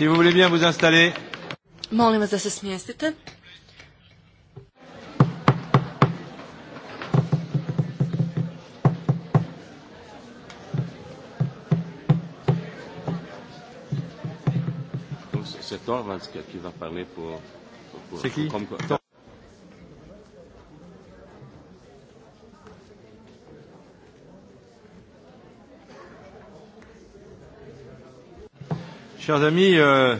Si vous voulez bien vous installer. Molim vas da se smjestite. C'est Torvalds qui va parler pour... pour C'est qui pour, Euh,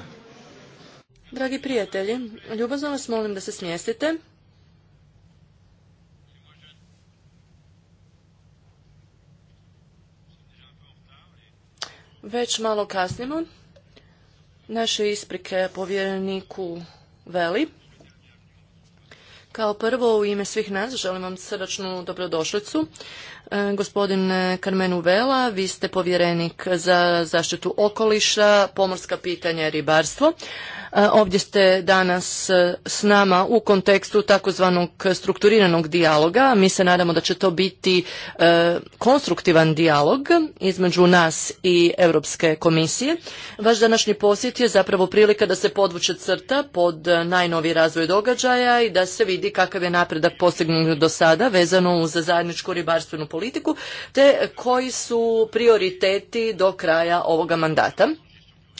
Dragi prijatelji, ljubazno vas molim da se smjestite. Već malo kasnimo. Naše isprike povjereniku Veli. Kao prvo u ime svih nas želim vam srdačnu dobrodošlicu. E, gospodin Carmenu Vela, vi ste povjerenik za zaštitu okoliša, pomorska pitanja i ribarstvo. E, ovdje ste danas e, s nama u kontekstu takozvanog strukturiranog dijaloga. Mi se nadamo da će to biti e, konstruktivan dijalog između nas i Europske komisije. Vaš današnji posjet je zapravo prilika da se podvuče crta pod najnoviji razvoj događaja i da se vidi kakav je napredak postignut do sada vezano uz zajedničku ribarstvenu politiku te koji su prioriteti do kraja ovoga mandata.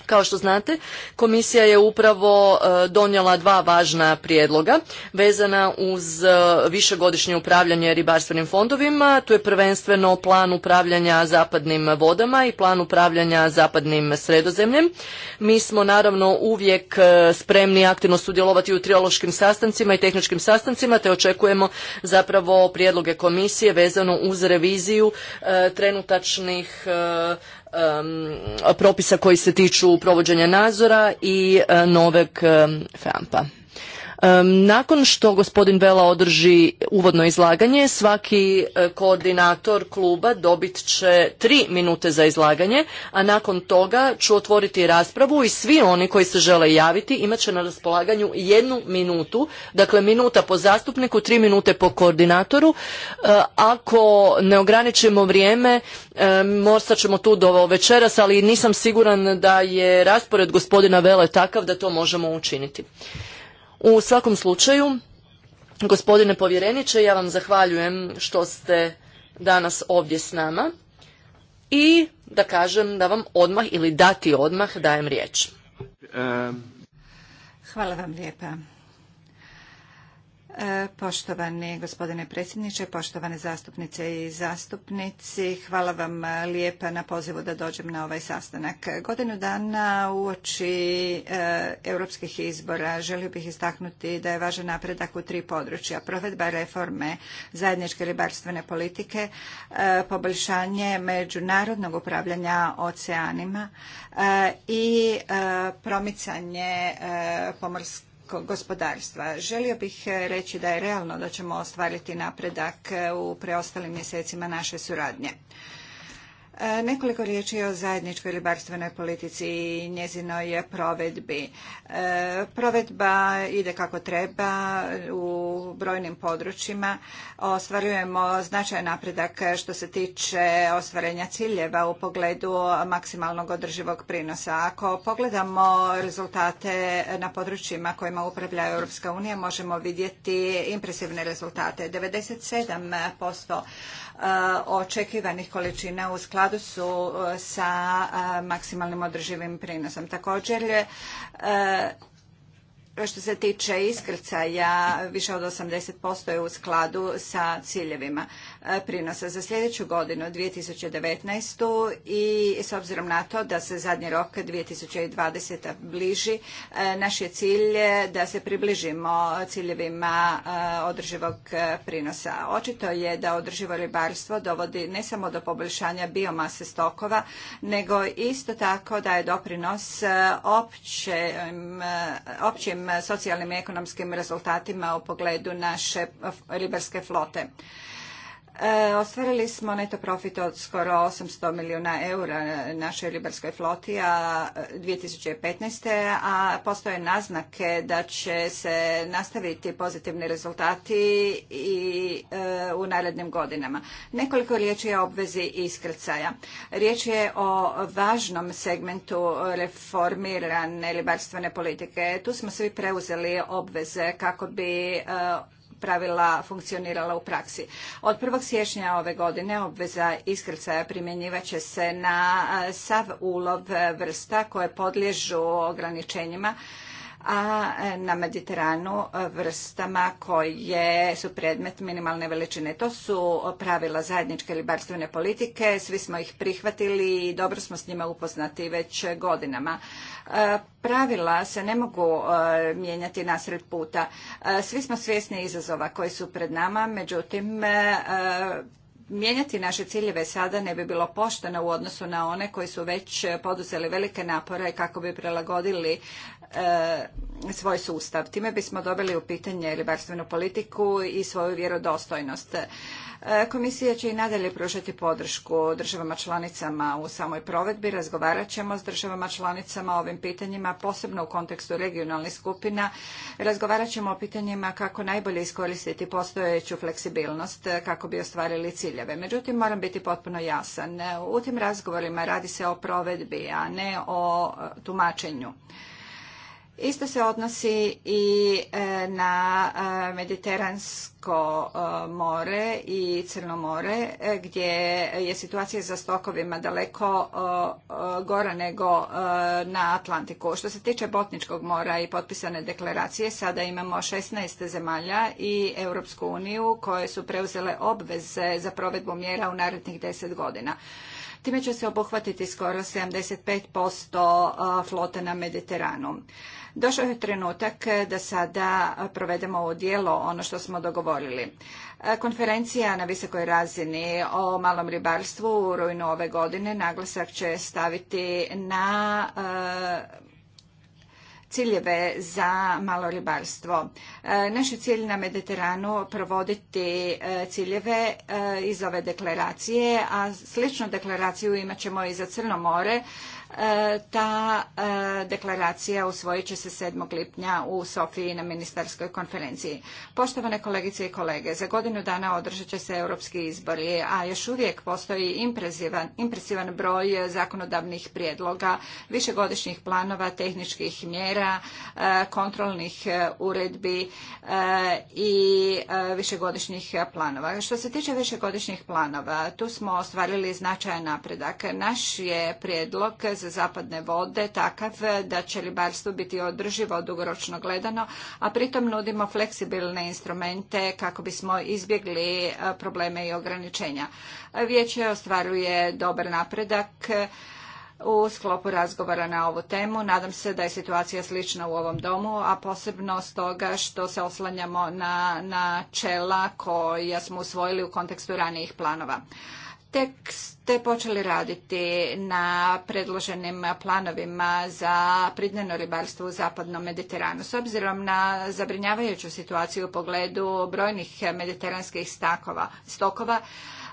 Kao što znate, komisija je upravo e, donijela dva važna prijedloga vezana uz e, višegodišnje upravljanje ribarstvenim fondovima. Tu je prvenstveno plan upravljanja zapadnim vodama i plan upravljanja zapadnim sredozemljem. Mi smo naravno uvijek e, spremni aktivno sudjelovati u triološkim sastancima i tehničkim sastancima te očekujemo zapravo prijedloge komisije vezano uz reviziju trenutačnih propisa koji se tiču provođenja nadzora i e, noveg FAMPA. Nakon što gospodin Vela održi uvodno izlaganje, svaki e, koordinator kluba dobit će tri minute za izlaganje, a nakon toga ću otvoriti raspravu i svi oni koji se žele javiti imat će na raspolaganju jednu minutu, dakle minuta po zastupniku, tri minute po koordinatoru. E, ako ne ograničimo vrijeme, e, morsta ćemo tu do večeras, ali nisam siguran da je raspored gospodina Vele takav da to možemo učiniti. U svakom slučaju, gospodine povjereniče, ja vam zahvaljujem što ste danas ovdje s nama i da kažem da vam odmah ili dati odmah dajem riječ. Ehm. Hvala vam lijepa. E, poštovani gospodine predsjedniče, poštovane zastupnice i zastupnici, hvala vam lijepa na pozivu da dođem na ovaj sastanak. Godinu dana uoči e, europskih izbora želio bih istaknuti da je važan napredak u tri područja. Provedba reforme zajedničke ribarstvene politike, e, poboljšanje međunarodnog upravljanja oceanima i promicanje pomorske gospodarstva. Želio bih e, reći da je realno da ćemo ostvariti napredak e, u preostalim mjesecima naše suradnje. E, nekoliko riječi o zajedničkoj ribarstvenoj politici i njezinoj provedbi. E, provedba ide kako treba u brojnim područjima. Ostvarujemo značaj napredak što se tiče ostvarenja ciljeva u pogledu maksimalnog održivog prinosa. Ako pogledamo rezultate na područjima kojima upravlja Europska unija, možemo vidjeti impresivne rezultate. 97% Eh, očekivanih količina u skladu su eh, sa eh, maksimalnim održivim prinosom. Također, što se tiče iskrcaja, više od 80% je u skladu sa ciljevima. E, prinosa za sljedeću godinu 2019. i s obzirom na to da se zadnji rok 2020. bliži, e, naš je cilj da se približimo ciljevima e, održivog prinosa. Očito je da održivo ribarstvo dovodi ne samo do poboljšanja biomase stokova, nego isto tako da je doprinos općem, općim socijalnim i ekonomskim rezultatima u pogledu naše ribarske flote. E, ostvarili smo neto profit od skoro 800 milijuna eura našoj ribarskoj floti a 2015. a postoje naznake da će se nastaviti pozitivni rezultati i e, u narednim godinama. Nekoliko riječi je o obvezi iskrcaja. Riječ je o važnom segmentu reformirane ribarstvene politike. Tu smo svi preuzeli obveze kako bi e, pravila funkcionirala u praksi. Od 1. siječnja ove godine obveza iskrcaja primjenjivaće se na sav ulov e, vrsta koje podliježu ograničenjima a e, na Mediteranu e, vrstama koje su predmet minimalne veličine. To su pravila zajedničke ribarstvene politike, svi smo ih prihvatili i dobro smo s njima upoznati već godinama. E, pravila se ne mogu e, mijenjati nasred puta. E, svi smo svjesni izazova koji su pred nama, međutim mijenjati naše ciljeve sada ne bi bilo pošteno u odnosu na one koji su već poduzeli velike napore kako bi prelagodili E, svoj sustav. Time bismo dobili u pitanje ribarstvenu politiku i svoju vjerodostojnost. E, komisija će i nadalje pružati podršku državama članicama u samoj provedbi. Razgovarat ćemo s državama članicama o ovim pitanjima, posebno u kontekstu regionalnih skupina. Razgovarat ćemo o pitanjima kako najbolje iskoristiti postojeću fleksibilnost e, kako bi ostvarili ciljeve. Međutim, moram biti potpuno jasan. U tim razgovorima radi se o provedbi, a ne o tumačenju. Isto se odnosi i e, na e, Mediteransko e, more i Crno more gdje je situacija za stokovima daleko gora nego na Atlantiku. Što se tiče Botničkog mora i potpisane deklaracije, sada imamo 16 zemalja i Europsku uniju koje su preuzele obveze za provedbu mjera u narednih 10 godina. Time će se obuhvatiti skoro 75% flote na Mediteranu. Došao je trenutak da sada provedemo u djelo ono što smo dogovorili. Konferencija na visokoj razini o malom ribarstvu u rujnu ove godine naglasak će staviti na e, ciljeve za malo ribarstvo. E, naš je cilj na Mediteranu provoditi e, ciljeve iz ove deklaracije, a sličnu deklaraciju imat ćemo i za Crno more E, ta e, deklaracija usvojit će se 7. lipnja u Sofiji na ministarskoj konferenciji. Poštovane kolegice i kolege, za godinu dana održat će se europski izbori, a još uvijek postoji impresivan, impresivan broj zakonodavnih prijedloga, višegodišnjih planova, tehničkih mjera, e, kontrolnih uredbi i višegodišnjih planova. Što se tiče višegodišnjih planova, tu smo ostvarili značajan napredak. Naš je prijedlog za zapadne vode takav da će ribarstvo biti održivo dugoročno gledano, a pritom nudimo fleksibilne instrumente kako bismo izbjegli e, probleme i ograničenja. Vijeće ostvaruje dobar napredak e, u sklopu razgovora na ovu temu. Nadam se da je situacija slična u ovom domu, a posebno stoga što se oslanjamo na čela koja smo usvojili u kontekstu ranijih planova tek ste počeli raditi na predloženim planovima za pridneno ribarstvo u zapadnom Mediteranu. S obzirom na zabrinjavajuću situaciju u pogledu brojnih mediteranskih stokova,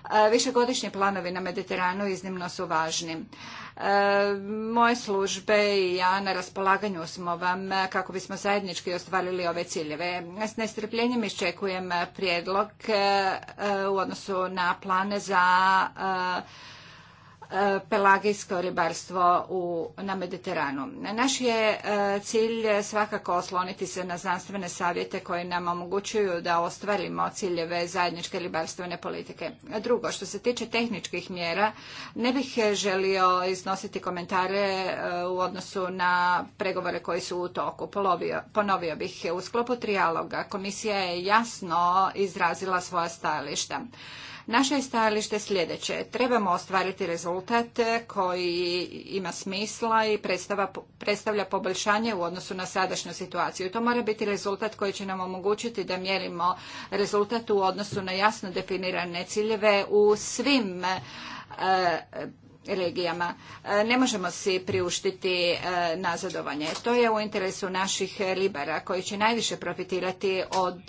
E, višegodišnji planovi na Mediteranu iznimno su važni. E, moje službe i ja na raspolaganju smo vam e, kako bismo zajednički ostvarili ove ciljeve. S nestrpljenjem iščekujem prijedlog u odnosu na plane za Eh, pelagijsko ribarstvo na Mediteranu. Naš je eh, cilj svakako osloniti se na znanstvene savjete koji nam omogućuju da ostvarimo ciljeve zajedničke ribarstvene politike. Drugo, što se tiče tehničkih mjera, ne bih želio iznositi komentare eh, u odnosu na pregovore koji su u toku. ponovio bih, u sklopu trijaloga komisija je jasno izrazila svoja stajališta. Naše je stajalište sljedeće. Trebamo ostvariti rezultat koji ima smisla i predstavlja poboljšanje u odnosu na sadašnju situaciju. To mora biti rezultat koji će nam omogućiti da mjerimo rezultat u odnosu na jasno definirane ciljeve u svim e, regijama. E, ne možemo si priuštiti e, nazadovanje. To je u interesu naših ribara koji će najviše profitirati od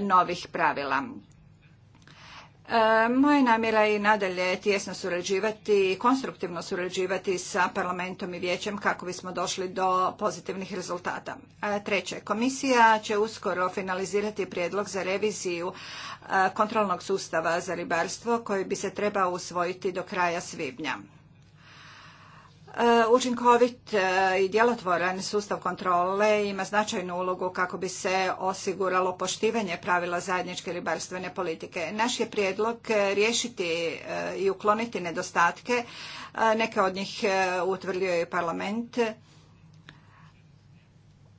novih pravila. Moja namjera je i nadalje tjesno surađivati i konstruktivno surađivati sa parlamentom i vijećem kako bismo došli do pozitivnih rezultata. E, treće, komisija će uskoro finalizirati prijedlog za reviziju e, kontrolnog sustava za ribarstvo koji bi se trebao usvojiti do kraja svibnja. E, učinkovit e, i djelotvoran sustav kontrole ima značajnu ulogu kako bi se osiguralo poštivanje pravila zajedničke ribarstvene politike. Naš je prijedlog e, riješiti i ukloniti nedostatke, neke od njih utvrdio je parlament,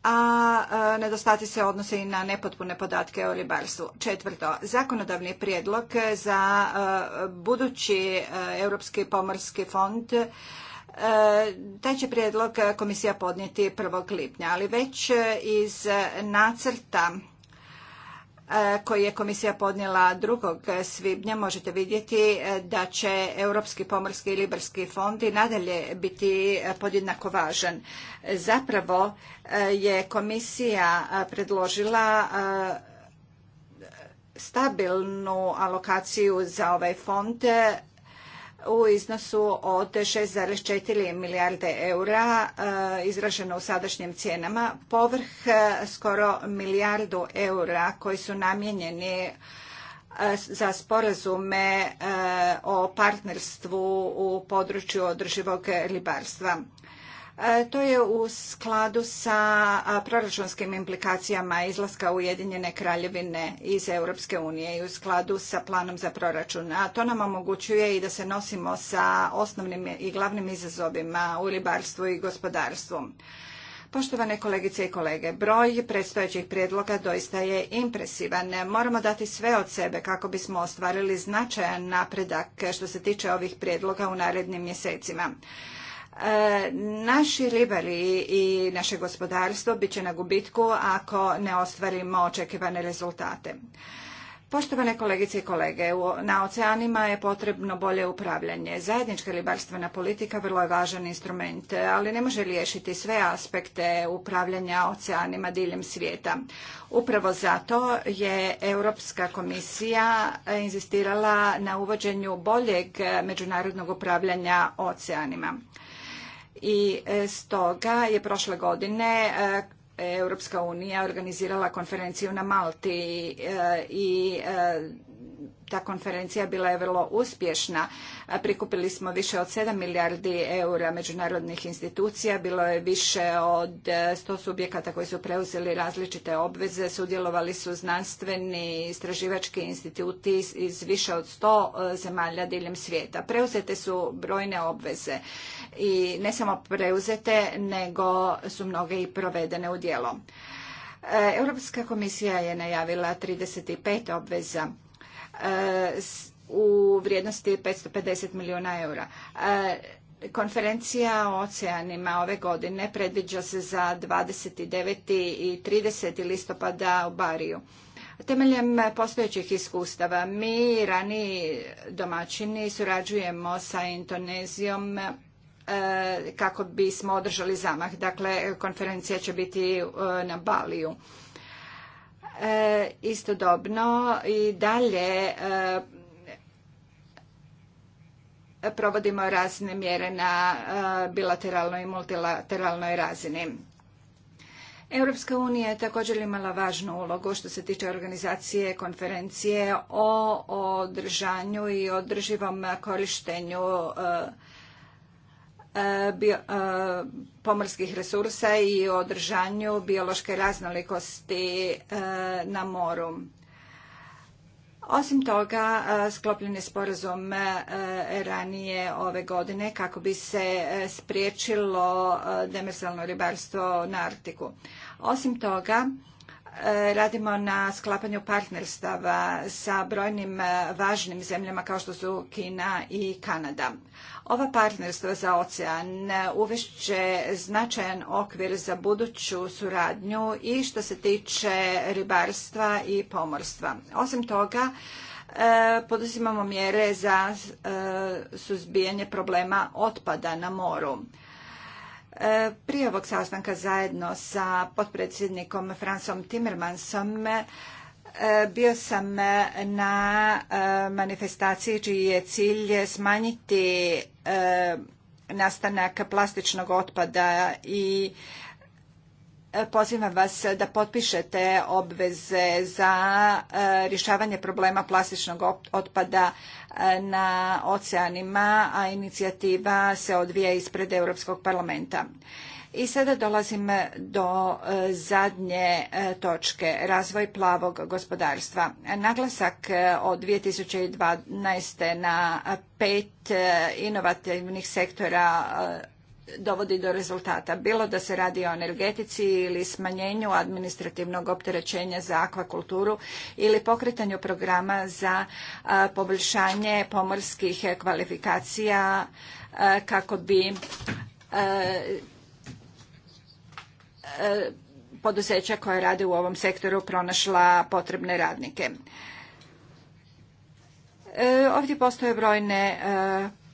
a nedostati se odnose i na nepotpune podatke o ribarstvu. Četvrto, zakonodavni prijedlog za budući Europski pomorski fond E, taj će prijedlog komisija podnijeti 1. lipnja, ali već e, iz nacrta e, koji je komisija podnijela 2. svibnja možete vidjeti da će Europski pomorski i ribarski fond i nadalje biti podjednako važan. Zapravo je komisija predložila stabilnu alokaciju za ovaj fond u iznosu od 6,4 milijarde eura e, izraženo u sadašnjim cijenama, povrh e, skoro milijardu eura koji su namijenjeni e, za sporazume o partnerstvu u području održivog ribarstva. E, to je u skladu sa proračunskim implikacijama izlaska Ujedinjene kraljevine iz Europske unije i u skladu sa planom za proračun. A to nam omogućuje i da se nosimo sa osnovnim i glavnim izazovima u ribarstvu i gospodarstvu. Poštovane kolegice i kolege, broj predstojećih prijedloga doista je impresivan. Moramo dati sve od sebe kako bismo ostvarili značajan napredak što se tiče ovih prijedloga u narednim mjesecima. Naši ribari i naše gospodarstvo bit će na gubitku ako ne ostvarimo očekivane rezultate. Poštovane kolegice i kolege, na oceanima je potrebno bolje upravljanje. Zajednička ribarstvena politika vrlo je važan instrument, ali ne može riješiti sve aspekte upravljanja oceanima diljem svijeta. Upravo zato je Europska komisija inzistirala na uvođenju boljeg međunarodnog upravljanja oceanima i e, stoga je prošle godine e, Europska unija organizirala konferenciju na Malti e, i ta konferencija bila je vrlo uspješna. Prikupili smo više od 7 milijardi eura međunarodnih institucija, bilo je više od 100 subjekata koji su preuzeli različite obveze, sudjelovali su znanstveni istraživački instituti iz više od 100 zemalja diljem svijeta. Preuzete su brojne obveze i ne samo preuzete, nego su mnoge i provedene u djelo. E, Europska komisija je najavila 35 obveza e, u vrijednosti 550 milijuna eura. E, konferencija o oceanima ove godine predviđa se za 29. i 30. listopada u Bariju. Temeljem postojećih iskustava mi rani domaćini surađujemo sa Indonezijom E, kako bismo održali zamah. Dakle, konferencija će biti e, na Baliju. E, istodobno i dalje provodimo razne mjere na bilateralnoj i multilateralnoj razini. Europska unija je također imala važnu ulogu što se tiče organizacije konferencije o održanju i održivom korištenju E, e, pomorskih resursa i održanju biološke raznolikosti e, na moru. Osim toga, sklopljen je sporazum ranije ove godine kako bi se spriječilo demersalno ribarstvo na Artiku. Osim toga, E, radimo na sklapanju partnerstava sa brojnim e, važnim zemljama kao što su Kina i Kanada. Ova partnerstva za ocean e, uvišće značajan okvir za buduću suradnju i što se tiče ribarstva i pomorstva. Osim toga, poduzimamo mjere za suzbijanje problema otpada na moru. Prije ovog sastanka zajedno sa potpredsjednikom Fransom Timmermansom e, bio sam na e, manifestaciji čiji je cilj smanjiti e, nastanak plastičnog otpada i E, pozivam vas da potpišete obveze za e, rješavanje problema plastičnog otpada e, na oceanima, a inicijativa se odvija ispred Europskog parlamenta. I sada dolazim do zadnje točke, razvoj plavog gospodarstva. Naglasak od 2012. na pet inovativnih sektora dovodi do rezultata. Bilo da se radi o energetici ili smanjenju administrativnog opterećenja za akvakulturu ili pokretanju programa za poboljšanje pomorskih kvalifikacija kako bi poduzeća koja rade u ovom sektoru pronašla potrebne radnike. E, ovdje postoje brojne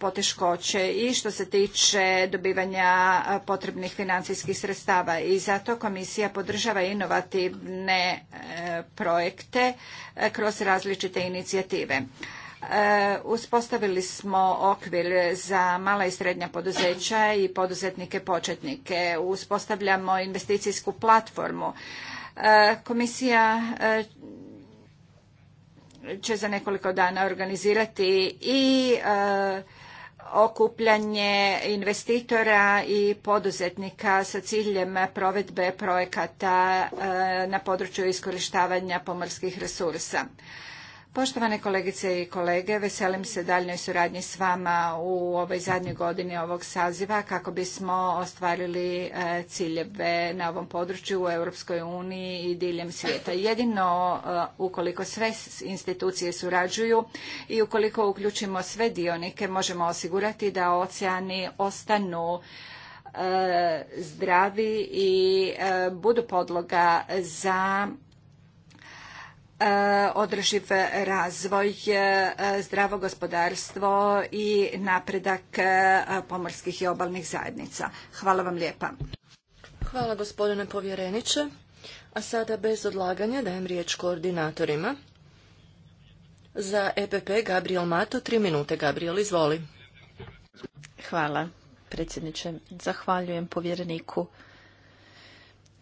poteškoće i što se tiče dobivanja potrebnih financijskih sredstava i zato komisija podržava inovativne e, projekte e, kroz različite inicijative. E, uspostavili smo okvir za mala i srednja poduzeća i poduzetnike početnike. Uspostavljamo investicijsku platformu. Komisija će za nekoliko dana organizirati i okupljanje investitora i poduzetnika sa ciljem provedbe projekata e, na području iskorištavanja pomorskih resursa. Poštovane kolegice i kolege, veselim se daljnoj suradnji s vama u ovoj zadnjoj godini ovog saziva kako bismo ostvarili e, ciljeve na ovom području u Europskoj uniji i diljem svijeta. Jedino e, ukoliko sve institucije surađuju i ukoliko uključimo sve dionike možemo osigurati da oceani ostanu e, zdravi i budu podloga za E, održiv razvoj, e, zdravo gospodarstvo i napredak e, pomorskih i obalnih zajednica. Hvala vam lijepa. Hvala gospodine povjereniče. A sada bez odlaganja dajem riječ koordinatorima. Za EPP Gabriel Mato, tri minute. Gabriel, izvoli. Hvala predsjedniče. Zahvaljujem povjereniku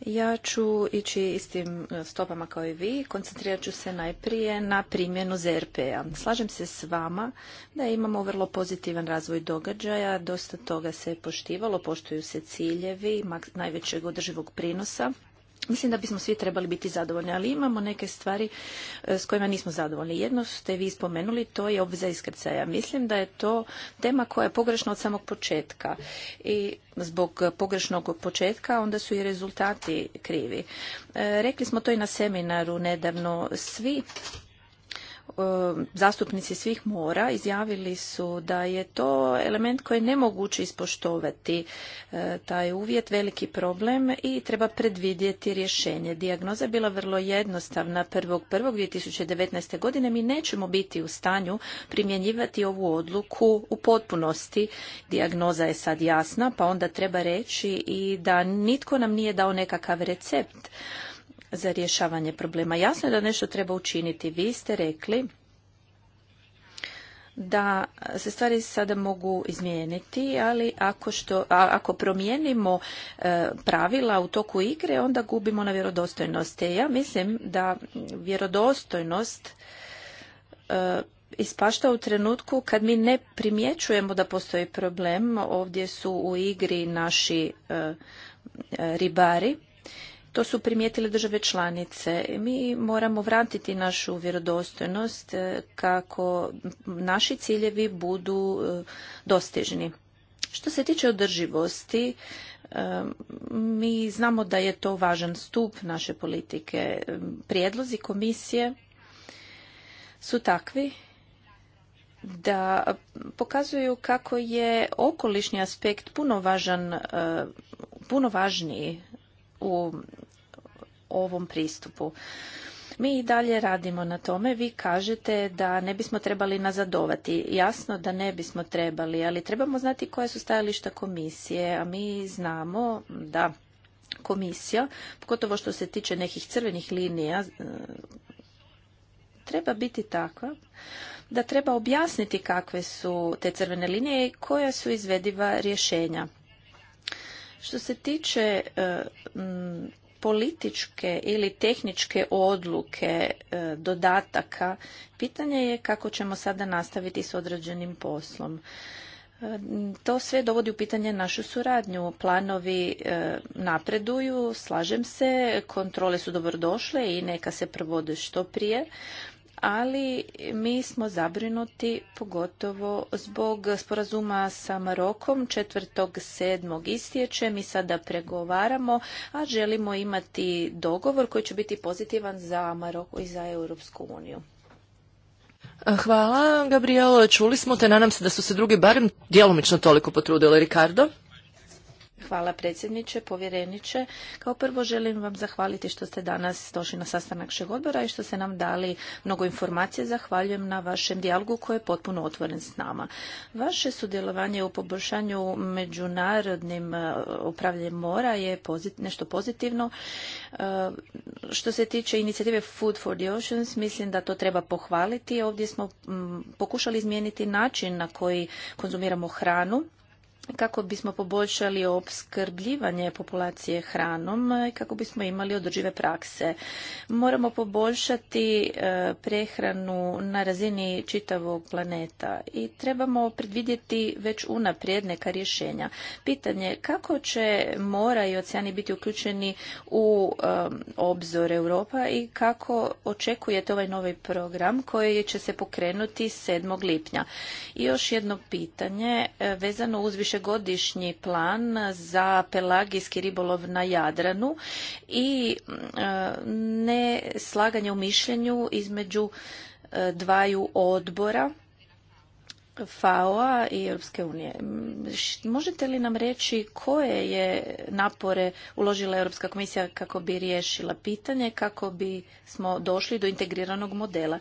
ja ću ići istim e, stopama kao i vi. Koncentrirat ću se najprije na primjenu ZRP-a. Slažem se s vama da imamo vrlo pozitivan razvoj događaja. Dosta toga se je poštivalo, poštuju se ciljevi najvećeg održivog prinosa Mislim da bismo svi trebali biti zadovoljni, ali imamo neke stvari e, s kojima nismo zadovoljni. Jedno ste vi spomenuli, to je obveza iskrcaja. Mislim da je to tema koja je pogrešna od samog početka. I zbog pogrešnog početka onda su i rezultati krivi. E, rekli smo to i na seminaru nedavno. Svi Eh, zastupnici svih mora izjavili su da je to element koji je nemoguće ispoštovati eh, taj uvjet, veliki problem i treba predvidjeti rješenje. Dijagnoza je bila vrlo jednostavna. 1.1.2019. godine mi nećemo biti u stanju primjenjivati ovu odluku u potpunosti. Dijagnoza je sad jasna, pa onda treba reći i da nitko nam nije dao nekakav recept za rješavanje problema. Jasno je da nešto treba učiniti. Vi ste rekli da se stvari sada mogu izmijeniti, ali ako, što, ako promijenimo e, pravila u toku igre, onda gubimo na vjerodostojnosti. Ja mislim da vjerodostojnost e, ispašta u trenutku kad mi ne primjećujemo da postoji problem. Ovdje su u igri naši e, ribari to su primijetile države članice. Mi moramo vratiti našu vjerodostojnost e, kako naši ciljevi budu e, dostižni. Što se tiče održivosti, e, mi znamo da je to važan stup naše politike. Prijedlozi komisije su takvi da pokazuju kako je okolišni aspekt puno važan, puno važniji u ovom pristupu. Mi i dalje radimo na tome. Vi kažete da ne bismo trebali nazadovati. Jasno da ne bismo trebali, ali trebamo znati koja su stajališta komisije, a mi znamo da komisija, pogotovo što se tiče nekih crvenih linija, e, treba biti takva da treba objasniti kakve su te crvene linije i koja su izvediva rješenja. Što se tiče e, političke ili tehničke odluke e, dodataka, pitanje je kako ćemo sada nastaviti s određenim poslom. E, to sve dovodi u pitanje našu suradnju. Planovi e, napreduju, slažem se, kontrole su dobrodošle i neka se provode što prije, ali mi smo zabrinuti pogotovo zbog sporazuma sa Marokom 4.7. istječe. Mi sada pregovaramo, a želimo imati dogovor koji će biti pozitivan za Maroko i za Europsku uniju. Hvala, Gabrielo. Čuli smo te. Nadam se da su se drugi barem djelomično toliko potrudili. Ricardo? Hvala predsjedniče, povjereniče. Kao prvo želim vam zahvaliti što ste danas došli na sastanak šeg odbora i što ste nam dali mnogo informacije. Zahvaljujem na vašem dijalogu koji je potpuno otvoren s nama. Vaše sudjelovanje u poboljšanju međunarodnim e, upravljanjem mora je nešto pozitivno. E, što se tiče inicijative Food for the Oceans, mislim da to treba pohvaliti. Ovdje smo pokušali izmijeniti način na koji konzumiramo hranu kako bismo poboljšali opskrbljivanje populacije hranom i kako bismo imali održive prakse. Moramo poboljšati e, prehranu na razini čitavog planeta i trebamo predvidjeti već unaprijed neka rješenja. Pitanje kako će mora i oceani biti uključeni u e, obzor Europa i kako očekujete ovaj novi program koji će se pokrenuti 7. lipnja. I još jedno pitanje e, vezano uz više godišnji plan za pelagijski ribolov na Jadranu i e, ne slaganje u mišljenju između e, dvaju odbora FAO-a i Europske unije. Možete li nam reći koje je napore uložila Europska komisija kako bi riješila pitanje, kako bi smo došli do integriranog modela?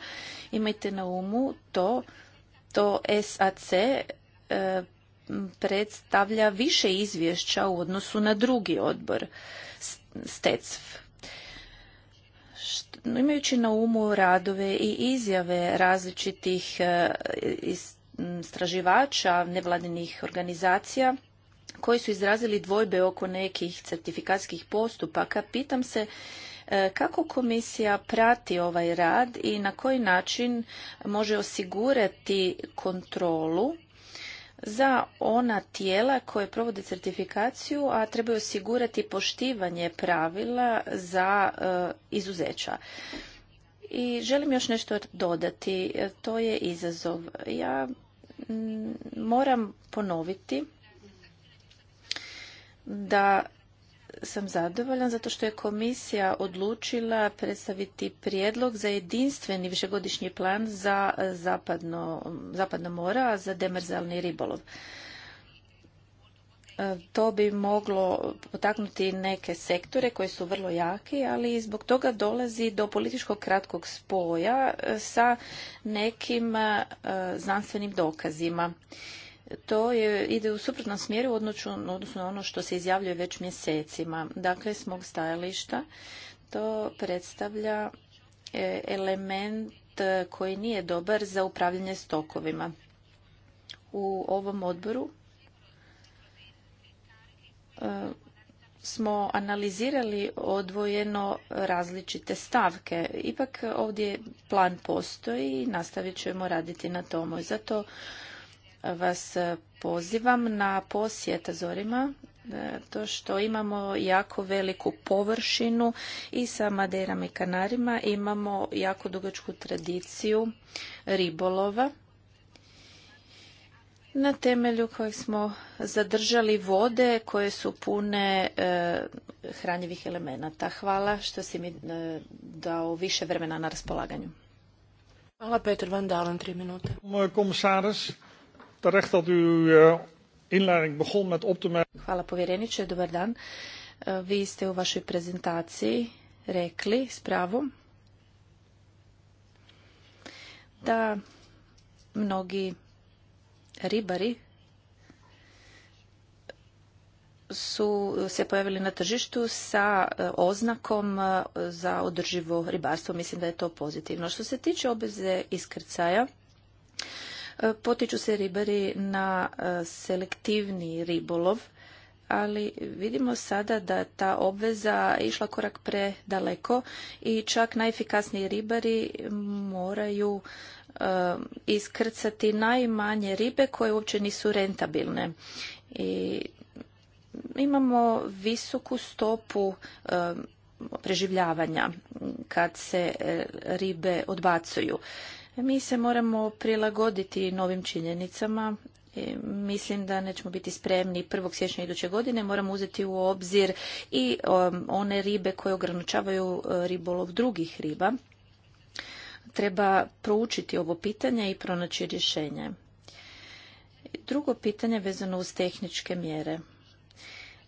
Imajte na umu to, to SAC e, predstavlja više izvješća u odnosu na drugi odbor, STECF. Imajući na umu radove i izjave različitih e, istraživača nevladinih organizacija, koji su izrazili dvojbe oko nekih certifikatskih postupaka, pitam se e, kako komisija prati ovaj rad i na koji način može osigurati kontrolu za ona tijela koje provode certifikaciju, a trebaju osigurati poštivanje pravila za e, izuzeća. I želim još nešto dodati, e, to je izazov. Ja moram ponoviti da sam zadovoljan zato što je komisija odlučila predstaviti prijedlog za jedinstveni višegodišnji plan za e, zapadno, zapadno mora za demerzalni ribolov. E, to bi moglo potaknuti neke sektore koji su vrlo jaki, ali zbog toga dolazi do političkog kratkog spoja e, sa nekim znanstvenim dokazima to je, ide u suprotnom smjeru u ono što se izjavljuje već mjesecima. Dakle, s mog stajališta to predstavlja e, element e, koji nije dobar za upravljanje stokovima. U ovom odboru e, smo analizirali odvojeno različite stavke. Ipak ovdje plan postoji i nastavit ćemo raditi na tomu. Zato vas e, pozivam na posjet Zorima e, to što imamo jako veliku površinu i sa Maderama i Kanarima imamo jako dugačku tradiciju ribolova na temelju kojeg smo zadržali vode koje su pune e, hranjivih elemenata. Hvala što si mi dao više vremena na raspolaganju. Hvala Petar Van Dalen, tri minute. Moj komisaris, Eh, Hvala povjereniče, dobar dan. Eh, vi ste u vašoj prezentaciji rekli s pravom da mnogi ribari su se pojavili na tržištu sa eh, oznakom za održivo ribarstvo. Mislim da je to pozitivno. Što se tiče obveze iskrcaja, E, potiču se ribari na e, selektivni ribolov, ali vidimo sada da ta obveza išla korak predaleko i čak najefikasniji ribari moraju e, iskrcati najmanje ribe koje uopće nisu rentabilne. I imamo visoku stopu preživljavanja kad se ribe odbacuju. Mi se moramo prilagoditi novim činjenicama. Mislim da nećemo biti spremni prvog siječnja iduće godine. Moramo uzeti u obzir i um, one ribe koje ograničavaju uh, ribolov drugih riba. Treba proučiti ovo pitanje i pronaći rješenje. Drugo pitanje vezano uz tehničke mjere.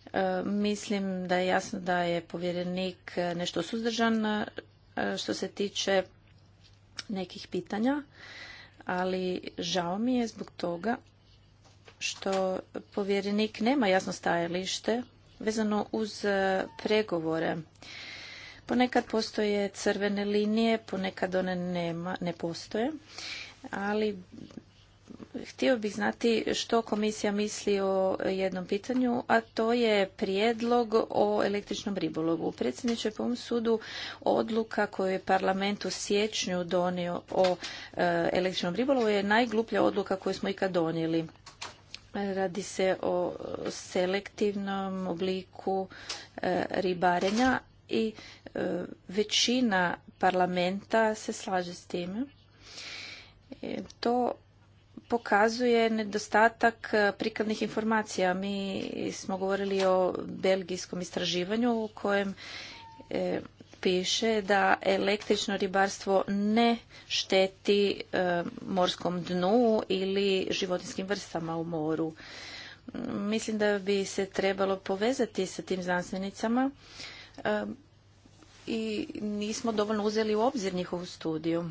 Uh, mislim da je jasno da je povjerenik uh, nešto suzdržan što se tiče nekih pitanja, ali žao mi je zbog toga što povjerenik nema jasno stajalište vezano uz e, pregovore. Ponekad postoje crvene linije, ponekad one ne postoje, ali htio bih znati što komisija misli o jednom pitanju, a to je prijedlog o električnom ribolovu. Predsjedniče, po ovom sudu, odluka koju je parlament u siječnju donio o e, električnom ribolovu je najgluplja odluka koju smo ikad donijeli. Radi se o selektivnom obliku e, ribarenja i e, većina parlamenta se slaže s time. To pokazuje nedostatak e, prikladnih informacija. Mi smo govorili o belgijskom istraživanju u kojem e, piše da električno ribarstvo ne šteti e, morskom dnu ili životinskim vrstama u moru. Mm, mislim da bi se trebalo povezati sa tim znanstvenicama i nismo dovoljno uzeli u obzir njihovu studiju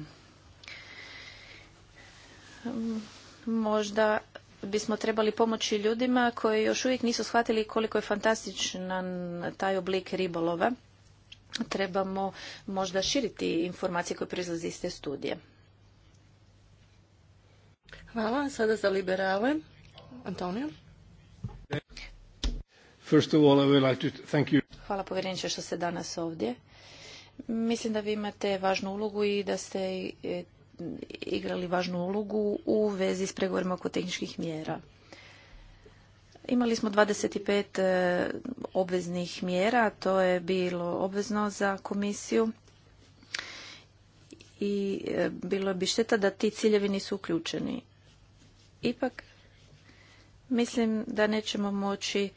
možda bismo trebali pomoći ljudima koji još uvijek nisu shvatili koliko je fantastičan taj oblik ribolova. Trebamo možda širiti informacije koje proizlaze iz te studije. Hvala. Sada za liberale. Antonio. Hvala povjereniče što ste danas ovdje. Mislim da vi imate važnu ulogu i da ste igrali važnu ulogu u vezi s pregovorima oko tehničkih mjera. Imali smo 25 e, obveznih mjera, to je bilo obvezno za komisiju i e, bilo bi šteta da ti ciljevi nisu uključeni. Ipak, mislim da nećemo moći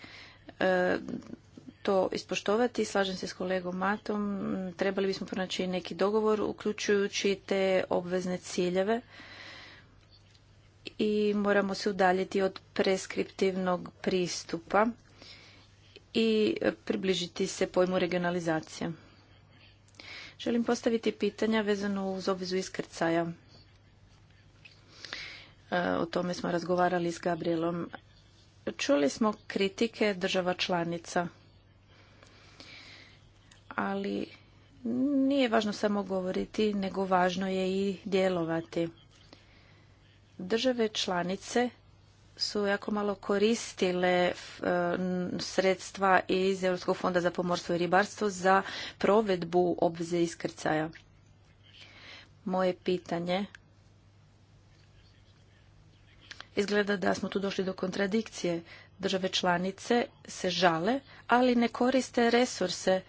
e, to ispoštovati. Slažem se s kolegom Matom. Trebali bismo pronaći neki dogovor uključujući te obvezne ciljeve i moramo se udaljiti od preskriptivnog pristupa i približiti se pojmu regionalizacije. Želim postaviti pitanja vezano uz obvezu iskrcaja. E, o tome smo razgovarali s Gabrielom. Čuli smo kritike država članica ali nije važno samo govoriti, nego važno je i djelovati. Države članice su jako malo koristile e, sredstva iz Europskog fonda za pomorstvo i ribarstvo za provedbu obveze iskrcaja. Moje pitanje izgleda da smo tu došli do kontradikcije države članice se žale, ali ne koriste resurse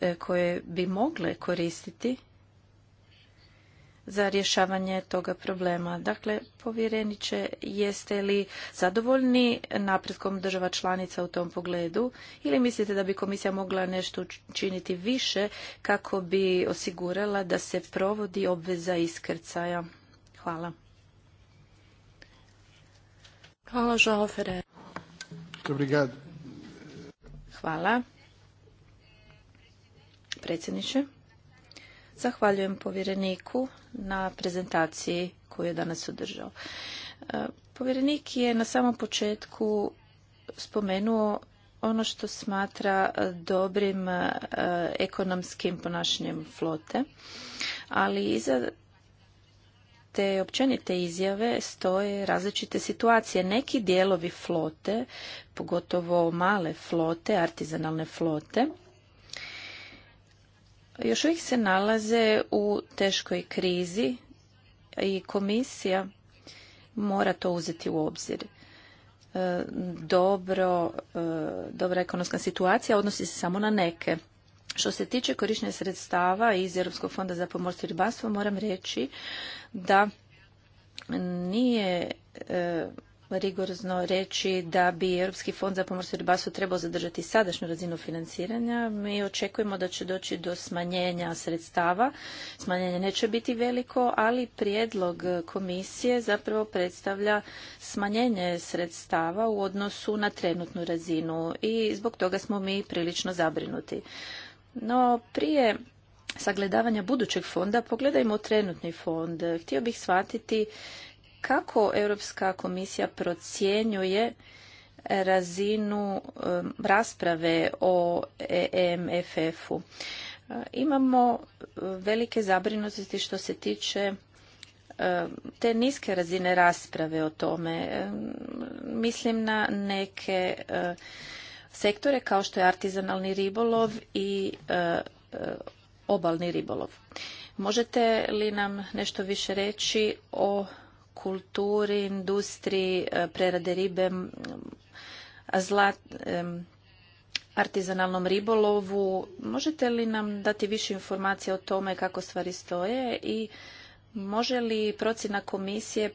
e, koje bi mogle koristiti za rješavanje toga problema. Dakle, povjereniče, jeste li zadovoljni napretkom država članica u tom pogledu ili mislite da bi komisija mogla nešto učiniti više kako bi osigurala da se provodi obveza iskrcaja? Hvala. Hvala, Žao Hvala. Predsjedniče, zahvaljujem povjereniku na prezentaciji koju je danas održao. E, povjerenik je na samom početku spomenuo ono što smatra dobrim e, ekonomskim ponašanjem flote, ali iza te općenite izjave stoje različite situacije. Neki dijelovi flote, pogotovo male flote, artizanalne flote, još uvijek se nalaze u teškoj krizi i komisija mora to uzeti u obzir. E, dobro, e, dobra ekonomska situacija odnosi se samo na neke što se tiče korištenja sredstava iz Europskog fonda za pomorstvo i ribarstvo, moram reći da nije e, rigorozno reći da bi Europski fond za pomorstvo i ribarstvo trebao zadržati sadašnju razinu financiranja. Mi očekujemo da će doći do smanjenja sredstava. Smanjenje neće biti veliko, ali prijedlog komisije zapravo predstavlja smanjenje sredstava u odnosu na trenutnu razinu i zbog toga smo mi prilično zabrinuti. No prije sagledavanja budućeg fonda pogledajmo trenutni fond. Htio bih shvatiti kako Europska komisija procjenjuje razinu rasprave o EMFF-u. Imamo velike zabrinutosti što se tiče te niske razine rasprave o tome. Mislim na neke sektore kao što je artizanalni ribolov i e, e, obalni ribolov. Možete li nam nešto više reći o kulturi, industriji, e, prerade ribe, artizanalnom ribolovu. Možete li nam dati više informacija o tome kako stvari stoje i može li procjena komisije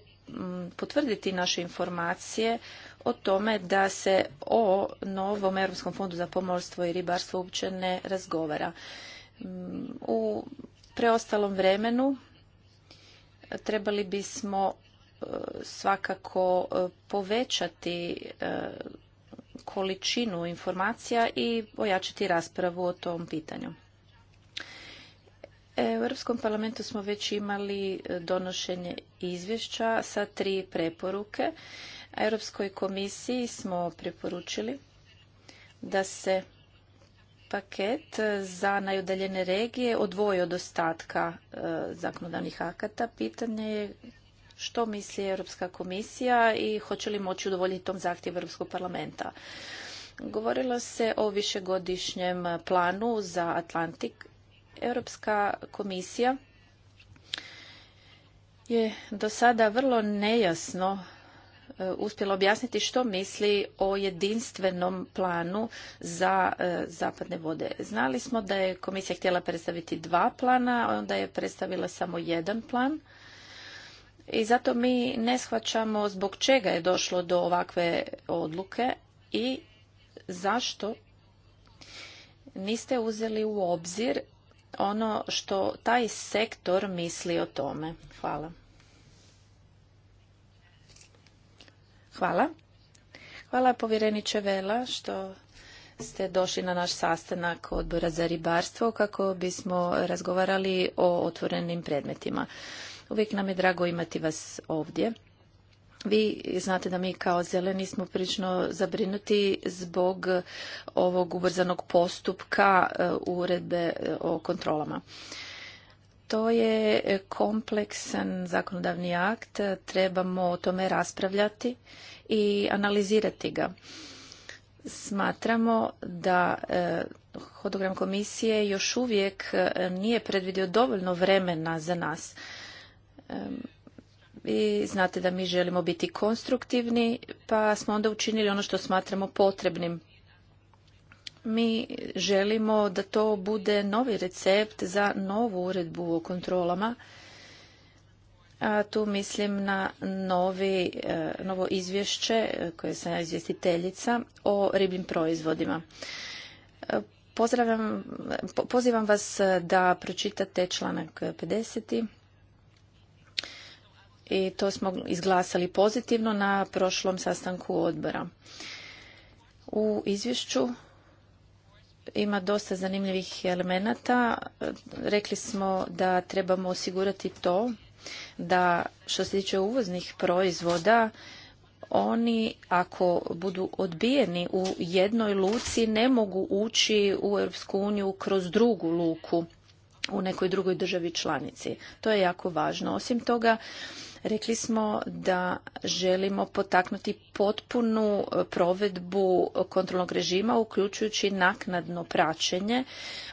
potvrditi naše informacije o tome da se o novom Europskom fondu za pomorstvo i ribarstvo uopće ne razgovara. U preostalom vremenu e, trebali bismo e, svakako e, povećati količinu informacija i ojačati raspravu o tom pitanju. E, u Europskom parlamentu smo već imali e, donošenje izvješća sa tri preporuke. Europskoj komisiji smo preporučili da se paket za najudaljene regije odvoji od ostatka e, zakonodavnih akata. Pitanje je što misli Europska komisija i hoće li moći udovoljiti tom zahtjevu Europskog parlamenta. Govorilo se o višegodišnjem planu za Atlantik Europska komisija je do sada vrlo nejasno e, uspjela objasniti što misli o jedinstvenom planu za e, zapadne vode. Znali smo da je komisija htjela predstaviti dva plana, onda je predstavila samo jedan plan. I zato mi ne shvaćamo zbog čega je došlo do ovakve odluke i zašto niste uzeli u obzir ono što taj sektor misli o tome. Hvala. Hvala. Hvala povjereniče Vela što ste došli na naš sastanak odbora za ribarstvo kako bismo razgovarali o otvorenim predmetima. Uvijek nam je drago imati vas ovdje. Vi znate da mi kao zeleni smo prilično zabrinuti zbog ovog ubrzanog postupka e, uredbe e, o kontrolama. To je kompleksan zakonodavni akt, trebamo o tome raspravljati i analizirati ga. Smatramo da e, hodogram komisije još uvijek nije predvidio dovoljno vremena za nas vi znate da mi želimo biti konstruktivni, pa smo onda učinili ono što smatramo potrebnim. Mi želimo da to bude novi recept za novu uredbu o kontrolama. A tu mislim na novi, e, novo izvješće e, koje sam izvjestiteljica o ribljim proizvodima. E, pozivam vas da pročitate članak 50 i to smo izglasali pozitivno na prošlom sastanku odbora. U izvješću ima dosta zanimljivih elemenata. Rekli smo da trebamo osigurati to da što se tiče uvoznih proizvoda oni ako budu odbijeni u jednoj luci ne mogu ući u Europsku uniju kroz drugu luku u nekoj drugoj državi članici. To je jako važno. Osim toga Rekli smo da želimo potaknuti potpunu e, provedbu kontrolnog režima, uključujući naknadno praćenje,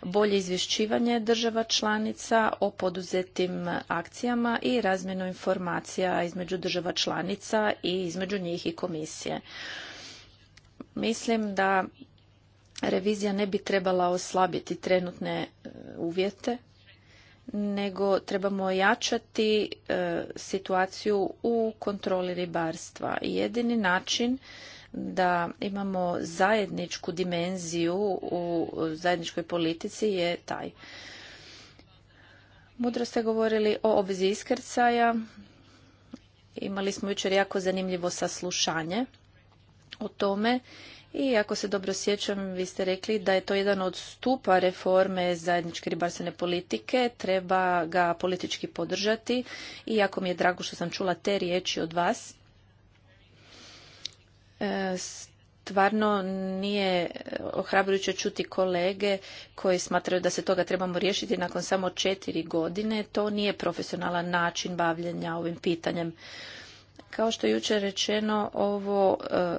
bolje izvješćivanje država članica o poduzetim akcijama i razmjenu informacija između država članica i između njih i komisije. Mislim da revizija ne bi trebala oslabiti trenutne e, uvjete nego trebamo jačati e, situaciju u kontroli ribarstva. Jedini način da imamo zajedničku dimenziju u zajedničkoj politici je taj. Mudro ste govorili o obvezi iskrcaja. Imali smo jučer jako zanimljivo saslušanje o tome i ako se dobro sjećam, vi ste rekli da je to jedan od stupa reforme zajedničke ribarstvene politike, treba ga politički podržati i jako mi je drago što sam čula te riječi od vas. E, stvarno nije ohrabrujuće čuti kolege koji smatraju da se toga trebamo riješiti nakon samo četiri godine. To nije profesionalan način bavljenja ovim pitanjem. Kao što je jučer rečeno, ovo e,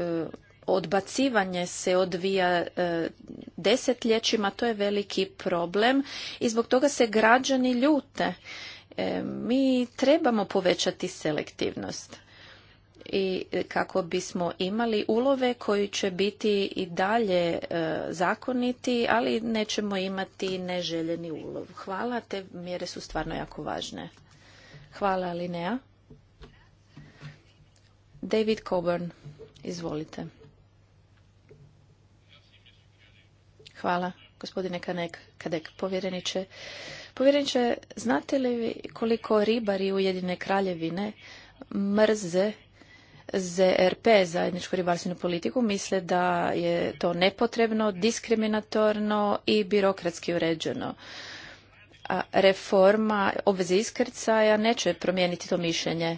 e, odbacivanje se odvija e, desetljećima, to je veliki problem i zbog toga se građani ljute. E, mi trebamo povećati selektivnost i kako bismo imali ulove koji će biti i dalje e, zakoniti, ali nećemo imati neželjeni ulov. Hvala, te mjere su stvarno jako važne. Hvala, Alinea. David Coburn, izvolite. Hvala, gospodine Kanek, Kadek, povjereniče. Povjereniče, znate li vi koliko ribari Ujedine kraljevine mrze ZRP, zajedničku ribarstvenu politiku, misle da je to nepotrebno, diskriminatorno i birokratski uređeno. A reforma obveze iskrcaja neće promijeniti to mišljenje.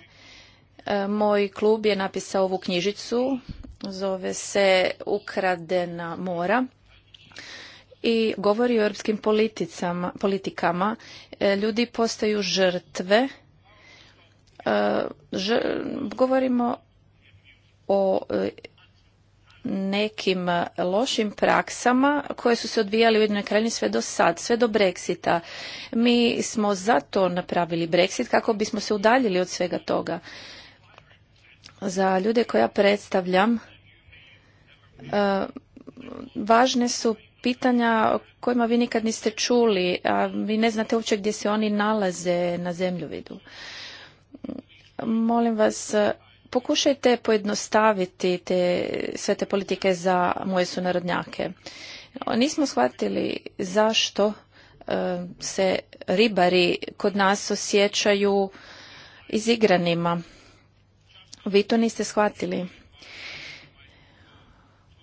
E, moj klub je napisao ovu knjižicu, zove se Ukradena mora i govori o europskim politikama. E, ljudi postaju žrtve. E, govorimo o e, nekim lošim praksama koje su se odvijali u jednoj krajini sve do sad, sve do breksita. Mi smo zato napravili Brexit kako bismo se udaljili od svega toga. Za ljude koja predstavljam, važne su pitanja o kojima vi nikad niste čuli, a vi ne znate uopće gdje se oni nalaze na zemljovidu. Molim vas, pokušajte pojednostaviti te, sve te politike za moje sunarodnjake. Nismo shvatili zašto e, se ribari kod nas osjećaju izigranima. Vi to niste shvatili.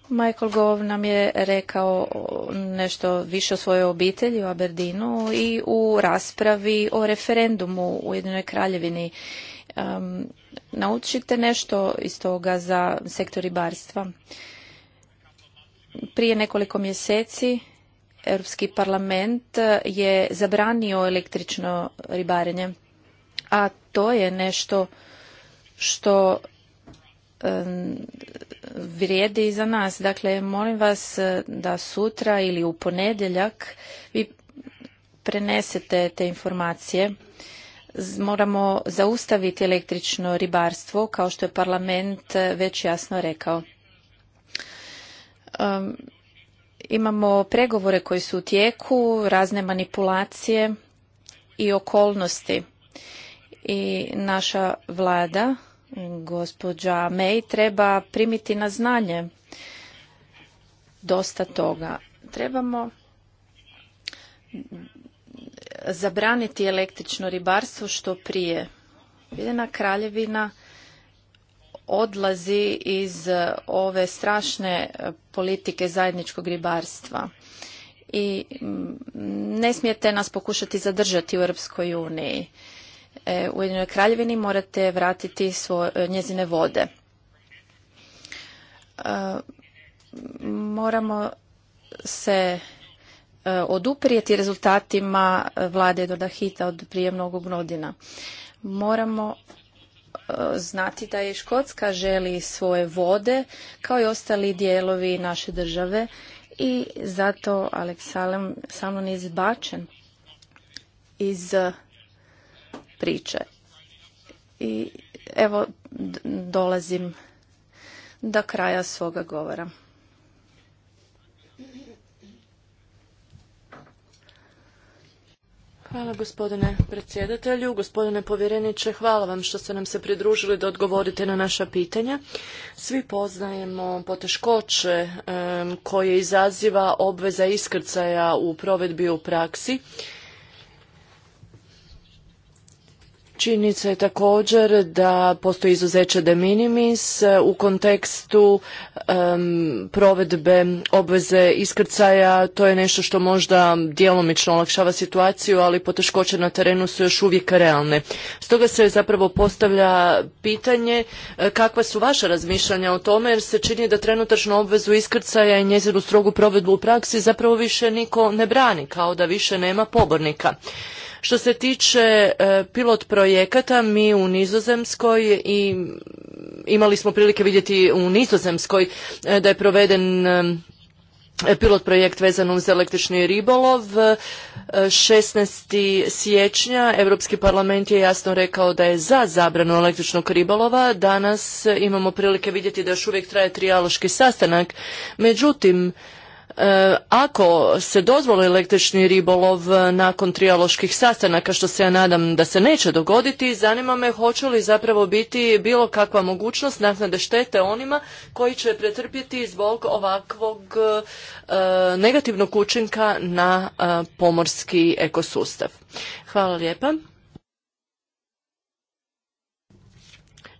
Michael Gove nam je rekao nešto više o svojoj obitelji u Aberdinu i u raspravi o referendumu u Ujedinoj kraljevini. naučite nešto iz toga za sektor ribarstva. Prije nekoliko mjeseci Europski parlament je zabranio električno ribarenje, a to je nešto što vrijedi i za nas. Dakle, molim vas eh, da sutra ili u ponedjeljak vi prenesete te informacije. Moramo zaustaviti električno ribarstvo, kao što je parlament eh, već jasno rekao. imamo pregovore koji su u tijeku, razne manipulacije i okolnosti. I naša vlada gospođa May treba primiti na znanje dosta toga. Trebamo zabraniti električno ribarstvo što prije. Vidjena kraljevina odlazi iz ove strašne politike zajedničkog ribarstva. I mm, ne smijete nas pokušati zadržati u Europskoj uniji. E, u Ujedinoj kraljevini morate vratiti svoje njezine vode. E, moramo se e, oduprijeti rezultatima vlade Dodahita od prije mnogo godina. Moramo znati da je Škotska želi svoje vode kao i ostali dijelovi naše države i zato Aleksalem samo je izbačen iz priče. I evo dolazim do kraja svoga govora. Hvala gospodine predsjedatelju, gospodine povjereniče, hvala vam što ste nam se pridružili da odgovorite na naša pitanja. Svi poznajemo poteškoće koje izaziva obveza iskrcaja u provedbi u praksi Činjenica je također da postoji izuzeće de minimis e, u kontekstu provedbe obveze iskrcaja. To je nešto što možda djelomično olakšava situaciju, ali poteškoće na terenu su još uvijek realne. Stoga se zapravo postavlja pitanje e, kakva su vaša razmišljanja o tome, jer se čini da trenutačno obvezu iskrcaja i njezinu strogu provedbu u praksi zapravo više niko ne brani, kao da više nema pobornika. Što se tiče e, pilot projekata, mi u Nizozemskoj i imali smo prilike vidjeti u Nizozemskoj e, da je proveden e, pilot projekt vezan uz električni ribolov. 16. siječnja Europski parlament je jasno rekao da je za zabranu električnog ribolova. Danas imamo prilike vidjeti da još uvijek traje trijaloški sastanak. Međutim, E, ako se dozvoli električni ribolov e, nakon trijaloških sastanaka, što se ja nadam da se neće dogoditi, zanima me hoće li zapravo biti bilo kakva mogućnost naknade štete onima koji će pretrpjeti zbog ovakvog e, negativnog učinka na pomorski ekosustav. Hvala lijepa.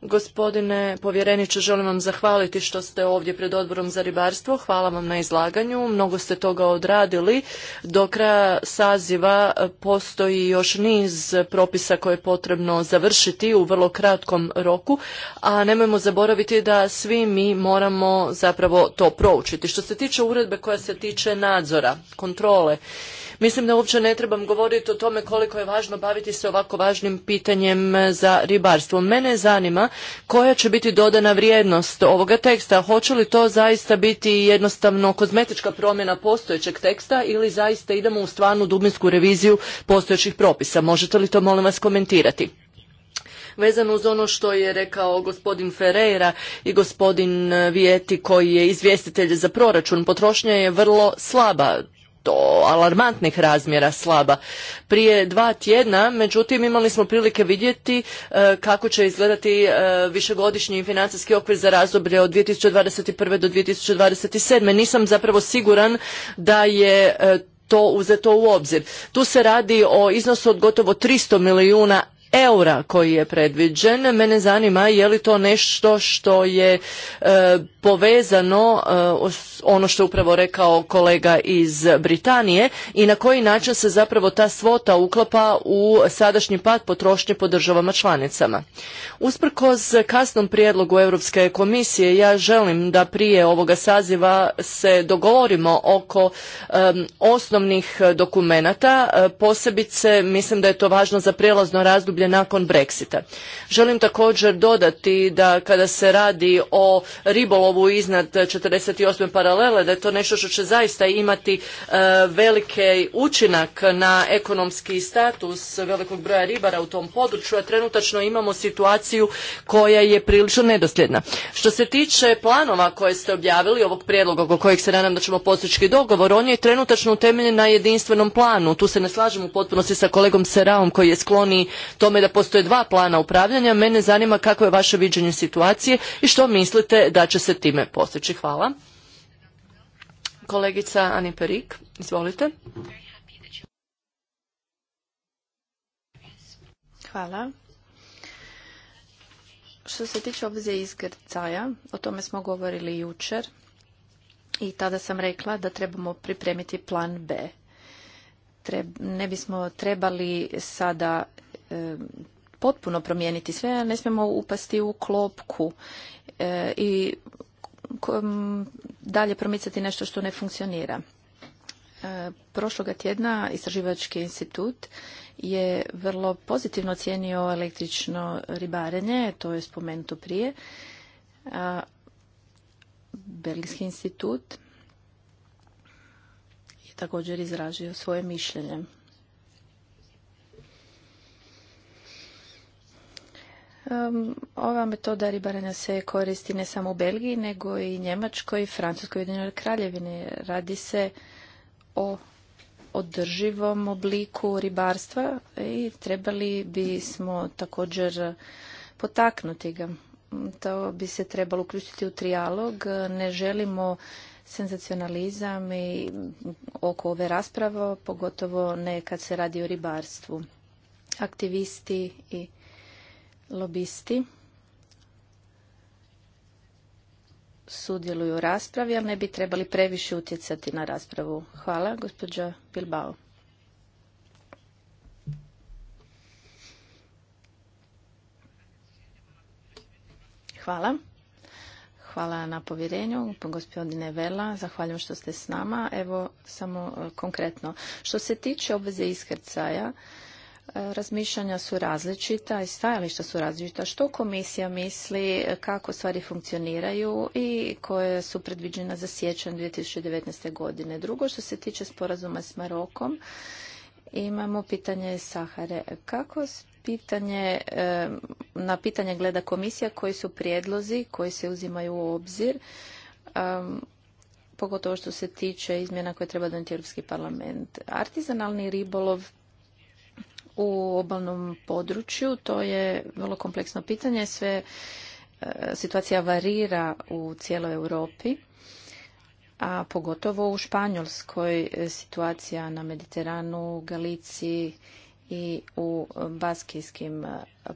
Gospodine povjereniče, želim vam zahvaliti što ste ovdje pred odborom za ribarstvo. Hvala vam na izlaganju. Mnogo ste toga odradili. Do kraja saziva postoji još niz propisa koje je potrebno završiti u vrlo kratkom roku, a nemojmo zaboraviti da svi mi moramo zapravo to proučiti. Što se tiče uredbe koja se tiče nadzora, kontrole, Mislim da uopće ne trebam govoriti o tome koliko je važno baviti se ovako važnim pitanjem e, za ribarstvo. Mene zanima koja će biti dodana vrijednost ovoga teksta. Hoće li to zaista biti jednostavno kozmetička promjena postojećeg teksta ili zaista idemo u stvarnu dubinsku reviziju postojećih propisa? Možete li to molim vas komentirati? vezano uz ono što je rekao gospodin Ferreira i gospodin Vijeti koji je izvjestitelj za proračun. Potrošnja je vrlo slaba, do alarmantnih razmjera slaba. Prije dva tjedna, međutim, imali smo prilike vidjeti e, kako će izgledati e, višegodišnji financijski okvir za razdoblje od 2021. do 2027. Nisam zapravo siguran da je e, to uzeto u obzir. Tu se radi o iznosu od gotovo 300 milijuna eura koji je predviđen. Mene zanima je li to nešto što je e, povezano, e, ono što je upravo rekao kolega iz Britanije, i na koji način se zapravo ta svota uklapa u sadašnji pad potrošnje po državama članicama. Usprkos kasnom prijedlogu Europske komisije, ja želim da prije ovoga saziva se dogovorimo oko osnovnih dokumenata, e, posebice mislim da je to važno za prijelazno razdoblje nakon Brexita. Želim također dodati da kada se radi o ribolovu iznad 48. paralele, da je to nešto što će zaista imati e, veliki velike učinak na ekonomski status velikog broja ribara u tom području, a trenutačno imamo situaciju koja je prilično nedosljedna. Što se tiče planova koje ste objavili, ovog prijedloga oko kojeg se nadam da ćemo postići dogovor, on je trenutačno utemeljen na jedinstvenom planu. Tu se ne slažem u potpunosti sa kolegom Seraom koji je skloni tom tome da postoje dva plana upravljanja, mene zanima kako je vaše viđenje situacije i što mislite da će se time postići. Hvala. Kolegica Ani Perik, izvolite. Hvala. Što se tiče obveze izgrcaja, o tome smo govorili jučer i tada sam rekla da trebamo pripremiti plan B. ne bismo trebali sada E, potpuno promijeniti sve, ne smijemo upasti u klopku e, i dalje promicati nešto što ne funkcionira. E, prošloga tjedna Istraživački institut je vrlo pozitivno ocijenio električno ribarenje, to je spomenuto prije. Belgijski institut je također izražio svoje mišljenje. Ova metoda ribaranja se koristi ne samo u Belgiji, nego i Njemačkoj i Francuskoj ujedinjenoj kraljevini. Radi se o održivom obliku ribarstva i trebali bismo također potaknuti ga. To bi se trebalo uključiti u trijalog. Ne želimo senzacionalizam i oko ove rasprave, pogotovo ne kad se radi o ribarstvu. Aktivisti i lobisti sudjeluju u raspravi, ali ne bi trebali previše utjecati na raspravu. Hvala, gospođa Bilbao. Hvala. Hvala na povjerenju, gospodine Vela. Zahvaljujem što ste s nama. Evo, samo e, konkretno. Što se tiče obveze iskrcaja, E, razmišljanja su različita i stajališta su različita. Što komisija misli kako stvari funkcioniraju i koje su predviđene za sjećan 2019. godine? Drugo, što se tiče sporazuma s Marokom, imamo pitanje Sahare. Kako pitanje, e, na pitanje gleda komisija koji su prijedlozi koji se uzimaju u obzir? pogotovo što se tiče izmjena koje treba donijeti Europski parlament. Artizanalni ribolov u obalnom području. To je vrlo kompleksno pitanje. Sve e, situacija varira u cijeloj Europi, a pogotovo u Španjolskoj situacija na Mediteranu, Galiciji i u baskijskim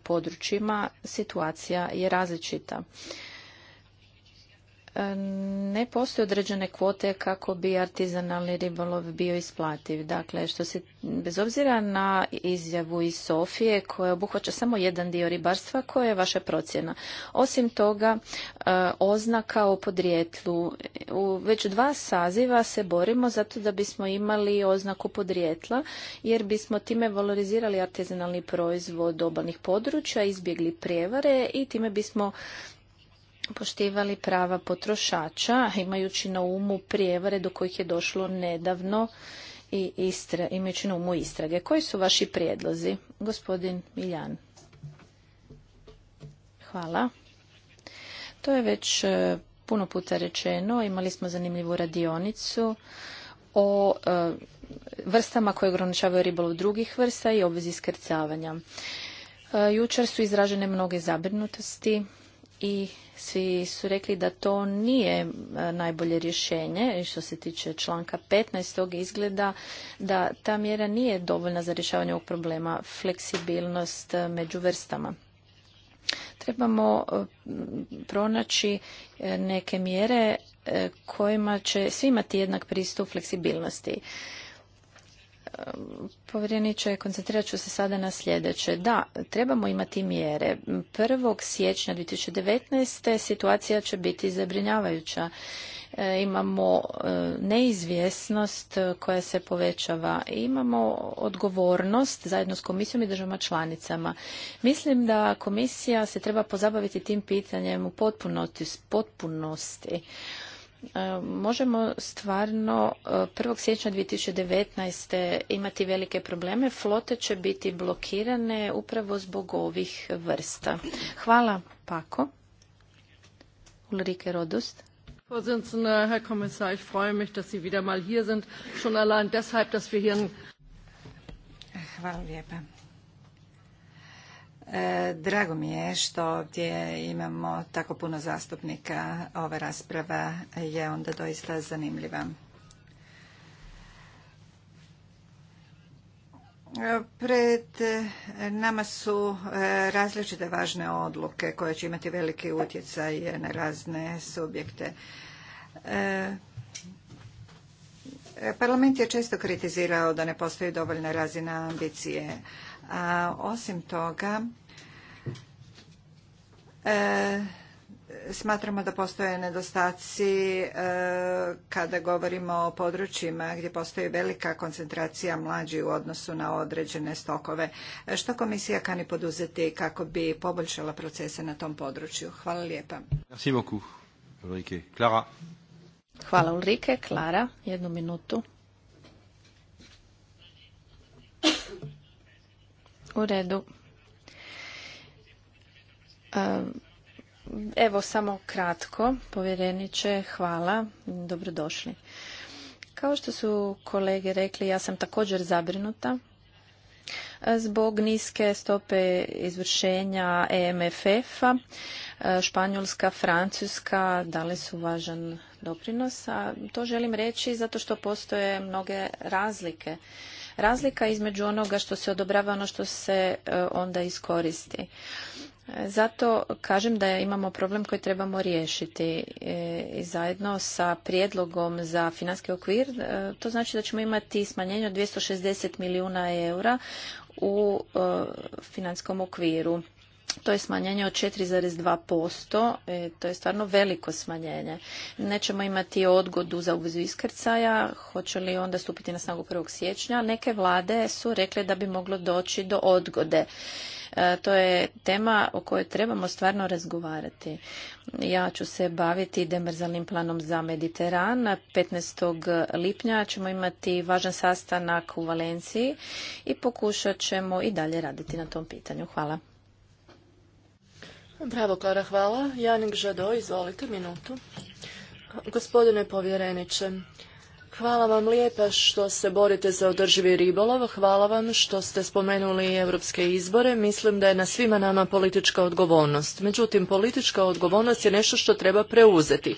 područjima situacija je različita ne postoje određene kvote kako bi artizanalni ribolov bio isplativ. Dakle, što se bez obzira na izjavu iz Sofije koja obuhvaća samo jedan dio ribarstva, koja je vaša procjena? Osim toga, e, oznaka o podrijetlu. U već dva saziva se borimo zato da bismo imali oznaku podrijetla, jer bismo time valorizirali artizanalni proizvod obalnih područja, izbjegli prijevare i time bismo poštivali prava potrošača, imajući na umu prijevare do kojih je došlo nedavno i imajući na umu istrage. Koji su vaši prijedlozi, gospodin Miljan? Hvala. To je već e, puno puta rečeno. Imali smo zanimljivu radionicu o e, vrstama koje ograničavaju ribolov drugih vrsta i obvezi skrcavanja. E, jučer su izražene mnoge zabrinutosti i svi su rekli da to nije e, najbolje rješenje što se tiče članka 15. izgleda da ta mjera nije dovoljna za rješavanje ovog problema fleksibilnost e, među vrstama. Trebamo e, pronaći neke mjere kojima će svi imati jednak pristup fleksibilnosti povjereniče, koncentrirat ću se sada na sljedeće. Da, trebamo imati mjere. 1. siječnja 2019. situacija će biti zabrinjavajuća. E, imamo e, neizvjesnost koja se povećava. Imamo odgovornost zajedno s komisijom i državama članicama. Mislim da komisija se treba pozabaviti tim pitanjem u potpunosti. potpunosti E, možemo stvarno 1. E, siječnja 2019. imati velike probleme. Flote će biti blokirane upravo zbog ovih vrsta. Hvala Pako. Ulrike Rodust. Herr Kommissar, ich freue mich, dass Sie wieder mal hier sind. Schon allein deshalb, dass wir hier... Hvala lijepa. E, drago mi je što ovdje imamo tako puno zastupnika. Ova rasprava je onda doista zanimljiva. E, pred nama su e, različite važne odluke koje će imati veliki utjecaj na razne subjekte. Parlament je često kritizirao da ne postoji dovoljna razina ambicije a osim toga, e, smatramo da postoje nedostaci e, kada govorimo o područjima gdje postoji velika koncentracija mlađi u odnosu na određene stokove. E, što komisija kani poduzeti kako bi poboljšala procese na tom području? Hvala lijepa. Merci Ulrike. Hvala Ulrike. Klara, jednu minutu. U redu. E, evo samo kratko, povjereniče, hvala, dobrodošli. Kao što su kolege rekli, ja sam također zabrinuta zbog niske stope izvršenja EMFF-a. E, Španjolska, Francuska dali su važan doprinos, a to želim reći zato što postoje mnoge razlike razlika između onoga što se odobrava ono što se e, onda iskoristi. Zato kažem da imamo problem koji trebamo riješiti e, i zajedno sa prijedlogom za finanski okvir. E, to znači da ćemo imati smanjenje od 260 milijuna eura u finanskom okviru to je smanjenje od 4,2%, e, to je stvarno veliko smanjenje. Nećemo imati odgodu za obvezu iskrcaja, hoće li onda stupiti na snagu 1. siječnja. Neke vlade su rekle da bi moglo doći do odgode. E, to je tema o kojoj trebamo stvarno razgovarati. Ja ću se baviti demerzalnim planom za Mediteran. 15. lipnja ćemo imati važan sastanak u Valenciji i pokušat ćemo i dalje raditi na tom pitanju. Hvala. Bravo, Klara, hvala. Janik Žado, izvolite minutu. Gospodine povjereniče, Hvala vam lijepa što se borite za održivi ribolov, hvala vam što ste spomenuli europske izbore. Mislim da je na svima nama politička odgovornost. Međutim, politička odgovornost je nešto što treba preuzeti.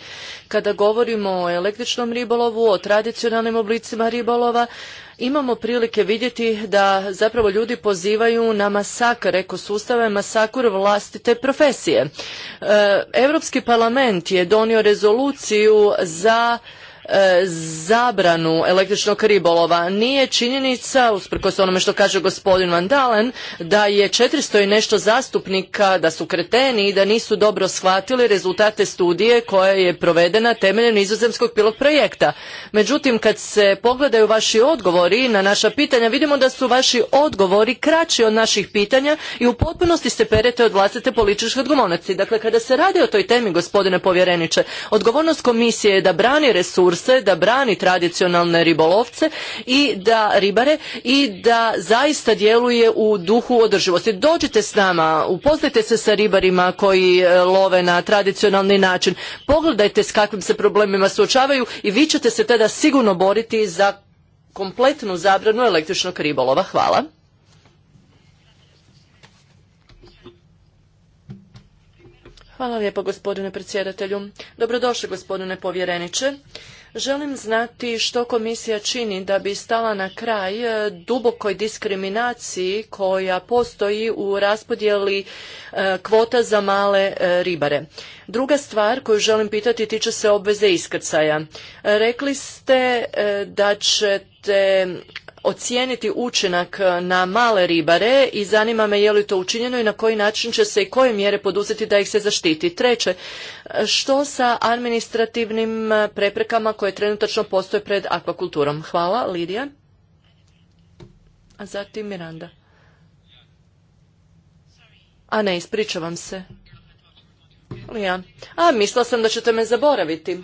Kada govorimo o električnom ribolovu, o tradicionalnim oblicima ribolova, imamo prilike vidjeti da zapravo ljudi pozivaju na masakr ekosustave, masakr vlastite profesije. E, Europski parlament je donio rezoluciju za E, zabranu električnog ribolova nije činjenica, usprkos onome što kaže gospodin Van Dalen, da je 400 i nešto zastupnika da su kreteni i da nisu dobro shvatili rezultate studije koja je provedena temeljem nizozemskog pilot projekta. Međutim, kad se pogledaju vaši odgovori na naša pitanja, vidimo da su vaši odgovori kraći od naših pitanja i u potpunosti se perete od vlastite političke odgovornosti. Dakle, kada se radi o toj temi, gospodine povjereniče, odgovornost komisije je da brani resurs se da brani tradicionalne ribolovce i da ribare i da zaista djeluje u duhu održivosti. Dođite s nama, upoznajte se sa ribarima koji e, love na tradicionalni način, pogledajte s kakvim se problemima suočavaju i vi ćete se tada sigurno boriti za kompletnu zabranu električnog ribolova. Hvala. Hvala lijepo gospodine predsjedatelju. Dobrodošli gospodine povjereniče. Želim znati što komisija čini da bi stala na kraj e, dubokoj diskriminaciji koja postoji u raspodjeli e, kvota za male e, ribare. Druga stvar koju želim pitati tiče se obveze iskrcaja. Rekli ste da ćete ocijeniti učinak e, na male ribare i zanima me je li to učinjeno i na koji način će se i koje mjere poduzeti da ih se zaštiti. Treće, što sa administrativnim e, preprekama koje trenutačno postoje pred akvakulturom? Hvala, Lidija. A zatim Miranda. A ne, ispričavam se. A, mislila sam da ćete me zaboraviti.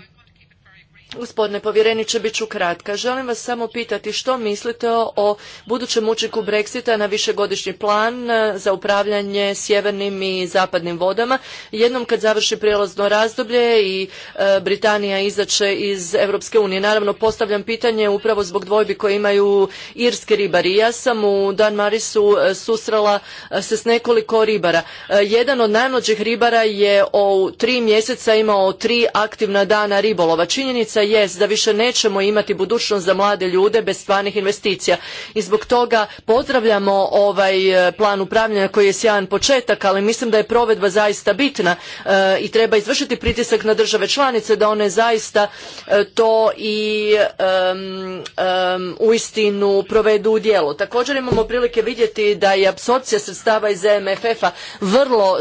Gospodine povjereniče, bit ću kratka. Želim vas samo pitati što mislite o budućem učinku Brexita na višegodišnji plan e, za upravljanje sjevernim i zapadnim vodama. Jednom kad završi prijelazno razdoblje i e, Britanija izače iz Europske unije. Naravno, postavljam pitanje upravo zbog dvojbi koje imaju irski ribari. Ja sam u Danmarisu Marisu e, susrela se s nekoliko ribara. Jedan od najmlađih ribara je u tri mjeseca imao tri aktivna dana ribolova. Činjenica jest da više nećemo imati budućnost za mlade ljude bez stvarnih investicija. I zbog toga pozdravljamo ovaj e, plan upravljanja koji je sjajan početak, ali mislim da je provedba zaista bitna e, i treba izvršiti pritisak na države članice da one zaista e, to i u istinu provedu u dijelu. Također imamo prilike vidjeti da je apsorpcija sredstava iz mff a vrlo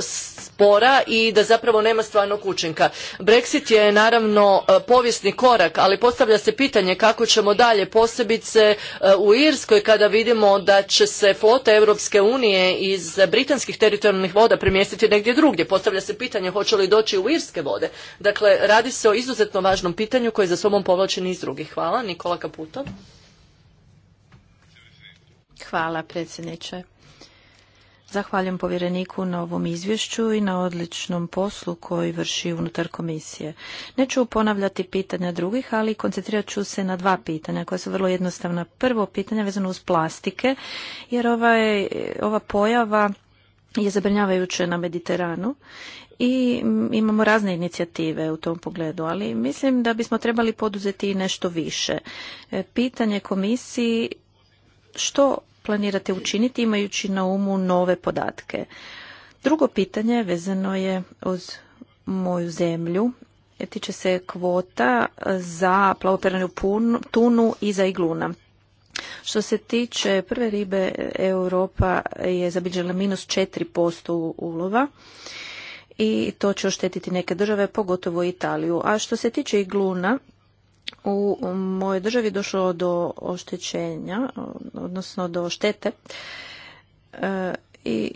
spora i da zapravo nema stvarnog učinka. Brexit je naravno e, povijesni korak, ali postavlja se pitanje kako ćemo dalje, posebice e, u Irskoj kada vidimo da će se flota Europske unije iz britanskih teritorijalnih voda premjestiti negdje drugdje. Postavlja se pitanje hoće li doći u Irske vode. Dakle, radi se o izuzetno važnom pitanju koje za sobom povlači niz drugih. Hvala. Nikola Kaputo. Hvala predsjedniče. Zahvaljujem povjereniku na ovom izvješću i na odličnom poslu koji vrši unutar komisije. Neću ponavljati pitanja drugih, ali koncentrirat ću se na dva pitanja koja su vrlo jednostavna. Prvo pitanje vezano uz plastike, jer ova pojava je zabrinjavajuća na Mediteranu i imamo razne inicijative u tom pogledu, ali mislim da bismo trebali poduzeti i nešto više. E, pitanje komisiji što planirate učiniti imajući na umu nove podatke? Drugo pitanje vezano je uz moju zemlju. Tiče se kvota za plavoperanju tunu i za igluna. Što se tiče prve ribe, Europa je zabilježila minus 4% ulova i to će oštetiti neke države, pogotovo Italiju. A što se tiče igluna, u mojoj državi došlo do oštećenja, odnosno do štete e, i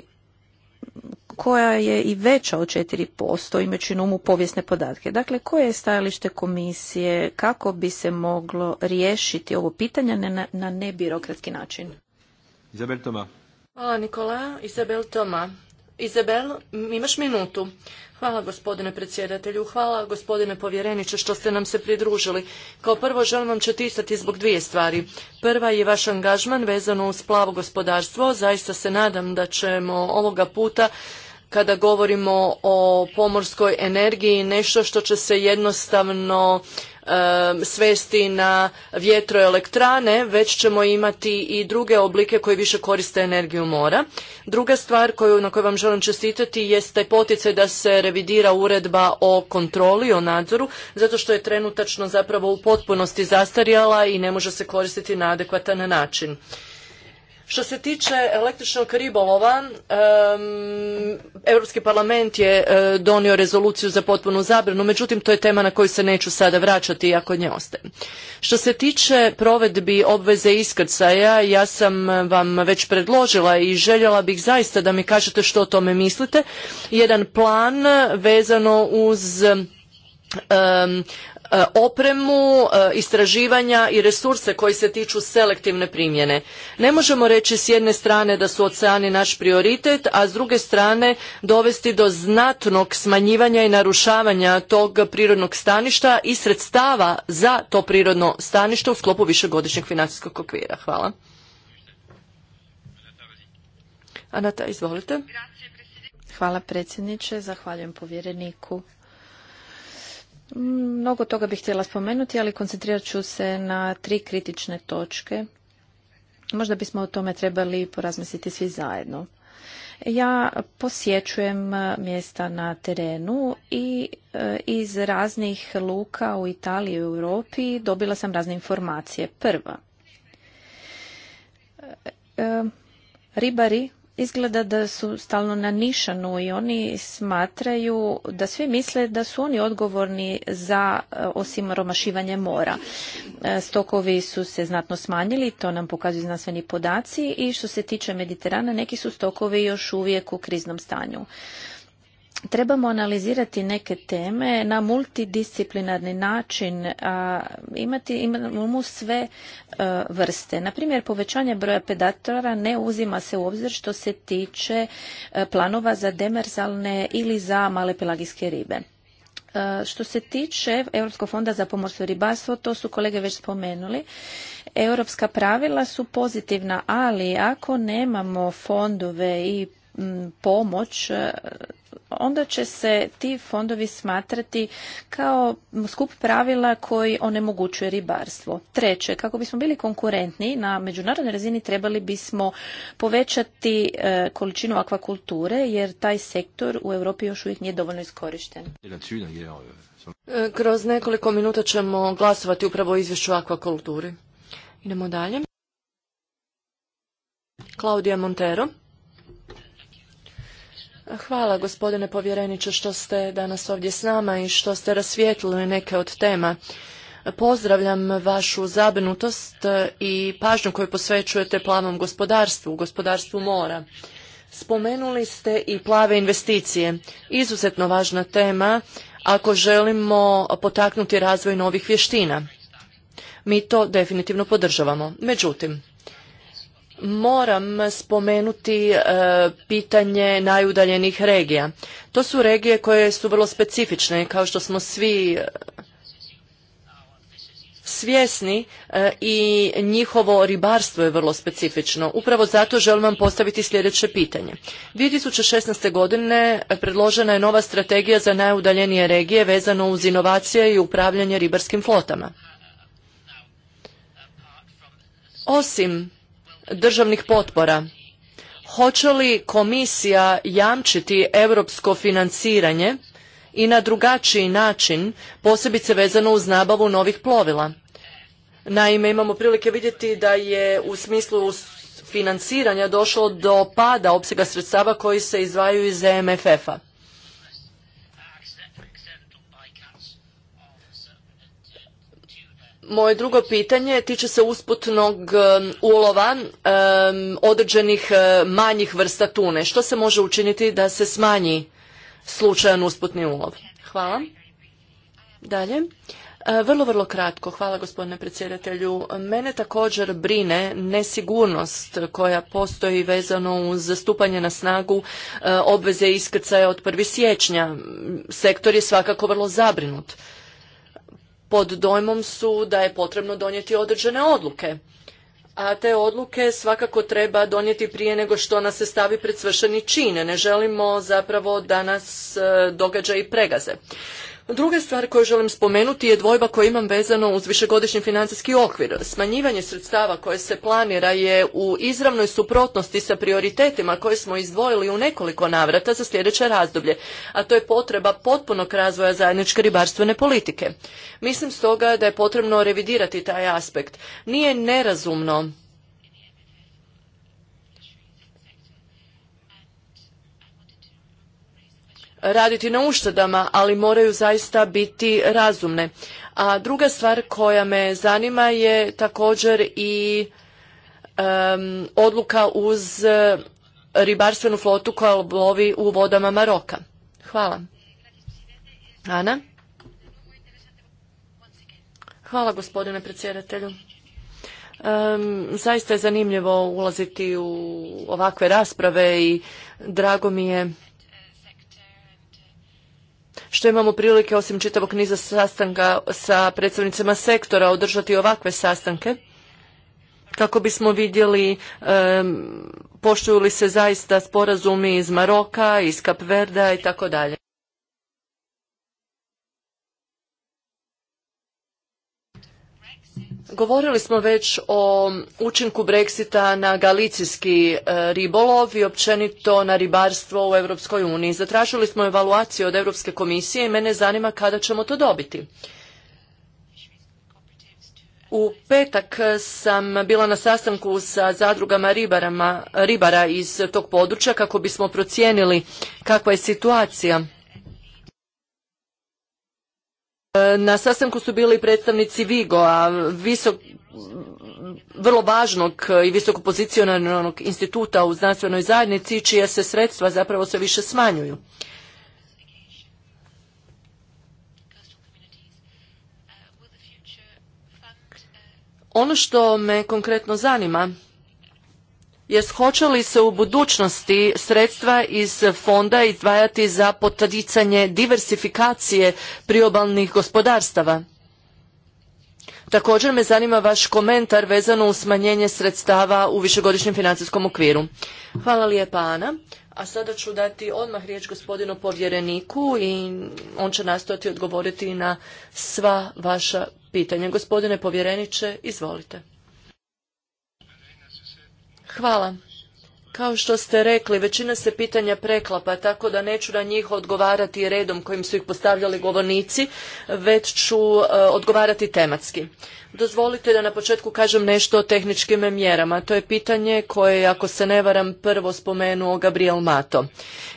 koja je i veća od 4%, imajući na umu povijesne podatke. Dakle, koje je stajalište komisije, kako bi se moglo riješiti ovo pitanje na, na nebirokratski način? Izabel Toma. Hvala Nikola. Izabel Toma. Izabel, imaš minutu. Hvala gospodine predsjedatelju, hvala gospodine povjereniče što ste nam se pridružili. Kao prvo želim vam četistati zbog dvije stvari. Prva je vaš angažman vezano uz plavo gospodarstvo. Zaista se nadam da ćemo ovoga puta kada govorimo o pomorskoj energiji nešto što će se jednostavno svesti na vjetroelektrane, već ćemo imati i druge oblike koji više koriste energiju mora. Druga stvar koju, na kojoj vam želim čestitati jest taj poticaj da se revidira uredba o kontroli, o nadzoru, zato što je trenutačno zapravo u potpunosti zastarjala i ne može se koristiti na adekvatan način. Što se tiče električnog ribolova, Europski parlament je e, donio rezoluciju za potpunu zabranu, međutim to je tema na koju se neću sada vraćati ako nje ostaje. Što se tiče provedbi obveze iskrcaja, ja sam vam već predložila i željela bih zaista da mi kažete što o tome mislite. Jedan plan vezano uz E, opremu, e, istraživanja i resurse koji se tiču selektivne primjene. Ne možemo reći s jedne strane da su oceani naš prioritet, a s druge strane dovesti do znatnog smanjivanja i narušavanja tog prirodnog staništa i sredstava za to prirodno stanište u sklopu višegodišnjeg financijskog okvira. Hvala. Anata, izvolite. Hvala predsjedniče, zahvaljujem povjereniku Mnogo toga bih htjela spomenuti, ali koncentrirat ću se na tri kritične točke. Možda bismo o tome trebali porazmisliti svi zajedno. Ja posjećujem mjesta na terenu i e, iz raznih luka u Italiji i Europi dobila sam razne informacije. Prva, e, ribari izgleda da su stalno na nišanu i oni smatraju da svi misle da su oni odgovorni za eh, osim romašivanje mora. Eh, stokovi su se znatno smanjili, to nam pokazuju znanstveni podaci i što se tiče Mediterana, neki su stokovi još uvijek u kriznom stanju trebamo analizirati neke teme na multidisciplinarni način, a imati imamo sve e, vrste. Na primjer, povećanje broja pedatora ne uzima se u obzir što se tiče e, planova za demersalne ili za male pelagijske ribe. E, što se tiče Europskog fonda za pomorstvo i ribarstvo, to su kolege već spomenuli. Europska pravila su pozitivna, ali ako nemamo fondove i pomoć onda će se ti fondovi smatrati kao skup pravila koji onemogućuje ribarstvo. Treće, kako bismo bili konkurentni na međunarodnoj razini trebali bismo povećati e, količinu akvakulture jer taj sektor u Europi još uvijek nije dovoljno iskorišten. E, kroz nekoliko minuta ćemo glasovati upravo o izvješću o akvakulturi. Idemo dalje. Klaudija Montero. Hvala gospodine povjereniče što ste danas ovdje s nama i što ste rasvijetlili neke od tema. Pozdravljam vašu zabrinutost i pažnju koju posvećujete plavom gospodarstvu, gospodarstvu mora. Spomenuli ste i plave investicije. Izuzetno važna tema ako želimo potaknuti razvoj novih vještina. Mi to definitivno podržavamo. Međutim, moram spomenuti e, pitanje najudaljenih regija. To su regije koje su vrlo specifične, kao što smo svi e, svjesni e, i njihovo ribarstvo je vrlo specifično. Upravo zato želim vam postaviti sljedeće pitanje. 2016. godine predložena je nova strategija za najudaljenije regije vezano uz inovacije i upravljanje ribarskim flotama. Osim državnih potpora. Hoće li komisija jamčiti europsko financiranje i na drugačiji način, posebice vezano uz nabavu novih plovila? Naime, imamo prilike vidjeti da je u smislu financiranja došlo do pada opsega sredstava koji se izdvajaju iz EMFF-a. Moje drugo pitanje tiče se usputnog um, ulova um, određenih uh, manjih vrsta tune. Što se može učiniti da se smanji slučajan usputni ulov? Hvala. Dalje. Uh, vrlo, vrlo kratko. Hvala gospodine predsjedatelju. Mene također brine nesigurnost koja postoji vezano uz zastupanje na snagu uh, obveze iskrcaja od 1. siječnja. Sektor je svakako vrlo zabrinut pod dojmom su da je potrebno donijeti određene odluke. A te odluke svakako treba donijeti prije nego što nas se stavi pred svršeni čin. Ne želimo zapravo da nas e, i pregaze. Druga stvar koju želim spomenuti je dvojba koju imam vezano uz višegodišnji financijski okvir. Smanjivanje sredstava koje se planira je u izravnoj suprotnosti sa prioritetima koje smo izdvojili u nekoliko navrata za sljedeće razdoblje, a to je potreba potpunog razvoja zajedničke ribarstvene politike. Mislim stoga da je potrebno revidirati taj aspekt. Nije nerazumno raditi na uštedama, ali moraju zaista biti razumne. A druga stvar koja me zanima je također i odluka uz ribarstvenu flotu koja lovi u vodama Maroka. Hvala. Ana? Hvala gospodine predsjedatelju. zaista je zanimljivo ulaziti u ovakve rasprave i drago mi je što imamo prilike osim čitavog niza sastanka sa predstavnicima sektora održati ovakve sastanke kako bismo vidjeli poštuju li se zaista sporazumi iz Maroka, iz Kapverda i tako dalje. Govorili smo već o učinku Brexita na galicijski e, ribolov i općenito na ribarstvo u Europskoj uniji. Zatražili smo evaluaciju od Europske komisije i mene zanima kada ćemo to dobiti. U petak sam bila na sastanku sa zadrugama ribara iz tog područja kako bismo procijenili kakva je situacija E, na sastanku su bili predstavnici Vigoa, visok, vrlo važnog i visoko pozicioniranog instituta u znanstvenoj zajednici, čija se sredstva zapravo sve više smanjuju. Ono što me konkretno zanima jest hoće li se u budućnosti sredstva iz fonda izdvajati za poticanje diversifikacije priobalnih gospodarstava? Također me zanima vaš komentar vezano u smanjenje sredstava u višegodišnjem financijskom okviru. Hvala lijepa Ana. A sada ću dati odmah riječ gospodinu povjereniku i on će nastojati odgovoriti na sva vaša pitanja. Gospodine povjereniče, izvolite. Hvala. Kao što ste rekli, većina se pitanja preklapa, tako da neću na njih odgovarati redom kojim su ih postavljali govornici, već ću e, odgovarati tematski. Dozvolite da na početku kažem nešto o tehničkim mjerama. To je pitanje koje, ako se ne varam, prvo spomenuo Gabriel Mato.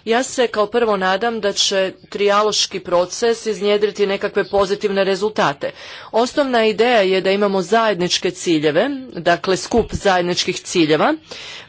Ja se kao prvo nadam da će trijaloški proces iznjedriti nekakve pozitivne rezultate. Osnovna ideja je da imamo zajedničke ciljeve, dakle skup zajedničkih ciljeva,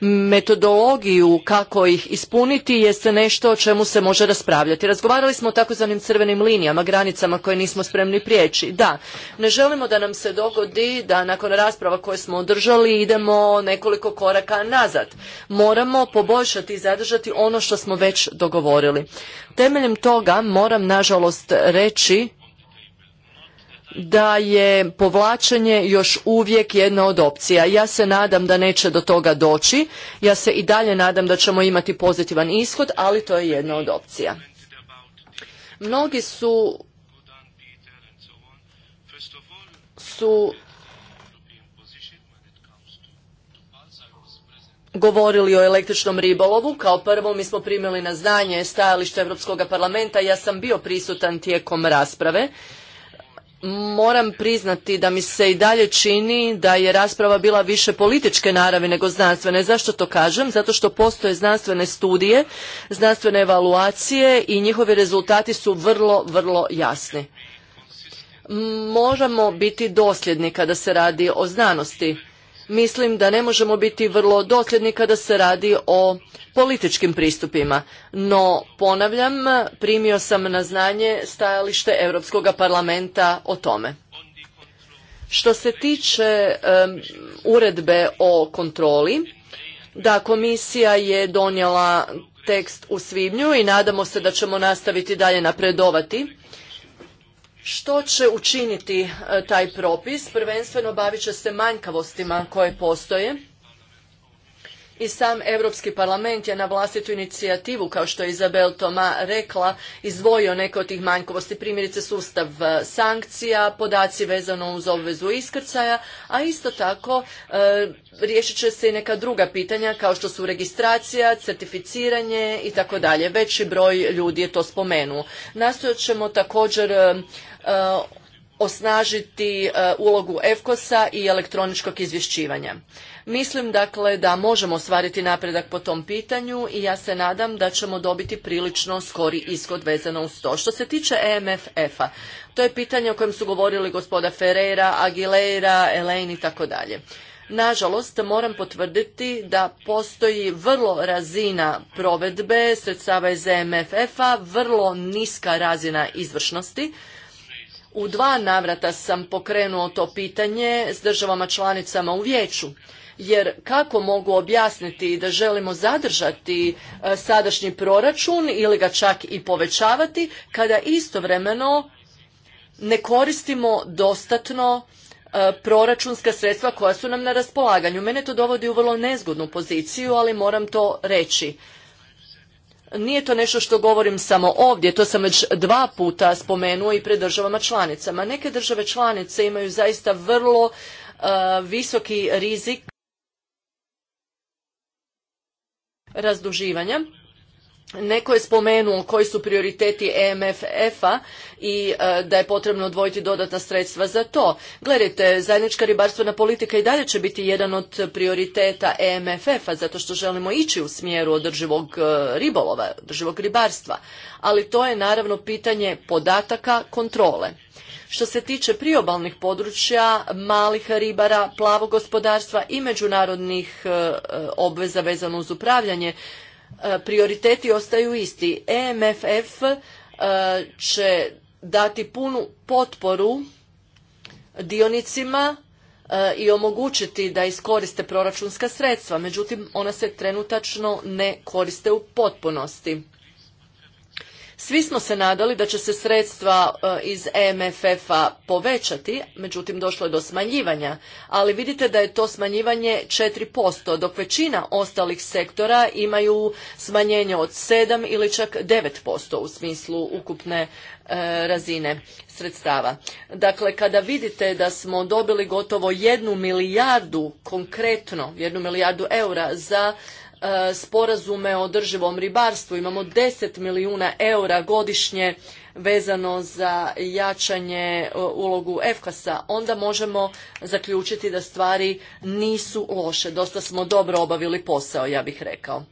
metodologiju metodologiju kako ih ispuniti jeste nešto o čemu se može raspravljati. Razgovarali smo o takozvanim crvenim linijama, granicama koje nismo spremni prijeći. Da, ne želimo da nam se dogodi da nakon rasprava koje smo održali idemo nekoliko koraka nazad. Moramo poboljšati i zadržati ono što smo već dogovorili. Temeljem toga moram nažalost reći da je povlačenje još uvijek jedna od opcija. Ja se nadam da neće do toga doći, ja se i dalje nadam da ćemo imati pozitivan ishod, ali to je jedna od opcija. Mnogi su su govorili o električnom ribolovu. Kao prvo mi smo primili na znanje stajalište Europskog parlamenta. Ja sam bio prisutan tijekom rasprave moram priznati da mi se i dalje čini da je rasprava bila više političke naravi nego znanstvene. Zašto to kažem? Zato što postoje znanstvene studije, znanstvene evaluacije i njihovi rezultati su vrlo, vrlo jasni. Možemo biti dosljedni kada se radi o znanosti mislim da ne možemo biti vrlo dosljedni kada se radi o političkim pristupima. No, ponavljam, primio sam na znanje stajalište Europskog parlamenta o tome. Što se tiče uredbe o kontroli, da komisija je donijela tekst u svibnju i nadamo se da ćemo nastaviti dalje napredovati što će učiniti e, taj propis? Prvenstveno bavit će se manjkavostima koje postoje. I sam Europski parlament je na vlastitu inicijativu, kao što je Izabel Toma rekla, izdvojio neke od tih manjkovosti, primjerice sustav e, sankcija, podaci vezano uz obvezu iskrcaja, a isto tako e, riješit će se i neka druga pitanja kao što su registracija, certificiranje i tako dalje. Veći broj ljudi je to spomenuo. Nastojat ćemo također E, osnažiti e, ulogu EFKOS-a i elektroničkog izvješćivanja. Mislim dakle da možemo ostvariti napredak po tom pitanju i ja se nadam da ćemo dobiti prilično skori ishod vezano uz to. Što se tiče EMFF-a, to je pitanje o kojem su govorili gospoda Ferreira, Aguilera, Elaine i tako dalje. Nažalost, moram potvrditi da postoji vrlo razina provedbe sredstava iz EMFF-a, vrlo niska razina izvršnosti u dva navrata sam pokrenuo to pitanje s državama članicama u vijeću jer kako mogu objasniti da želimo zadržati e, sadašnji proračun ili ga čak i povećavati kada istovremeno ne koristimo dostatno e, proračunska sredstva koja su nam na raspolaganju. Mene to dovodi u vrlo nezgodnu poziciju, ali moram to reći nije to nešto što govorim samo ovdje, to sam već dva puta spomenuo i pred državama članicama. Neke države članice imaju zaista vrlo e, visoki rizik razduživanja Neko je spomenuo koji su prioriteti EMFF-a i e, da je potrebno odvojiti dodatna sredstva za to. Gledajte, zajednička ribarstvena politika i dalje će biti jedan od prioriteta EMFF-a zato što želimo ići u smjeru održivog e, ribolova, održivog ribarstva. Ali to je naravno pitanje podataka kontrole. Što se tiče priobalnih područja, malih ribara, plavog gospodarstva i međunarodnih e, obveza vezano uz upravljanje, E, prioriteti ostaju isti. EMFF e, će dati punu potporu dionicima e, i omogućiti da iskoriste proračunska sredstva, međutim ona se trenutačno ne koriste u potpunosti. Svi smo se nadali da će se sredstva e, iz EMFF-a povećati, međutim došlo je do smanjivanja, ali vidite da je to smanjivanje 4%, dok većina ostalih sektora imaju smanjenje od 7 ili čak 9% u smislu ukupne e, razine sredstava. Dakle, kada vidite da smo dobili gotovo jednu milijardu konkretno, jednu milijardu eura za E, sporazume o održivom ribarstvu. Imamo 10 milijuna eura godišnje vezano za jačanje e, ulogu EFKAS-a, onda možemo zaključiti da stvari nisu loše. Dosta smo dobro obavili posao, ja bih rekao.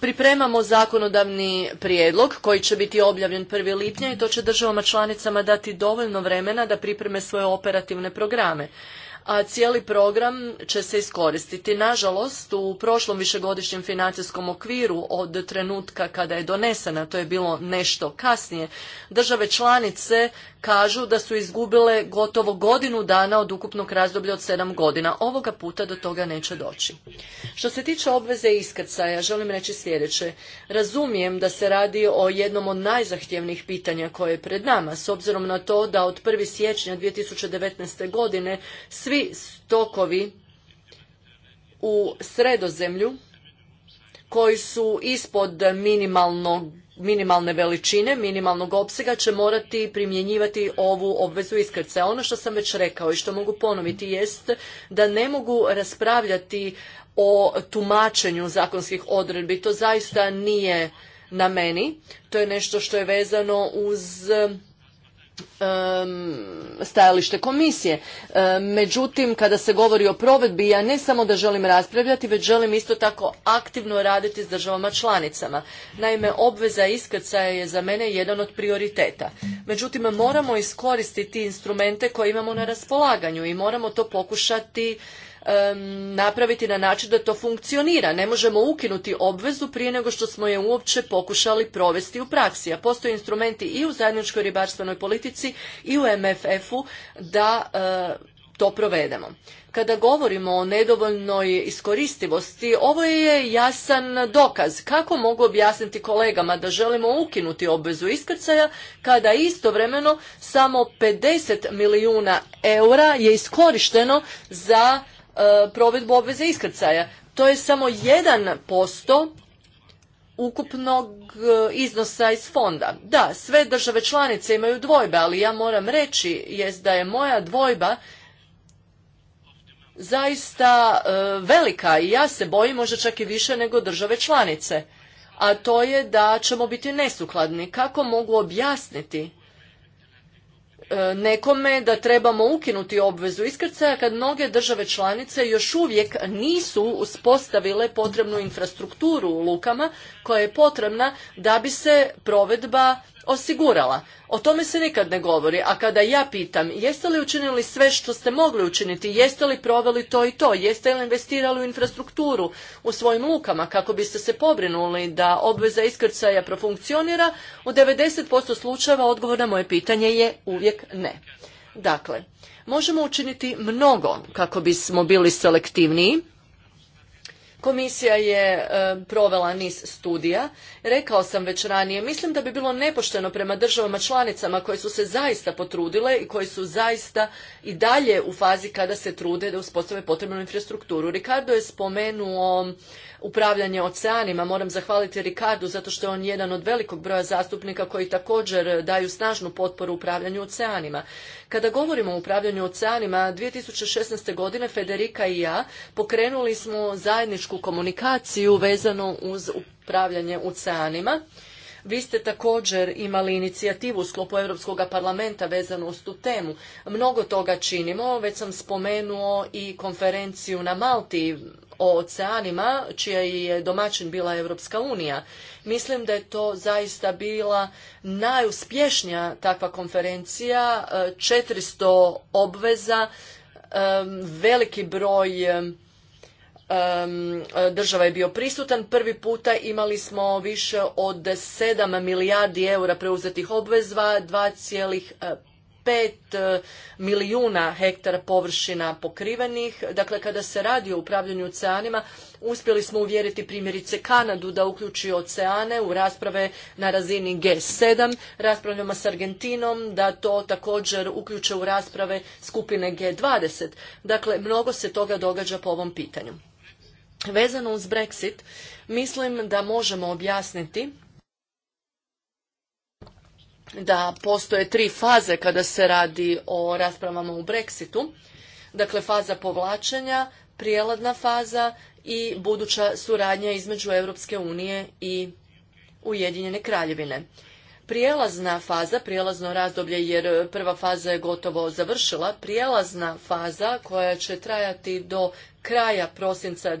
pripremamo zakonodavni prijedlog koji će biti objavljen 1. lipnja i to će državama članicama dati dovoljno vremena da pripreme svoje operativne programe a cijeli program će se iskoristiti. Nažalost, u prošlom višegodišnjem financijskom okviru od trenutka kada je donesena, to je bilo nešto kasnije, države članice kažu da su izgubile gotovo godinu dana od ukupnog razdoblja od sedam godina. Ovoga puta do toga neće doći. Što se tiče obveze iskrcaja, želim reći sljedeće. Razumijem da se radi o jednom od najzahtjevnijih pitanja koje je pred nama, s obzirom na to da od 1. siječnja 2019. godine svi svi stokovi u sredozemlju koji su ispod minimalne veličine, minimalnog opsega će morati primjenjivati ovu obvezu iskrcaja. Ono što sam već rekao i što mogu ponoviti jest da ne mogu raspravljati o tumačenju zakonskih odredbi. To zaista nije na meni. To je nešto što je vezano uz stajalište komisije. Međutim, kada se govori o provedbi, ja ne samo da želim raspravljati, već želim isto tako aktivno raditi s državama članicama. Naime, obveza iskrcaja je za mene jedan od prioriteta. Međutim, moramo iskoristiti instrumente koje imamo na raspolaganju i moramo to pokušati napraviti na način da to funkcionira. Ne možemo ukinuti obvezu prije nego što smo je uopće pokušali provesti u praksi. A postoje instrumenti i u zajedničkoj ribarstvenoj politici i u MFF-u da eh, to provedemo. Kada govorimo o nedovoljnoj iskoristivosti, ovo je jasan dokaz. Kako mogu objasniti kolegama da želimo ukinuti obvezu iskrcaja kada istovremeno samo 50 milijuna eura je iskorišteno za E, provedbu obveze iskrcaja. To je samo 1% ukupnog e, iznosa iz fonda. Da, sve države članice imaju dvojbe, ali ja moram reći jest da je moja dvojba zaista e, velika i ja se bojim možda čak i više nego države članice. A to je da ćemo biti nesukladni. Kako mogu objasniti E, nekome da trebamo ukinuti obvezu iskrcaja kad mnoge države članice još uvijek nisu uspostavile potrebnu infrastrukturu u lukama koja je potrebna da bi se provedba osigurala. O tome se nikad ne govori, a kada ja pitam jeste li učinili sve što ste mogli učiniti, jeste li proveli to i to, jeste li investirali u infrastrukturu u svojim lukama kako biste se pobrinuli da obveza iskrcaja profunkcionira, u 90% slučajeva odgovor na moje pitanje je uvijek ne. Dakle, možemo učiniti mnogo kako bismo bili selektivniji, Komisija je e, provela niz studija. Rekao sam već ranije, mislim da bi bilo nepošteno prema državama članicama koje su se zaista potrudile i koje su zaista i dalje u fazi kada se trude da uspostave potrebnu infrastrukturu. Ricardo je spomenuo upravljanje oceanima. Moram zahvaliti Ricardu zato što je on jedan od velikog broja zastupnika koji također daju snažnu potporu upravljanju oceanima. Kada govorimo o upravljanju oceanima, 2016. godine Federika i ja pokrenuli smo zajedničku komunikaciju vezanu uz upravljanje oceanima. Vi ste također imali inicijativu u sklopu Europskog parlamenta vezanu uz tu temu. Mnogo toga činimo, već sam spomenuo i konferenciju na Malti o oceanima, čija je domaćin bila Europska unija. Mislim da je to zaista bila najuspješnija takva konferencija, 400 obveza, veliki broj država je bio prisutan. Prvi puta imali smo više od 7 milijardi eura preuzetih obvezva, 2,5 5 e, milijuna hektara površina pokrivenih. Dakle, kada se radi o upravljanju oceanima, uspjeli smo uvjeriti primjerice Kanadu da uključi oceane u rasprave na razini G7. Raspravljamo s Argentinom da to također uključe u rasprave skupine G20. Dakle, mnogo se toga događa po ovom pitanju. Vezano uz Brexit, mislim da možemo objasniti da postoje tri faze kada se radi o raspravama u Brexitu. Dakle, faza povlačenja, prijeladna faza i buduća suradnja između Europske unije i Ujedinjene kraljevine. Prijelazna faza, prijelazno razdoblje jer prva faza je gotovo završila, prijelazna faza koja će trajati do kraja prosinca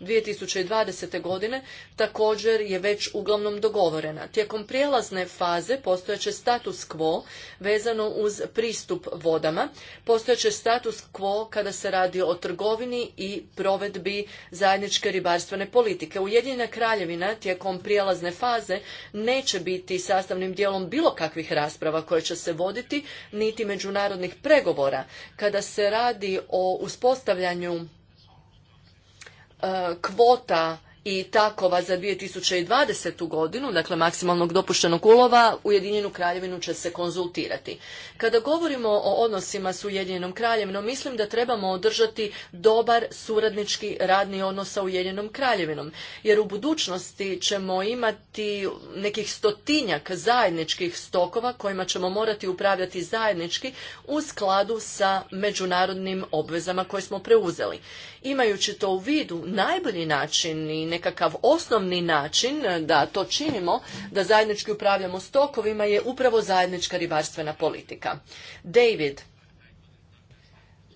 2020. godine također je već uglavnom dogovorena. Tijekom prijelazne faze postojeće status quo vezano uz pristup vodama, postojeće status quo kada se radi o trgovini i provedbi zajedničke ribarstvene politike. Ujedinjena kraljevina tijekom prijelazne faze neće biti sastavnim dijelom bilo kakvih rasprava koje će se voditi, niti međunarodnih pregovora. Kada se radi o uspostavljanju E, kvota i takova za 2020. godinu, dakle maksimalnog dopuštenog ulova, Ujedinjenu kraljevinu će se konzultirati. Kada govorimo o odnosima s Ujedinjenom kraljevinom, mislim da trebamo održati dobar suradnički radni odnos sa Ujedinjenom kraljevinom, jer u budućnosti ćemo imati nekih stotinjak zajedničkih stokova kojima ćemo morati upravljati zajednički u skladu sa međunarodnim obvezama koje smo preuzeli. Imajući to u vidu, najbolji način i nekakav osnovni način e, da to činimo, da zajednički upravljamo stokovima, je upravo zajednička ribarstvena politika. David,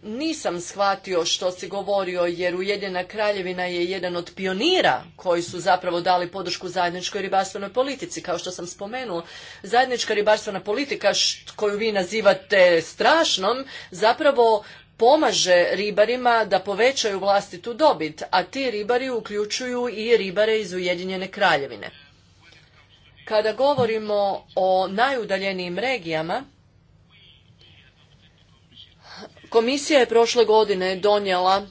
nisam shvatio što si govorio jer Ujedinjena kraljevina je jedan od pionira koji su zapravo dali podršku zajedničkoj ribarstvenoj politici. Kao što sam spomenuo, zajednička ribarstvena politika koju vi nazivate strašnom zapravo pomaže ribarima da povećaju vlastitu dobit, a ti ribari uključuju i ribare iz Ujedinjene kraljevine. Kada govorimo o najudaljenijim regijama, komisija je prošle godine donijela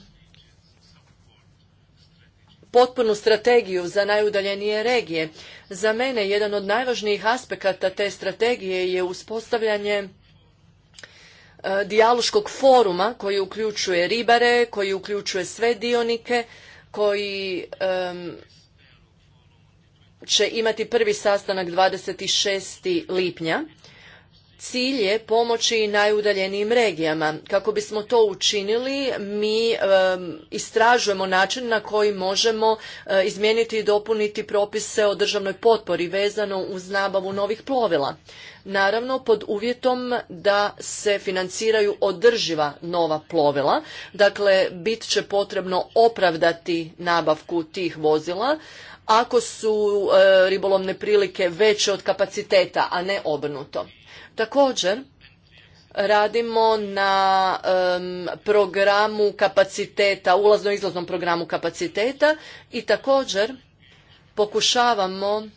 potpunu strategiju za najudaljenije regije. Za mene jedan od najvažnijih aspekata te strategije je uspostavljanje E, dijaloškog foruma koji uključuje ribare, koji uključuje sve dionike, koji će imati prvi sastanak 26. lipnja Cilj je pomoći najudaljenijim regijama. Kako bismo to učinili, mi istražujemo način na koji možemo eh, izmijeniti i dopuniti propise o državnoj potpori vezano uz nabavu novih plovila. Naravno, pod uvjetom da se financiraju održiva nova plovila. Dakle, bit će potrebno opravdati nabavku tih vozila, ako su eh, ribolovne prilike veće od kapaciteta, a ne obrnuto. Također, radimo na programu kapaciteta, ulazno-izlaznom programu kapaciteta i također pokušavamo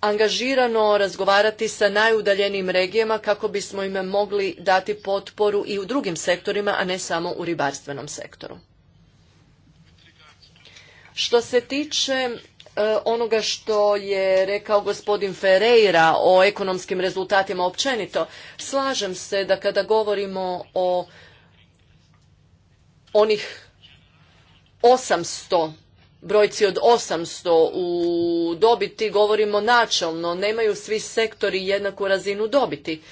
angažirano razgovarati sa najudaljenijim regijama kako bismo im mogli dati potporu i u drugim sektorima, a ne samo u ribarstvenom sektoru. Što se tiče E, onoga što je rekao gospodin Ferreira o ekonomskim rezultatima općenito. Slažem se da kada govorimo o onih 800 brojci od 800 u dobiti govorimo načelno, nemaju svi sektori jednaku razinu dobiti.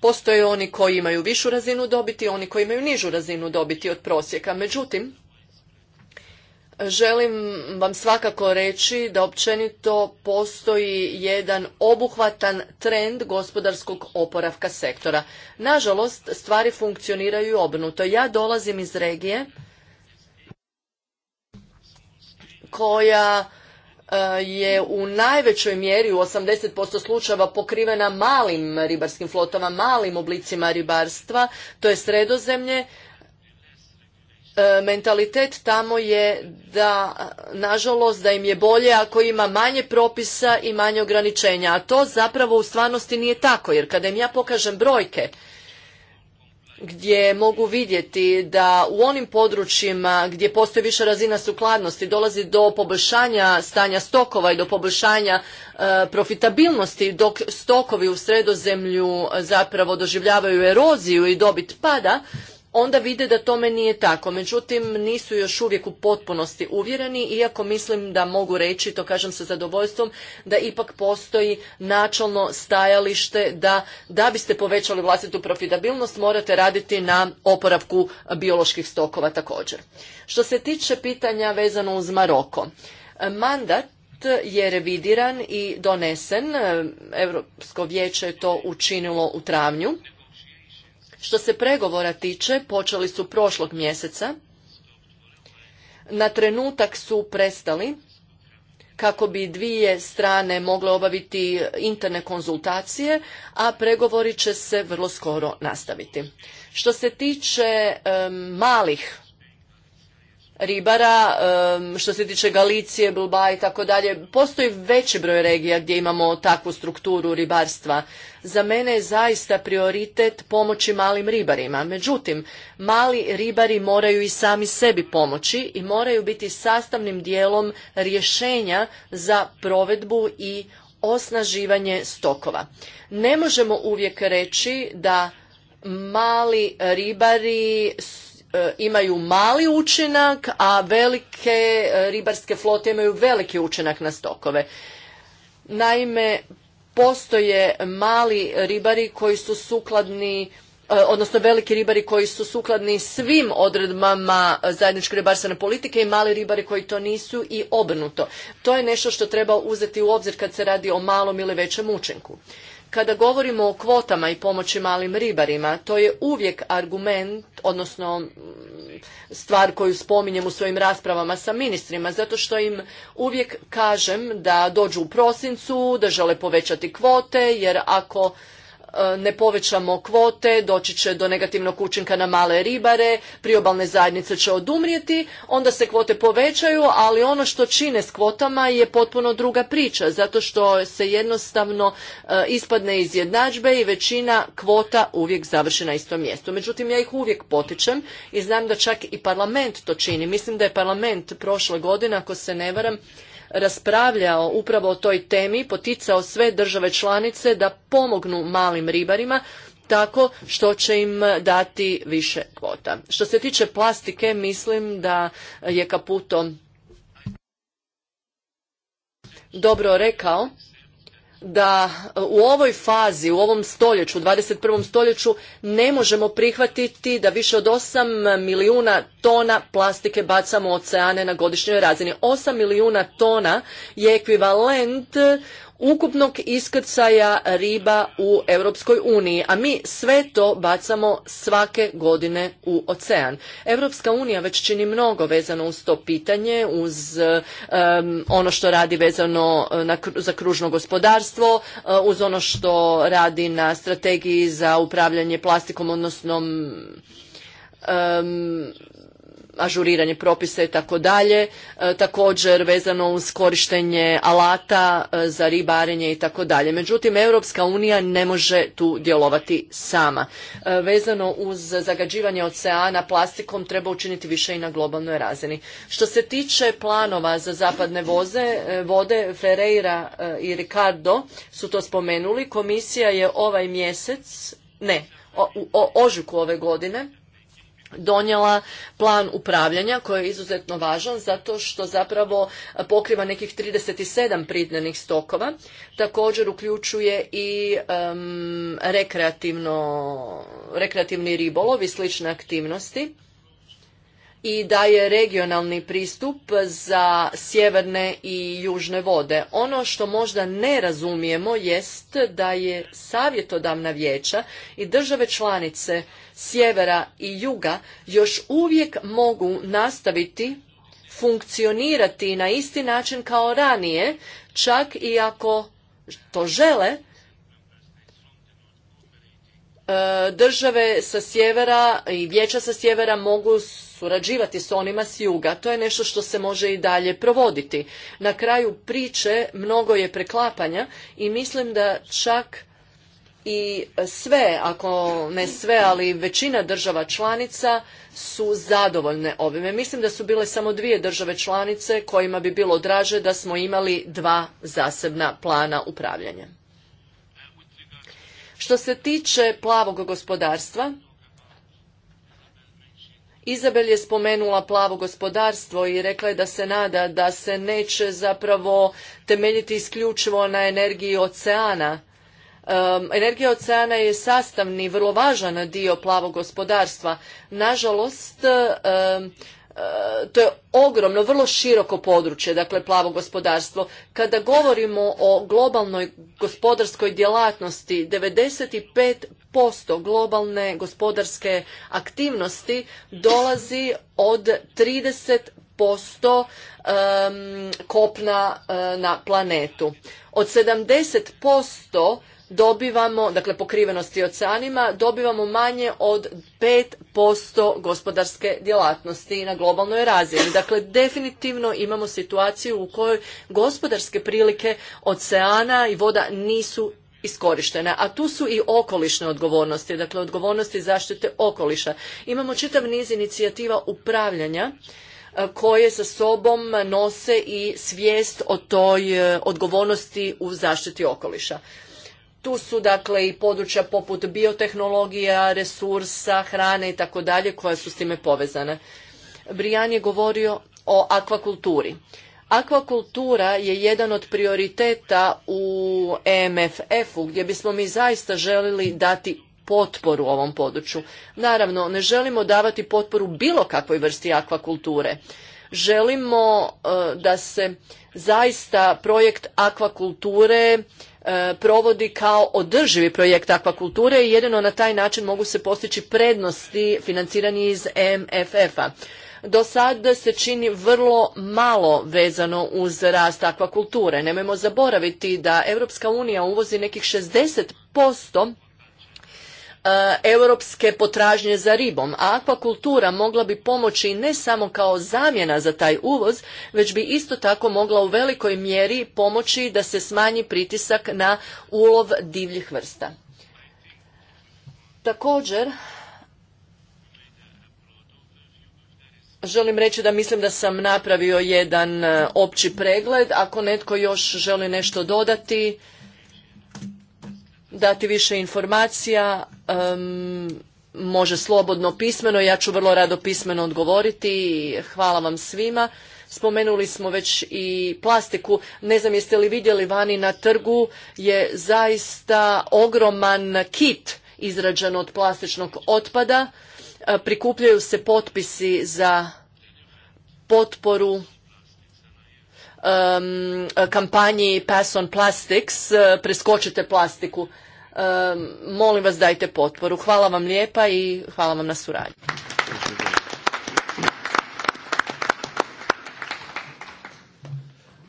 Postoje oni koji imaju višu razinu dobiti, oni koji imaju nižu razinu dobiti od prosjeka. Međutim, Želim vam svakako reći da općenito postoji jedan obuhvatan trend gospodarskog oporavka sektora. Nažalost, stvari funkcioniraju obrnuto. Ja dolazim iz regije koja e, je u najvećoj mjeri u 80% slučajeva pokrivena malim ribarskim flotama, malim oblicima ribarstva, to je sredozemlje, E, mentalitet tamo je da, nažalost, da im je bolje ako ima manje propisa i manje ograničenja. A to zapravo u stvarnosti nije tako, jer kada im ja pokažem brojke, gdje mogu vidjeti da u onim područjima gdje postoji više razina sukladnosti dolazi do poboljšanja stanja stokova i do poboljšanja e, profitabilnosti dok stokovi u sredozemlju zapravo doživljavaju eroziju i dobit pada onda vide da tome nije tako. Međutim, nisu još uvijek u potpunosti uvjereni, iako mislim da mogu reći, to kažem sa zadovoljstvom, da ipak postoji načalno stajalište da da biste povećali vlastitu profitabilnost morate raditi na oporavku bioloških stokova također. Što se tiče pitanja vezano uz Maroko, mandat je revidiran i donesen, Europsko vijeće je to učinilo u travnju. Što se pregovora tiče, počeli su prošlog mjeseca. Na trenutak su prestali kako bi dvije strane mogle obaviti interne konzultacije, a pregovori će se vrlo skoro nastaviti. Što se tiče malih ribara, što se tiče Galicije, Bilba i tako dalje, postoji veći broj regija gdje imamo takvu strukturu ribarstva. Za mene je zaista prioritet pomoći malim ribarima. Međutim, mali ribari moraju i sami sebi pomoći i moraju biti sastavnim dijelom rješenja za provedbu i osnaživanje stokova. Ne možemo uvijek reći da mali ribari e, imaju mali učinak, a velike e, ribarske flote imaju veliki učinak na stokove. Naime, postoje mali ribari koji su sukladni e, odnosno veliki ribari koji su sukladni svim odredbama zajedničke ribarstvene politike i mali ribari koji to nisu i obrnuto. To je nešto što treba uzeti u obzir kad se radi o malom ili većem učinku. Kada govorimo o kvotama i pomoći malim ribarima, to je uvijek argument, odnosno mm, stvar koju spominjem u svojim raspravama sa ministrima, zato što im uvijek kažem da dođu u prosincu, da žele povećati kvote, jer ako E, ne povećamo kvote, doći će do negativnog učinka na male ribare, priobalne zajednice će odumrijeti, onda se kvote povećaju, ali ono što čine s kvotama je potpuno druga priča, zato što se jednostavno e, ispadne iz jednadžbe i većina kvota uvijek završi na istom mjestu. Međutim, ja ih uvijek potičem i znam da čak i parlament to čini. Mislim da je parlament prošle godine, ako se ne varam, raspravljao upravo o toj temi, poticao sve države članice da pomognu malim ribarima tako što će im dati više kvota. Što se tiče plastike, mislim da je Caputo dobro rekao da e, u ovoj fazi, u ovom stoljeću, u 21. stoljeću ne možemo prihvatiti da više od 8 milijuna tona plastike bacamo u oceane na godišnjoj razini. 8 milijuna tona je ekvivalent ukupnog iskrcaja riba u Europskoj uniji, a mi sve to bacamo svake godine u ocean. Europska unija već čini mnogo vezano uz to pitanje, uz ono što radi vezano e, za kružno gospodarstvo, e, uz ono što radi na strategiji za upravljanje plastikom, odnosno ažuriranje propisa i tako dalje, e, također vezano uz korištenje alata e, za ribarenje i tako dalje. Međutim, Europska unija ne može tu djelovati sama. E, vezano uz zagađivanje oceana plastikom treba učiniti više i na globalnoj razini. Što se tiče planova za zapadne voze, vode, Ferreira i Ricardo su to spomenuli. Komisija je ovaj mjesec, ne, u ožujku ove godine, donijela plan upravljanja koji je izuzetno važan zato što zapravo pokriva nekih 37 pridnenih stokova. Također uključuje i rekreativni ribolov i slične aktivnosti i da je regionalni pristup za sjeverne i južne vode. Ono što možda ne razumijemo jest da je savjetodavna vijeća i države članice sjevera i juga još uvijek mogu nastaviti funkcionirati na isti način kao ranije, čak i ako to žele, E, države sa sjevera i vijeća sa sjevera mogu surađivati s onima s juga. To je nešto što se može i dalje provoditi. Na kraju priče mnogo je preklapanja i mislim da čak i sve, ako ne sve, ali većina država članica su zadovoljne ovime. Mislim da su bile samo dvije države članice kojima bi bilo draže da smo imali dva zasebna plana upravljanja. Što se tiče plavog gospodarstva, Izabel je spomenula plavo gospodarstvo i rekla je da se nada da se neće zapravo temeljiti isključivo na energiji oceana. energija oceana je sastavni, vrlo važan dio plavog gospodarstva. Nažalost, E, to je ogromno, vrlo široko područje, dakle plavo gospodarstvo. Kada govorimo o globalnoj gospodarskoj djelatnosti, 95% globalne gospodarske aktivnosti dolazi od 30% kopna e, na planetu. Od 70% dobivamo, dakle pokrivenosti oceanima, dobivamo manje od 5% gospodarske djelatnosti na globalnoj razini. Dakle, definitivno imamo situaciju u kojoj gospodarske prilike oceana i voda nisu iskorištene. a tu su i okolišne odgovornosti, dakle odgovornosti zaštite okoliša. Imamo čitav niz inicijativa upravljanja e, koje sa sobom nose i svijest o toj e, odgovornosti u zaštiti okoliša. Tu su dakle i područja poput biotehnologija, resursa, hrane i tako dalje koja su s time povezane. Brijan je govorio o akvakulturi. Akvakultura je jedan od prioriteta u EMFF-u gdje bismo mi zaista želili dati potporu ovom području. Naravno, ne želimo davati potporu bilo kakvoj vrsti akvakulture. Želimo e, da se zaista projekt akvakulture E, provodi kao održivi projekt akvakulture i jedino na taj način mogu se postići prednosti financirani iz MFF-a. Do sad se čini vrlo malo vezano uz rast akvakulture. Nemojmo zaboraviti da Europska unija uvozi nekih 60% E, europske potražnje za ribom, a akvakultura mogla bi pomoći ne samo kao zamjena za taj uvoz, već bi isto tako mogla u velikoj mjeri pomoći da se smanji pritisak na ulov divljih vrsta. Također, Želim reći da mislim da sam napravio jedan e, opći pregled. Ako netko još želi nešto dodati, dati više informacija, može slobodno pismeno, ja ću vrlo rado pismeno odgovoriti. i Hvala vam svima. Spomenuli smo već i plastiku. Ne znam jeste li vidjeli vani na trgu je zaista ogroman kit izrađen od plastičnog otpada. E, prikupljaju se potpisi za potporu um, kampanji Pass on Plastics, e, preskočite plastiku molim vas dajte potporu. Hvala vam lijepa i hvala vam na suradnju.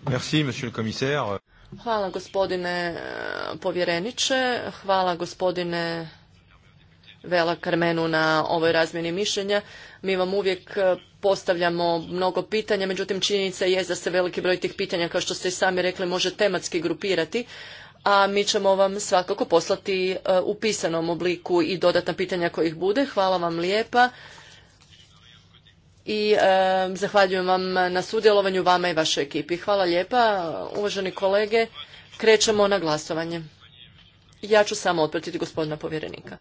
Merci, monsieur le commissaire. Hvala gospodine eh, povjereniče, hvala gospodine Vela Karmenu na ovoj razmjeni mišljenja. Mi vam uvijek eh, postavljamo mnogo pitanja, međutim činjenica je da se veliki broj tih pitanja, kao što ste i sami rekli, može tematski grupirati, a mi ćemo vam svakako poslati e, u pisanom obliku i dodatna pitanja kojih bude. Hvala vam lijepa i e, zahvaljujem vam na sudjelovanju vama i vašoj ekipi. Hvala lijepa, uvaženi kolege. Krećemo na glasovanje. Ja ću samo otpratiti gospodina povjerenika.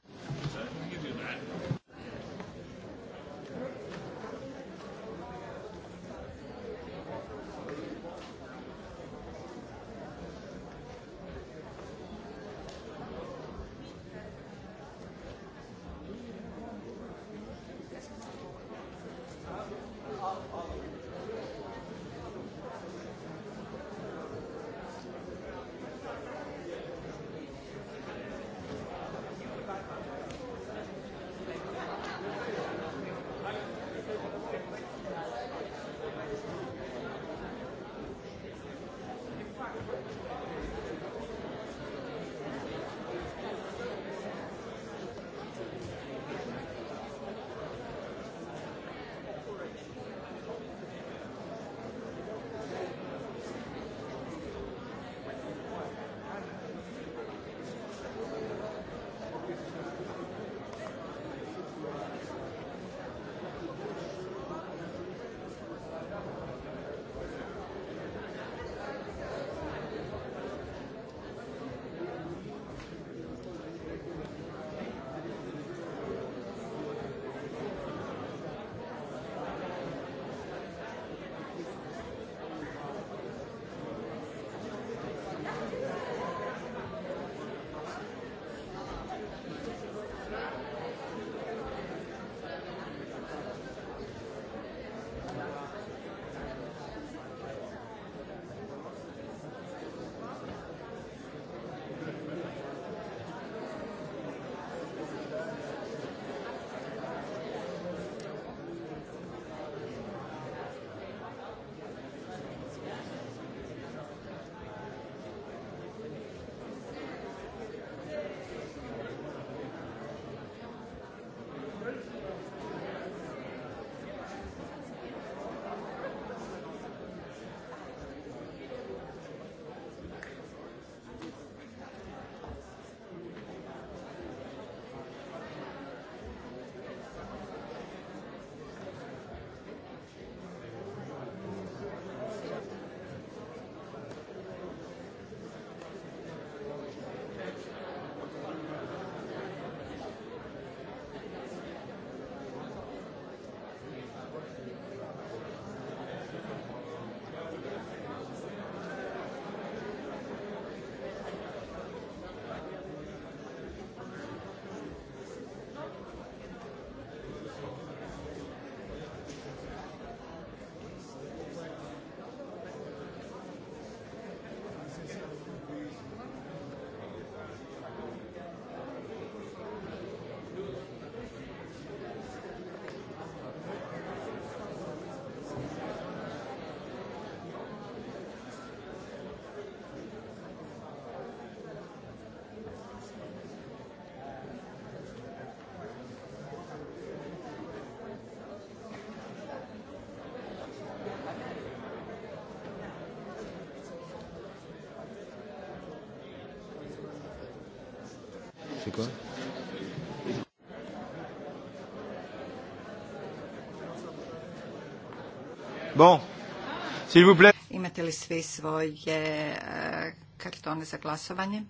Imate li svi svoje eh, kartone za glasovanje?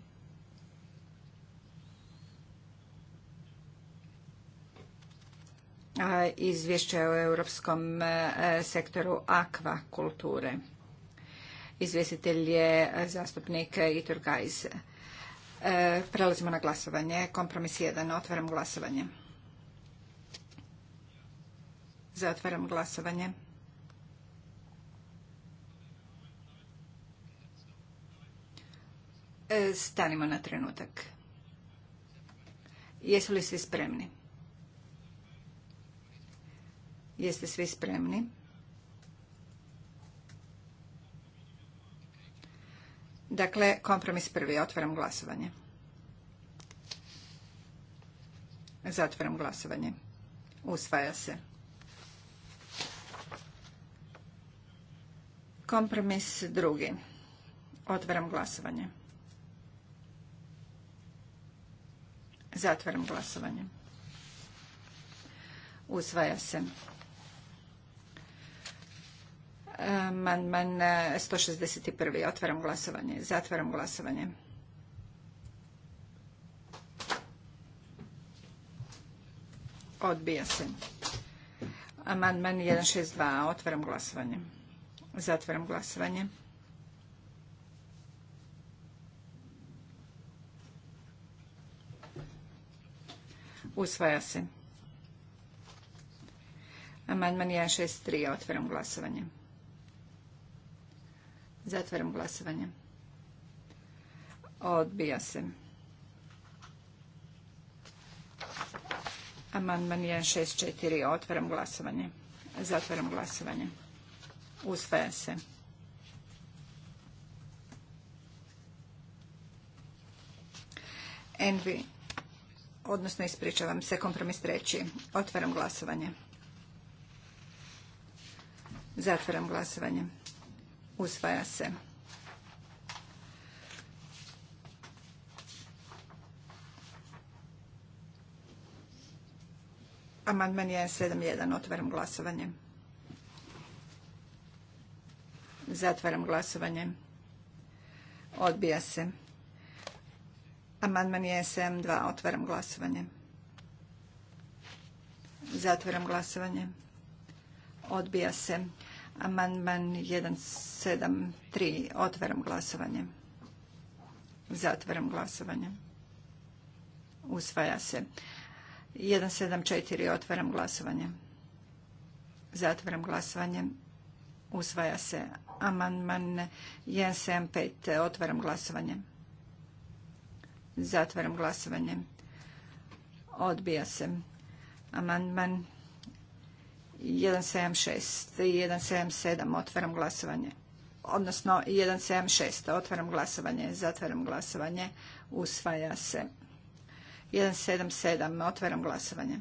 Eh, izvješće o europskom eh, sektoru akvakulture. Izvjestitelj je zastupnik Itur Gajze. E, prelazimo na glasovanje. Kompromis 1. Otvaram glasovanje. Zatvaram glasovanje. E, stanimo na trenutak. Jesu li svi spremni? Jeste svi spremni? Dakle, kompromis prvi. Otvaram glasovanje. Zatvaram glasovanje. Usvaja se. Kompromis drugi. Otvaram glasovanje. Zatvaram glasovanje. Usvaja se. Amandman 161. E, Otvaram glasovanje. Zatvaram glasovanje. Odbija se. Amandman 162. Otvaram glasovanje. Zatvaram glasovanje. Usvaja se. Amandman 163. Otvaram glasovanje. Zatvaram glasovanje. Odbija se. Amandman 164. Otvaram glasovanje. Zatvaram glasovanje. Usvaja se. Envi, odnosno ispričavam se, kompromis treći. Otvaram glasovanje. Zatvaram glasovanje. Usvaja se. Amandman je 7.1. Otvaram glasovanje. Zatvaram glasovanje. Odbija se. Amandman je 7.2. Otvaram glasovanje. Zatvaram glasovanje. Odbija se. Amandman 173. Otvaram glasovanje. Zatvaram glasovanje. Usvaja se. 174. Otvaram glasovanje. Zatvaram glasovanje. Usvaja se. Amandman 175. Otvaram glasovanje. Zatvaram glasovanje. Odbija se. Amandman 176 i 177 otvaram glasovanje odnosno 176 otvaram glasovanje zatvaram glasovanje usvaja se 177 otvaram glasovanje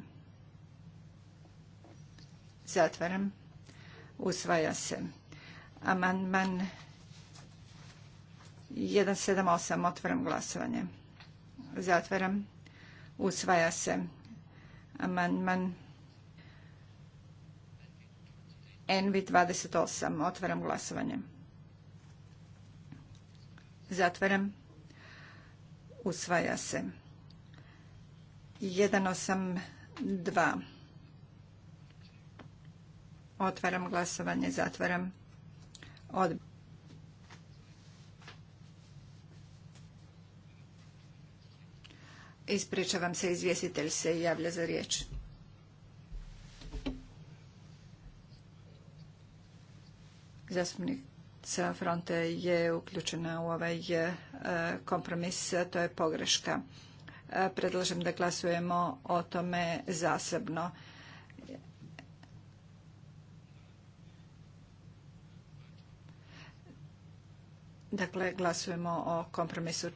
zatvaram usvaja se amandman 178 otvaram glasovanje zatvaram usvaja se amandman Envi 28. Otvaram glasovanje. Zatvaram. Usvaja se. 182. Otvaram glasovanje. Zatvaram. Ispričavam se, izvjestitelj se javlja za riječ. Zastupnica Fronte je uključena u ovaj e, kompromis, to je pogreška. E, predlažem da glasujemo o tome zasebno. Dakle, glasujemo o kompromisu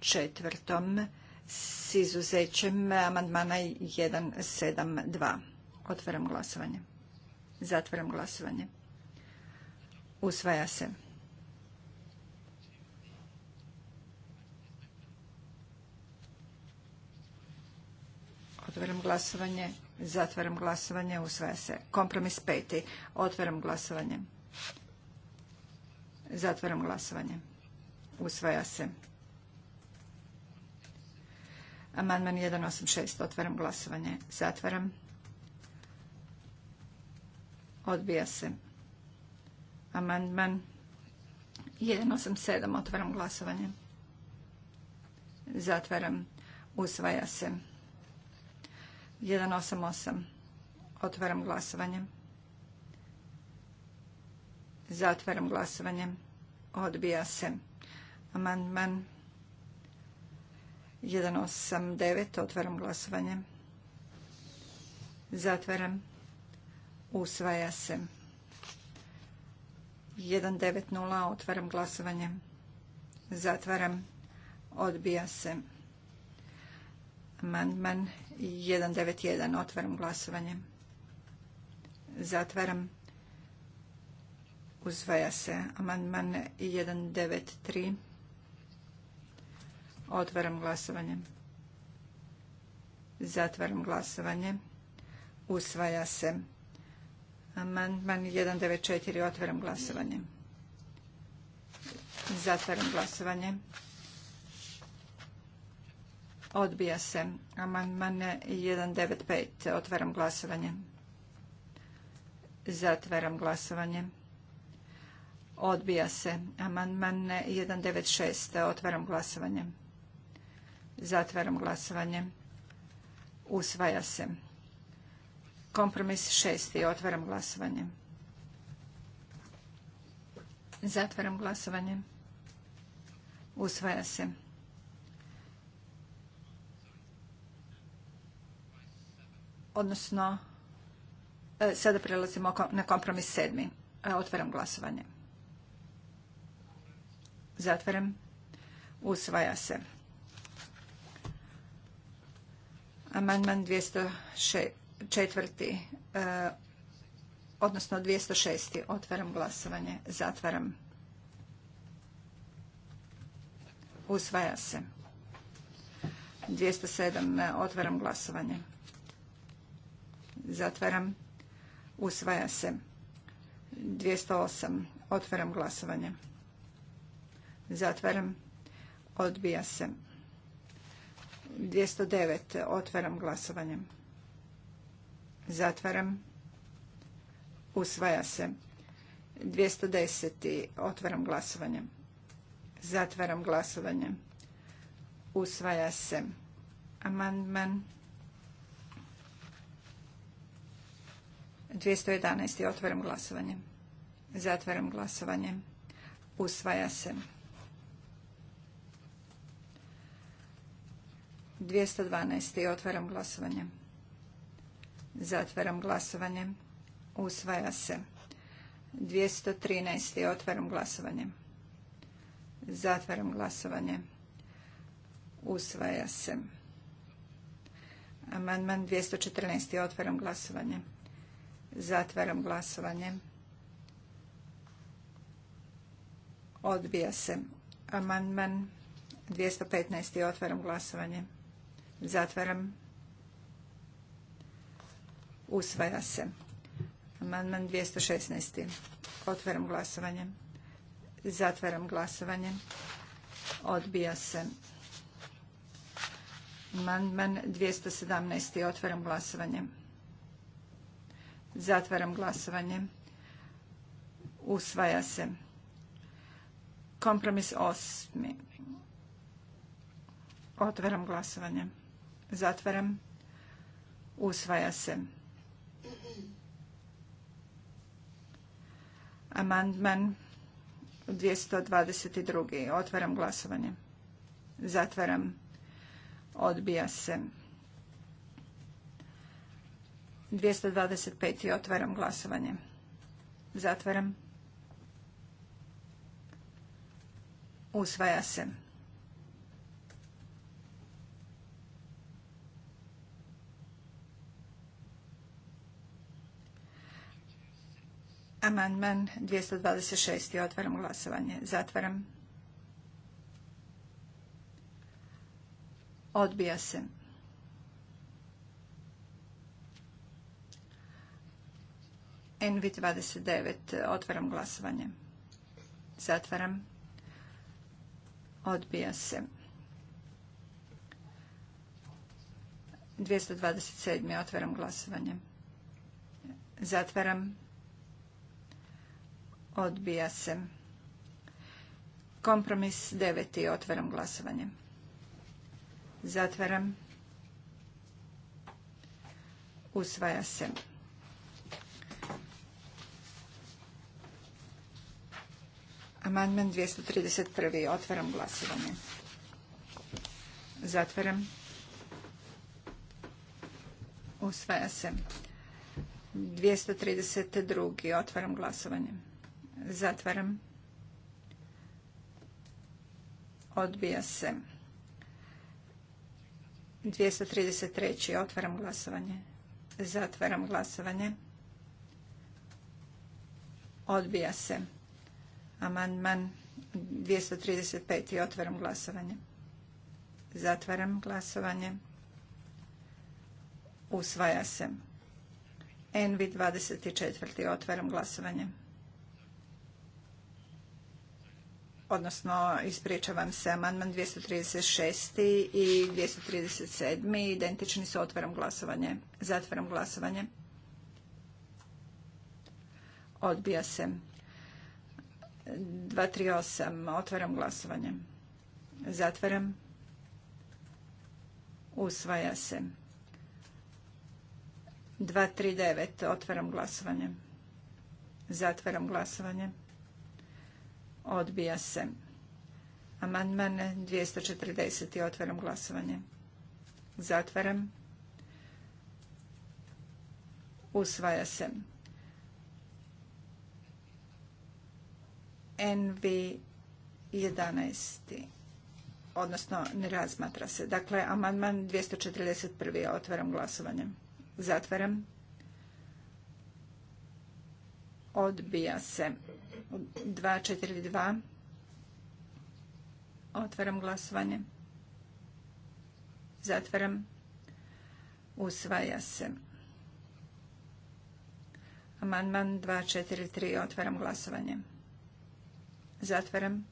četvrtom s izuzećem amandmana 172. Otvaram glasovanje. Zatvaram glasovanje. Usvaja se. Otvaram glasovanje. Zatvaram glasovanje. Usvaja se. Kompromis peti. Otvaram glasovanje. Zatvaram glasovanje. Usvaja se. Amandman 186. Otvaram glasovanje. Zatvaram. Odbija se. Amandman 187. Otvaram glasovanje. Zatvaram. Usvaja se. 188. Otvaram glasovanje. Zatvaram glasovanje. Odbija se. Amandman 189. Otvaram glasovanje. Zatvaram. Usvaja se. 190. Otvaram glasovanje. Zatvaram. Odbija se. Amandman 191. Otvaram glasovanje. Zatvaram. Uzvaja se. Amandman 193. Otvaram glasovanje. Zatvaram glasovanje. Usvaja se. Amandman 194. Otvaram glasovanje. Zatvaram glasovanje. Odbija se. Amandman 195. Otvaram glasovanje. Zatvaram glasovanje. Odbija se. Amandman 196. Otvaram glasovanje. Zatvaram glasovanje. Usvaja se. Kompromis šesti. Otvaram glasovanje. Zatvaram glasovanje. Usvaja se. Odnosno, e, sada prelazimo na kompromis sedmi. E, otvaram glasovanje. Zatvaram. Usvaja se. Amandman 206 četvrti, e, odnosno 206. Otvaram glasovanje. Zatvaram. Usvaja se. 207. E, otvaram glasovanje. Zatvaram. Usvaja se. 208. Otvaram glasovanje. Zatvaram. Odbija se. 209. Otvaram glasovanje. Zatvaram. Usvaja se. 210. Otvaram glasovanje. Zatvaram glasovanje. Usvaja se. Amandman 211. Otvaram glasovanje. Zatvaram glasovanje. Usvaja se. 212. Otvaram glasovanje. Zatvaram glasovanje. Usvaja se. 213. Otvaram glasovanje. Zatvaram glasovanje. Usvaja se. Amandman 214. Otvaram glasovanje. Zatvaram glasovanje. Odbija se. Amandman 215. Otvaram glasovanje. Zatvaram Usvaja se. Amandman 216. Otvaram glasovanje. Zatvaram glasovanje. Odbija se. Amandman 217. Otvaram glasovanje. Zatvaram glasovanje. Usvaja se. Kompromis osmi. Otvaram glasovanje. Zatvaram. Usvaja se. Amandman 222. Otvaram glasovanje. Zatvaram. Odbija se. 225. Otvaram glasovanje. Zatvaram. Usvaja se. Amandman 226. Otvaram glasovanje. Zatvaram. Odbija se. NV29. Otvaram glasovanje. Zatvaram. Odbija se. 227. Otvaram glasovanje. Zatvaram. Odbija se. Kompromis 9. Otvaram glasovanje. Zatvaram. Usvaja se. Amandman 231. Otvaram glasovanje. Zatvaram. Usvaja se. 232. Otvaram glasovanje. Zatvaram. Odbija se. 233. Otvaram glasovanje. Zatvaram glasovanje. Odbija se. Amandman 235. Otvaram glasovanje. Zatvaram glasovanje. Usvaja se. NV 24. Otvaram glasovanje. odnosno ispričavam se, amandman 236. i 237. identični su, otvaram glasovanje, zatvaram glasovanje. Odbija se. 238. Otvaram glasovanje. Zatvaram. Usvaja se. 239. Otvaram glasovanje. Zatvaram glasovanje. Odbija se. Amandman 240. Otvaram glasovanje. Zatvaram. Usvaja se. NV 11. Odnosno, ne razmatra se. Dakle, amandman 241. Otvaram glasovanje. Zatvaram. Odbija se. 242. Otvaram glasovanje. Zatvaram. Usvaja se. Amandman 243. Otvaram glasovanje. Zatvaram.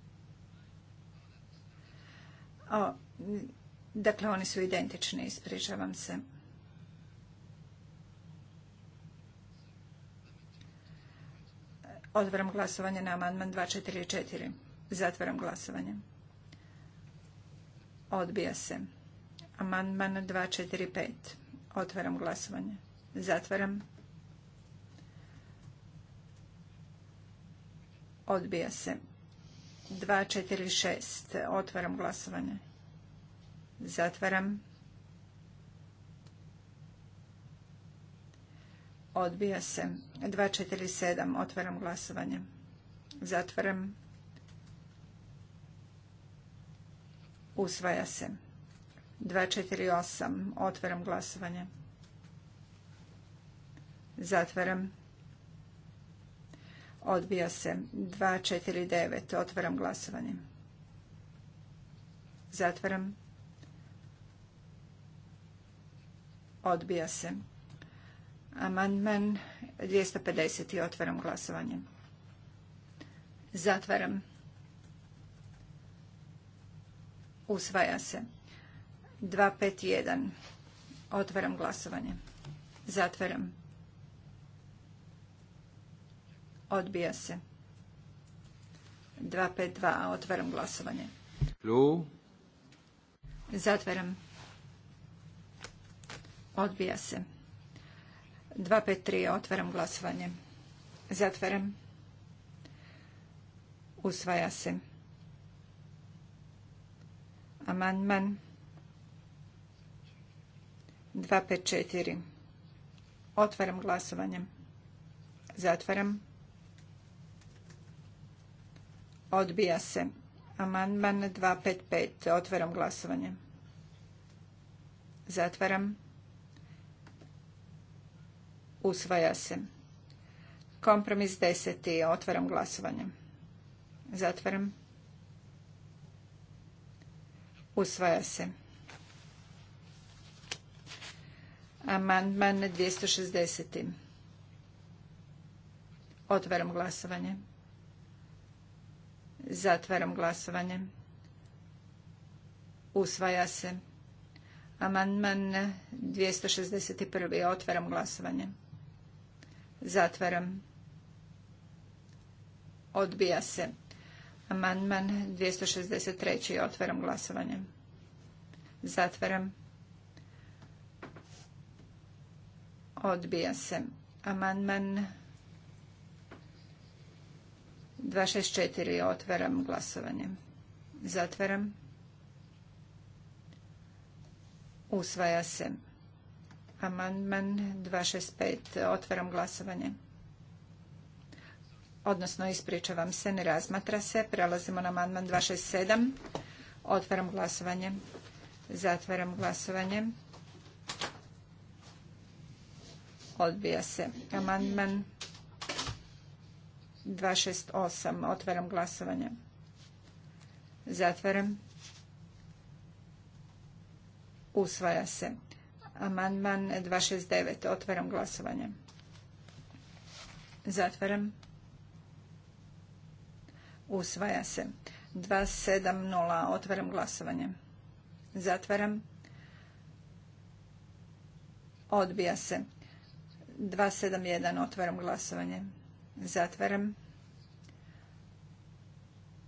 dakle, oni su identični, ispričavam se. Otvaram glasovanje na amandman 244. Zatvaram glasovanje. Odbija se. Amandman 245. Otvaram glasovanje. Zatvaram. Odbija se. 246. Otvaram glasovanje. Zatvaram. Odbija se. 247. Otvaram glasovanje. Zatvaram. Usvaja se. 248. Otvaram glasovanje. Zatvaram. Odbija se. 249. Otvaram glasovanje. Zatvaram. Odbija se. Amandman 250. Otvaram glasovanje. Zatvaram. Usvaja se. 251. Otvaram glasovanje. Zatvaram. Odbija se. 252. Otvaram glasovanje. Plu. Zatvaram. Odbija se. 253. Otvaram glasovanje. Zatvaram. Usvaja se. Amandman 254. Otvaram glasovanje. Zatvaram. Odbija se. Amandman 255. Otvaram glasovanje. Zatvaram. Usvaja se. Kompromis deseti. Otvaram glasovanje. Zatvaram. Usvaja se. Amandman 260. Otvaram glasovanje. Zatvaram glasovanje. Usvaja se. Amandman 261. Otvaram glasovanje. Zatvaram. Odbija se. Amandman 263. Otvaram glasovanje. Zatvaram. Odbija se. Amandman 264. Otvaram glasovanje. Zatvaram. Usvaja se. Amandman 265. Otvaram glasovanje. Odnosno, ispričavam se, ne razmatra se. Prelazimo na amandman 267. Otvaram glasovanje. Zatvaram glasovanje. Odbija se. Amandman 268. Otvaram glasovanje. Zatvaram. Usvaja se amandman 269. Otvaram glasovanje. Zatvaram. Usvaja se. 270. Otvaram glasovanje. Zatvaram. Odbija se. 271. Otvaram glasovanje. Zatvaram.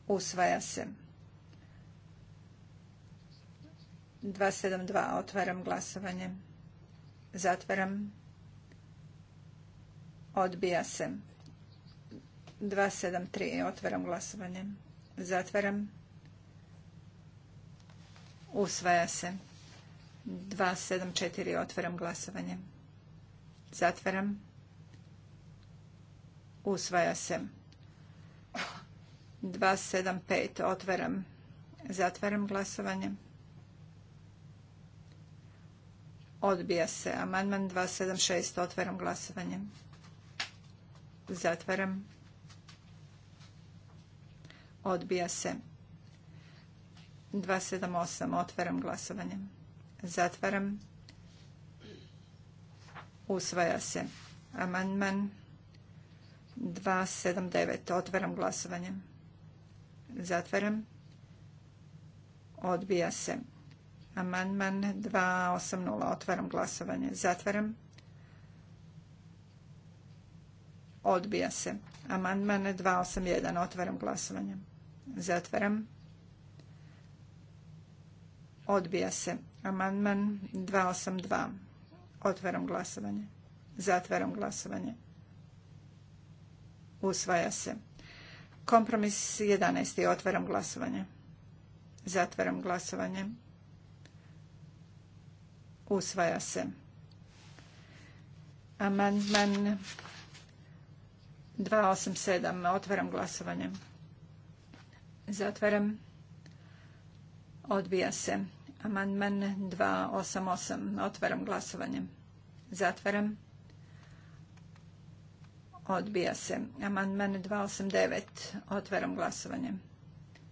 Usvaja se. 272. Otvaram glasovanje. Zatvaram. Odbija se. 273. Otvaram glasovanje. Zatvaram. Usvaja se. 274. Otvaram glasovanje. Zatvaram. Usvaja se. 275. Otvaram. Zatvaram glasovanje. Odbija se. Amandman 276. Otvaram glasovanje. Zatvaram. Odbija se. 278. Otvaram glasovanje. Zatvaram. Usvaja se. Amandman 279. Otvaram glasovanje. Zatvaram. Odbija se. Amandman 280. Otvaram glasovanje. Zatvaram. Odbija se. Amandman 281. Otvaram glasovanje. Zatvaram. Odbija se. Amandman 282. Otvaram glasovanje. Zatvaram glasovanje. Usvaja se. Kompromis 11. Otvaram glasovanje. Zatvaram glasovanje. Usvaja se. Amandman 287. Otvaram glasovanje. Zatvaram. Odbija se. Amandman 288. Otvaram glasovanje. Zatvaram. Odbija se. Amandman 289. Otvaram glasovanje.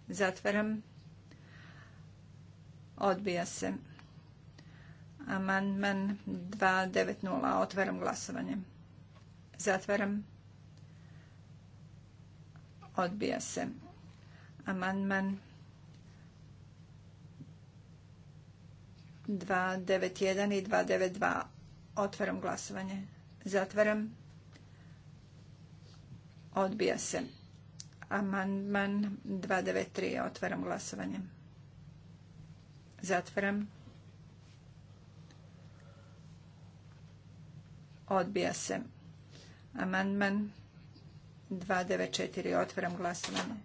Zatvaram. Odbija se. Amandman 290. Otvaram glasovanje. Zatvaram. Odbija se. Amandman 291 i 292. Otvaram glasovanje. Zatvaram. Odbija se. Amandman 293. Otvaram glasovanje. Zatvaram. Odbija se. Amandman 294. Otvaram glasovanje.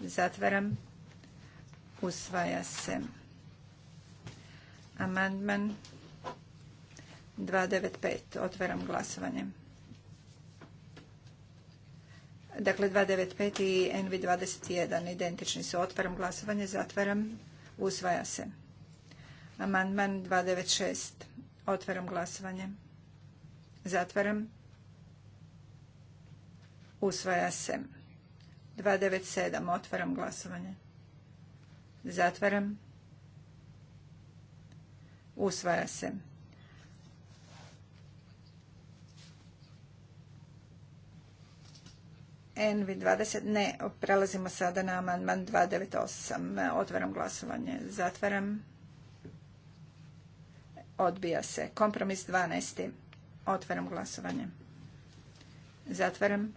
Zatvaram. Usvaja se. Amandman 295. Otvaram glasovanje. Dakle, 295 i NV21 identični su. Otvaram glasovanje, zatvaram, usvaja se. Amandman 296. Otvaram glasovanje. Zatvaram. Usvaja se. 297. Otvaram glasovanje. Zatvaram. Usvaja se. Envi 20 Ne, prelazimo sada na amandman 298. Otvaram glasovanje. Zatvaram. Odbija se. Kompromis 12. Otvaram glasovanje. Zatvaram.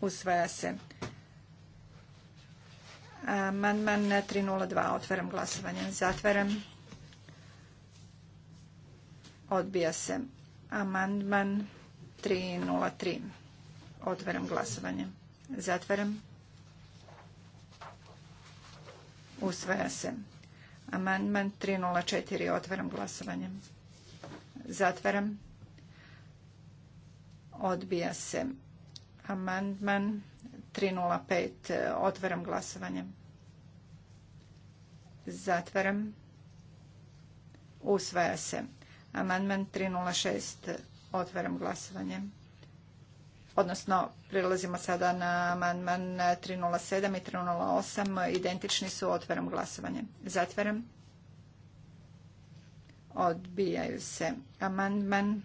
Usvaja se. Amandman 302. Otvaram glasovanje. Zatvaram. Odbija se. Amandman 303. Otvaram glasovanje. Zatvaram. Usvaja se. Amandman 304. Otvaram glasovanje. Zatvaram. Odbija se. Amandman 305. Otvaram glasovanje. Zatvaram. Usvaja se. Amandman 306. Otvaram glasovanje. Odnosno, prilazimo sada na amandman 307 i 308. Identični su. Otvaram glasovanje. Zatvaram odbijaju se. Amandman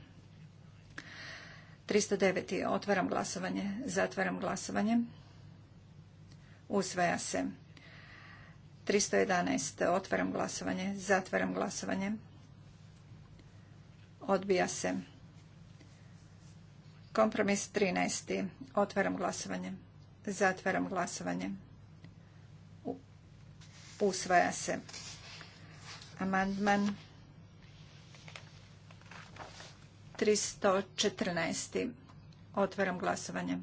309. Otvaram glasovanje. Zatvaram glasovanje. Usvaja se. 311. Otvaram glasovanje. Zatvaram glasovanje. Odbija se. Kompromis 13. Otvaram glasovanje. Zatvaram glasovanje. Usvaja se. Amandman 314. Otvaram glasovanje.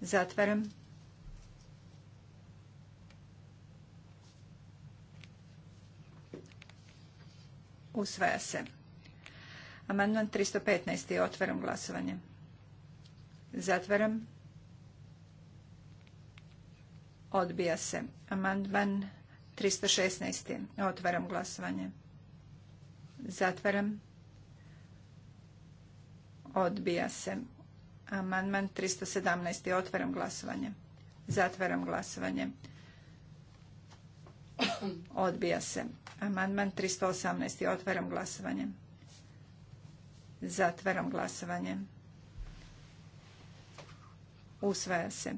Zatvaram. Usvaja se. Amandman 315. Otvaram glasovanje. Zatvaram. Odbija se. Amandman 316. Otvaram glasovanje. Zatvaram. Odbija se. Amandman 317. Otvaram glasovanje. Zatvaram glasovanje. Odbija se. Amandman 318. Otvaram glasovanje. Zatvaram glasovanje. Usvaja se.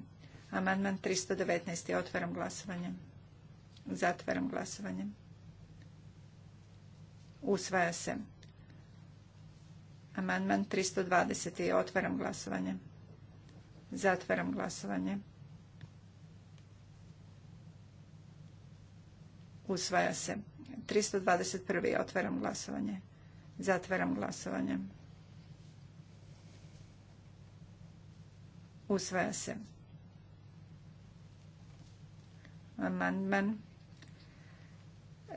Amandman 319. Otvaram glasovanje. Zatvaram glasovanje. Usvaja se. Amandman 320. Otvaram glasovanje. Zatvaram glasovanje. Usvaja se. 321. Otvaram glasovanje. Zatvaram glasovanje. Usvaja se. Amandman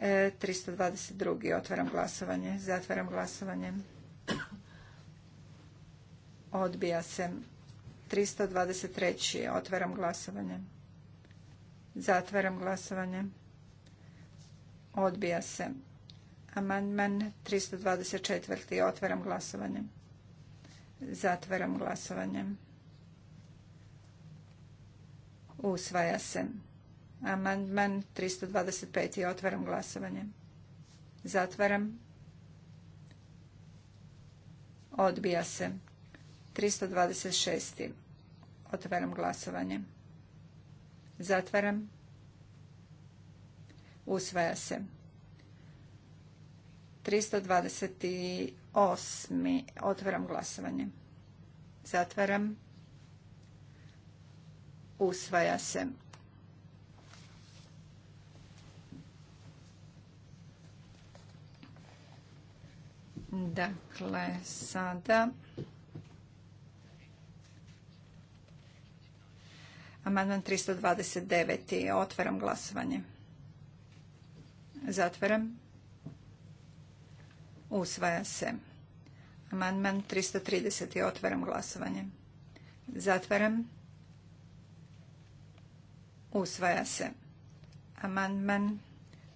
322. E, otvaram glasovanje. Zatvaram glasovanje. Odbija se. 323. Otvaram glasovanje. Zatvaram glasovanje. Odbija se. Amandman 324. Otvaram glasovanje. Zatvaram glasovanje. Usvaja se. Amandman 325. Otvaram glasovanje. Zatvaram. Odbija se. 326. Otvaram glasovanje. Zatvaram. Usvaja se. 328. Otvaram glasovanje. Zatvaram. Usvaja se. Dakle, sada Amandman 329. Otvaram glasovanje. Zatvaram. Usvaja se. Amandman 330. Otvaram glasovanje. Zatvaram. Usvaja se. Amandman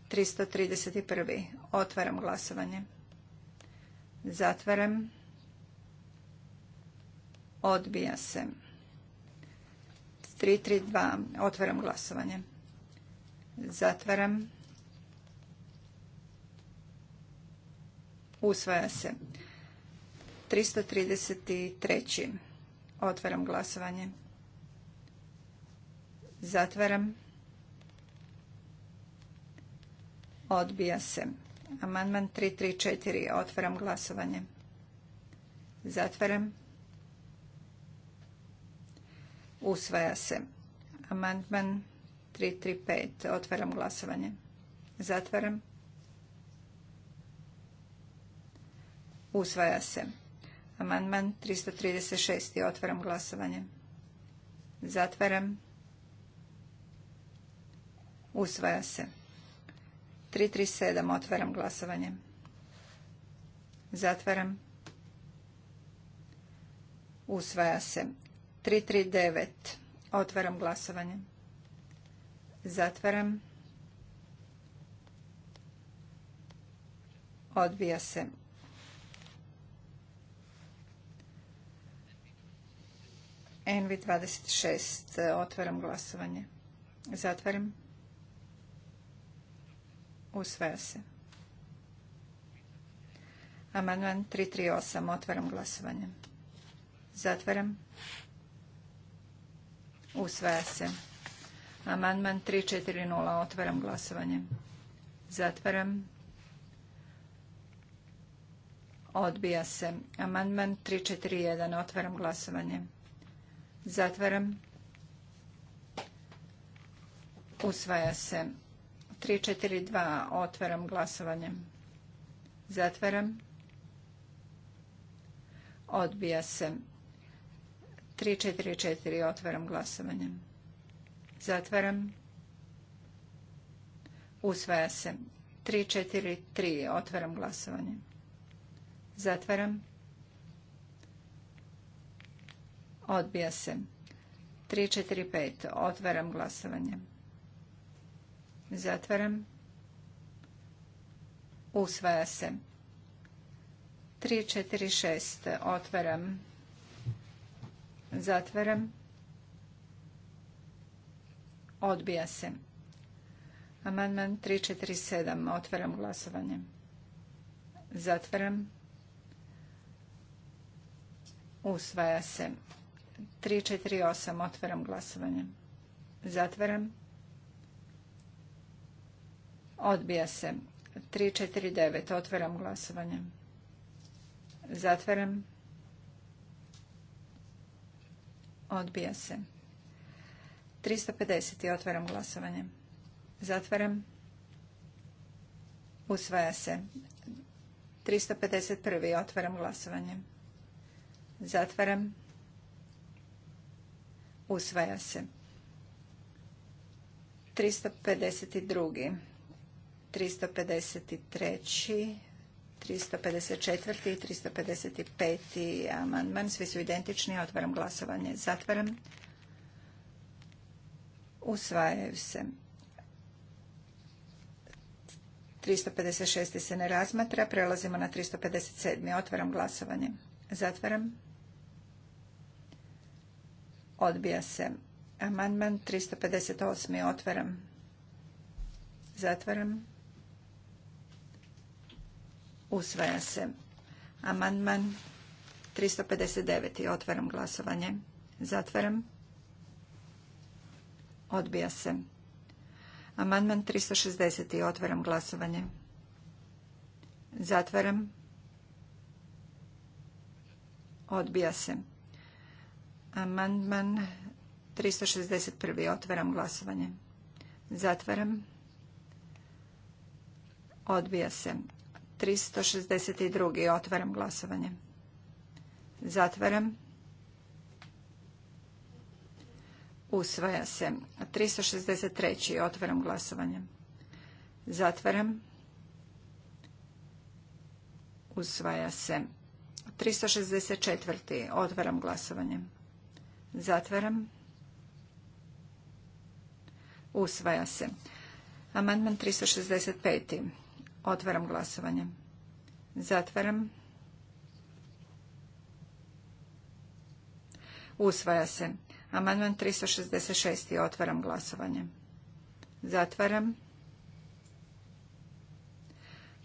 331. Otvaram glasovanje. Zatvaram. Odbija se. 332. Otvaram glasovanje. Zatvaram. Usvaja se. 333. Otvaram glasovanje. Zatvaram. Odbija se. Amandman 334. Otvaram glasovanje. Zatvaram. Usvaja se. Amandman 335. Otvaram glasovanje. Zatvaram. Usvaja se. Amandman 336. Otvaram glasovanje. Zatvaram. Usvaja se. 337. Otvaram glasovanje. Zatvaram. Usvaja se. 339. Otvaram glasovanje. Zatvaram. Odbija se. Envi 26. Otvaram glasovanje. Zatvaram. Usvaja se. Amandman 338. Otvaram glasovanje. Zatvaram. Usvaja se. Amandman 340. Otvaram glasovanje. Zatvaram. Odbija se. Amandman 341. Otvaram glasovanje. Zatvaram. Usvaja se. 342. Otvaram glasovanje. Zatvaram. Odbija se. 344 otvaram glasovanje. Zatvaram. Usvaja se. 343 otvaram glasovanje. Zatvaram. Odbija se. 345 otvaram glasovanje. Zatvaram. Usvaja se. 346 otvaram Zatvaram. Odbija se. Amandman 347. Otvaram glasovanje. Zatvaram. Usvaja se. 348. Otvaram glasovanje. Zatvaram. Odbija se. 349. Otvaram glasovanje. Zatvaram. Odbija se. 350. Otvaram glasovanje. Zatvaram. Usvaja se. 351. Otvaram glasovanje. Zatvaram. Usvaja se. 352. 353. 354. i 355. amandman. Svi su identični. Otvaram glasovanje. Zatvaram. Usvajaju se. 356. se ne razmatra. Prelazimo na 357. Otvaram glasovanje. Zatvaram. Odbija se. Amandman 358. Otvaram. Zatvaram. Usvaja se. Amandman 359. Otvaram glasovanje. Zatvaram. Odbija se. Amandman 360. Otvaram glasovanje. Zatvaram. Odbija se. Amandman 361. Otvaram glasovanje. Zatvaram. Odbija se. 362. Otvaram glasovanje. Zatvaram. Usvaja se. 363. Otvaram glasovanje. Zatvaram. Usvaja se. 364. Otvaram glasovanje. Zatvaram. Usvaja se. Amandman 365. Otvaram glasovanje. Zatvaram. Usvaja se. Amandman 366. Otvaram glasovanje. Zatvaram.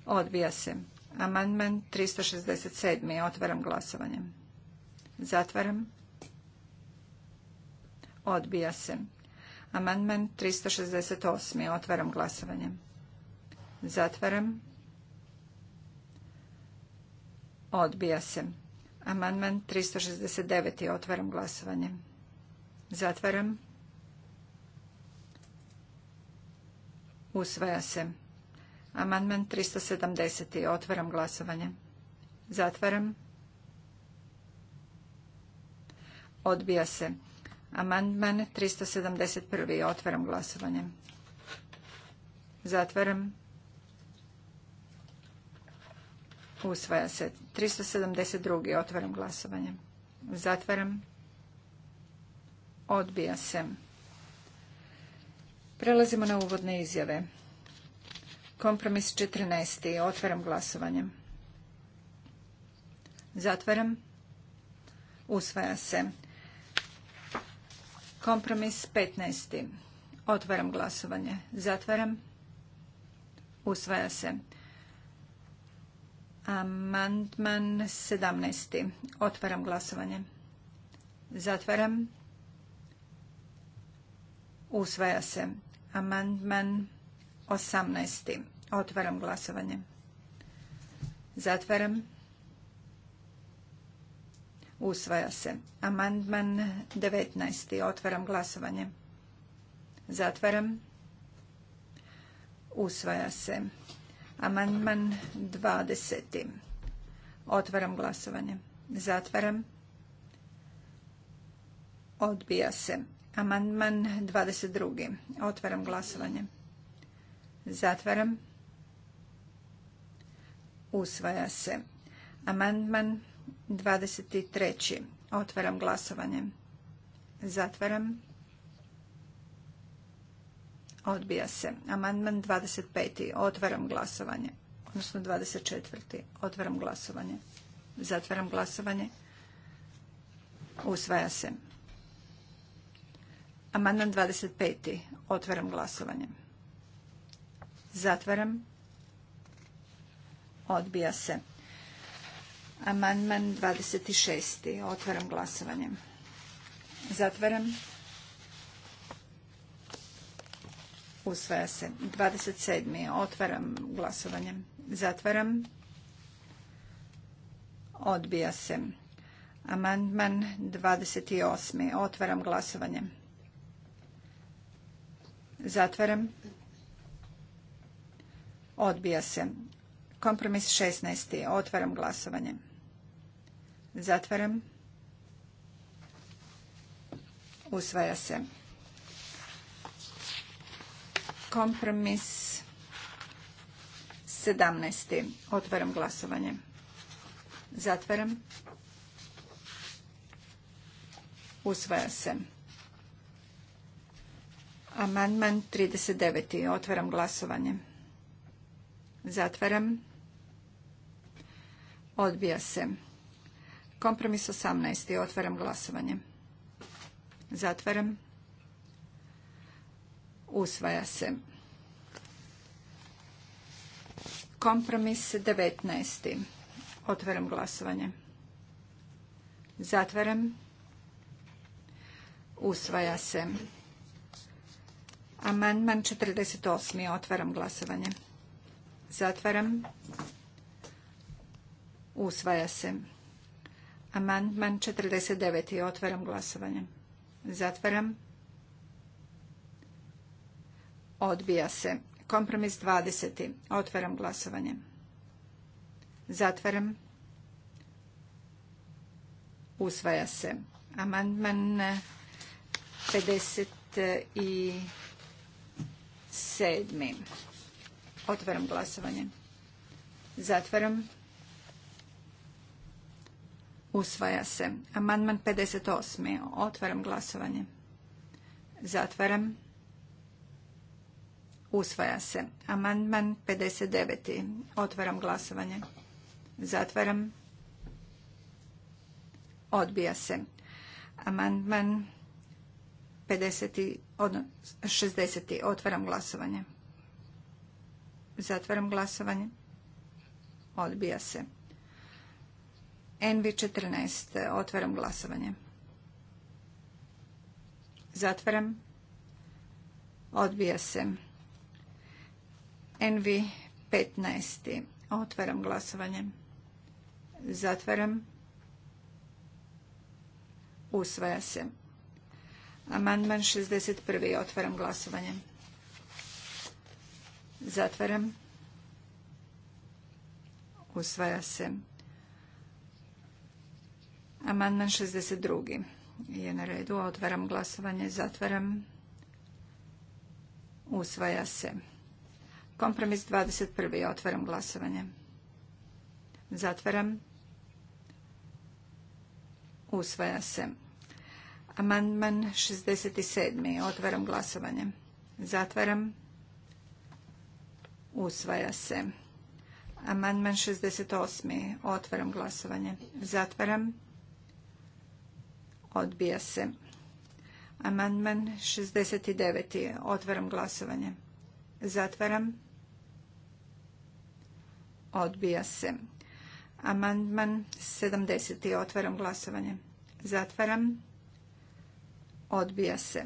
Odbija se. Amandman 367. Otvaram glasovanje. Zatvaram. Odbija se. Amandman 368. Otvaram glasovanje. Zatvaram. Odbija se. Amandman 369. Otvaram glasovanje. Zatvaram. Usvaja se. Amandman 370. Otvaram glasovanje. Zatvaram. Odbija se. Amandman 371. Otvaram glasovanje. Zatvaram. Usvaja se. 372. Otvaram glasovanje. Zatvaram. Odbija se. Prelazimo na uvodne izjave. Kompromis 14. Otvaram glasovanje. Zatvaram. Usvaja se. Kompromis 15. Otvaram glasovanje. Zatvaram. Usvaja se. Amandman 17. Otvaram glasovanje. Zatvaram. Usvaja se. Amandman 18. Otvaram glasovanje. Zatvaram. Usvaja se. Amandman 19. Otvaram glasovanje. Zatvaram. Usvaja se. Amandman 20. Otvaram glasovanje. Zatvaram. Odbija se. Amandman 22. Otvaram glasovanje. Zatvaram. Usvaja se. Amandman 23. Otvaram glasovanje. Zatvaram. Odbija se. Amandman 25. Otvaram glasovanje. Odnosno 24. Otvaram glasovanje. Zatvaram glasovanje. Usvaja se. Amandman 25. Otvaram glasovanje. Zatvaram. Odbija se. Amandman 26. Otvaram glasovanje. Zatvaram. Usvaja se. 27. Otvaram glasovanje. Zatvaram. Odbija se. Amandman 28. Otvaram glasovanje. Zatvaram. Odbija se. Kompromis 16. Otvaram glasovanje. Zatvaram. Usvaja se. Kompromis 17. Otvaram glasovanje. Zatvaram. Usvaja se. Amandman 39. Otvaram glasovanje. Zatvaram. Odbija se. Kompromis 18. Otvaram glasovanje. Zatvaram. Usvaja se. Kompromis 19. Otvaram glasovanje. Zatvaram. Usvaja se. Amandman 48. Otvaram glasovanje. Zatvaram. Usvaja se. Amandman 49. Otvaram glasovanje. Zatvaram. Odbija se. Kompromis 20. Otvaram glasovanje. Zatvaram. Usvaja se. Amandman 57. Otvaram glasovanje. Zatvaram. Usvaja se. Amandman 58. Otvaram glasovanje. Zatvaram. Usvaja se. Amandman 59. Otvaram glasovanje. Zatvaram. Odbija se. Amandman 60. Otvaram glasovanje. Zatvaram glasovanje. Odbija se. NV14. Otvaram glasovanje. Zatvaram. Odbija se. NV 15. Otvaram glasovanje. Zatvaram. Usvaja se. Amandman 61. Otvaram glasovanje. Zatvaram. Usvaja se. Amandman 62. je na redu. Otvaram glasovanje. Zatvaram. Usvaja se. Kompromis 21. Otvaram glasovanje. Zatvaram. Usvaja se. Amandman 67. Otvaram glasovanje. Zatvaram. Usvaja se. Amandman 68. Otvaram glasovanje. Zatvaram. Odbija se. Amandman 69. Otvaram glasovanje. Zatvaram. Odbija se. Amandman 70. Otvaram glasovanje. Zatvaram. Odbija se.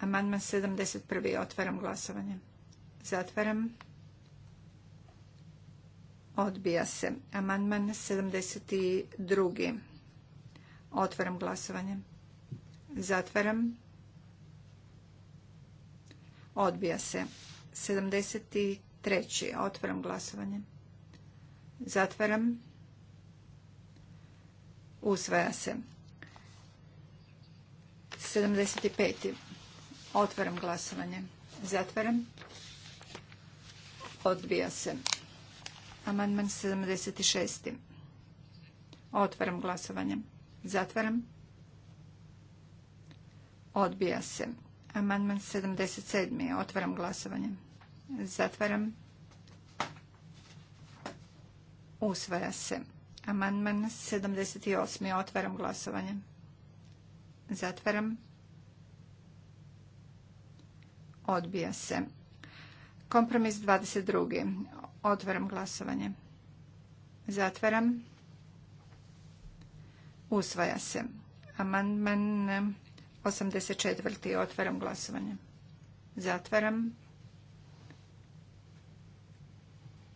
Amandman 71. Otvaram glasovanje. Zatvaram. Odbija se. Amandman 72. Otvaram glasovanje. Zatvaram. Odbija se. 73. Treći. Otvaram glasovanje. Zatvaram. Usvaja se. 75. Otvaram glasovanje. Zatvaram. Odbija se. Amandman 76. Otvaram glasovanje. Zatvaram. Odbija se. Amandman 77. Otvaram glasovanje. Zatvaram. Usvaja se. Amandman 78. Otvaram glasovanje. Zatvaram. Odbija se. Kompromis 22. Otvaram glasovanje. Zatvaram. Usvaja se. Amandman 84. Otvaram glasovanje. Zatvaram.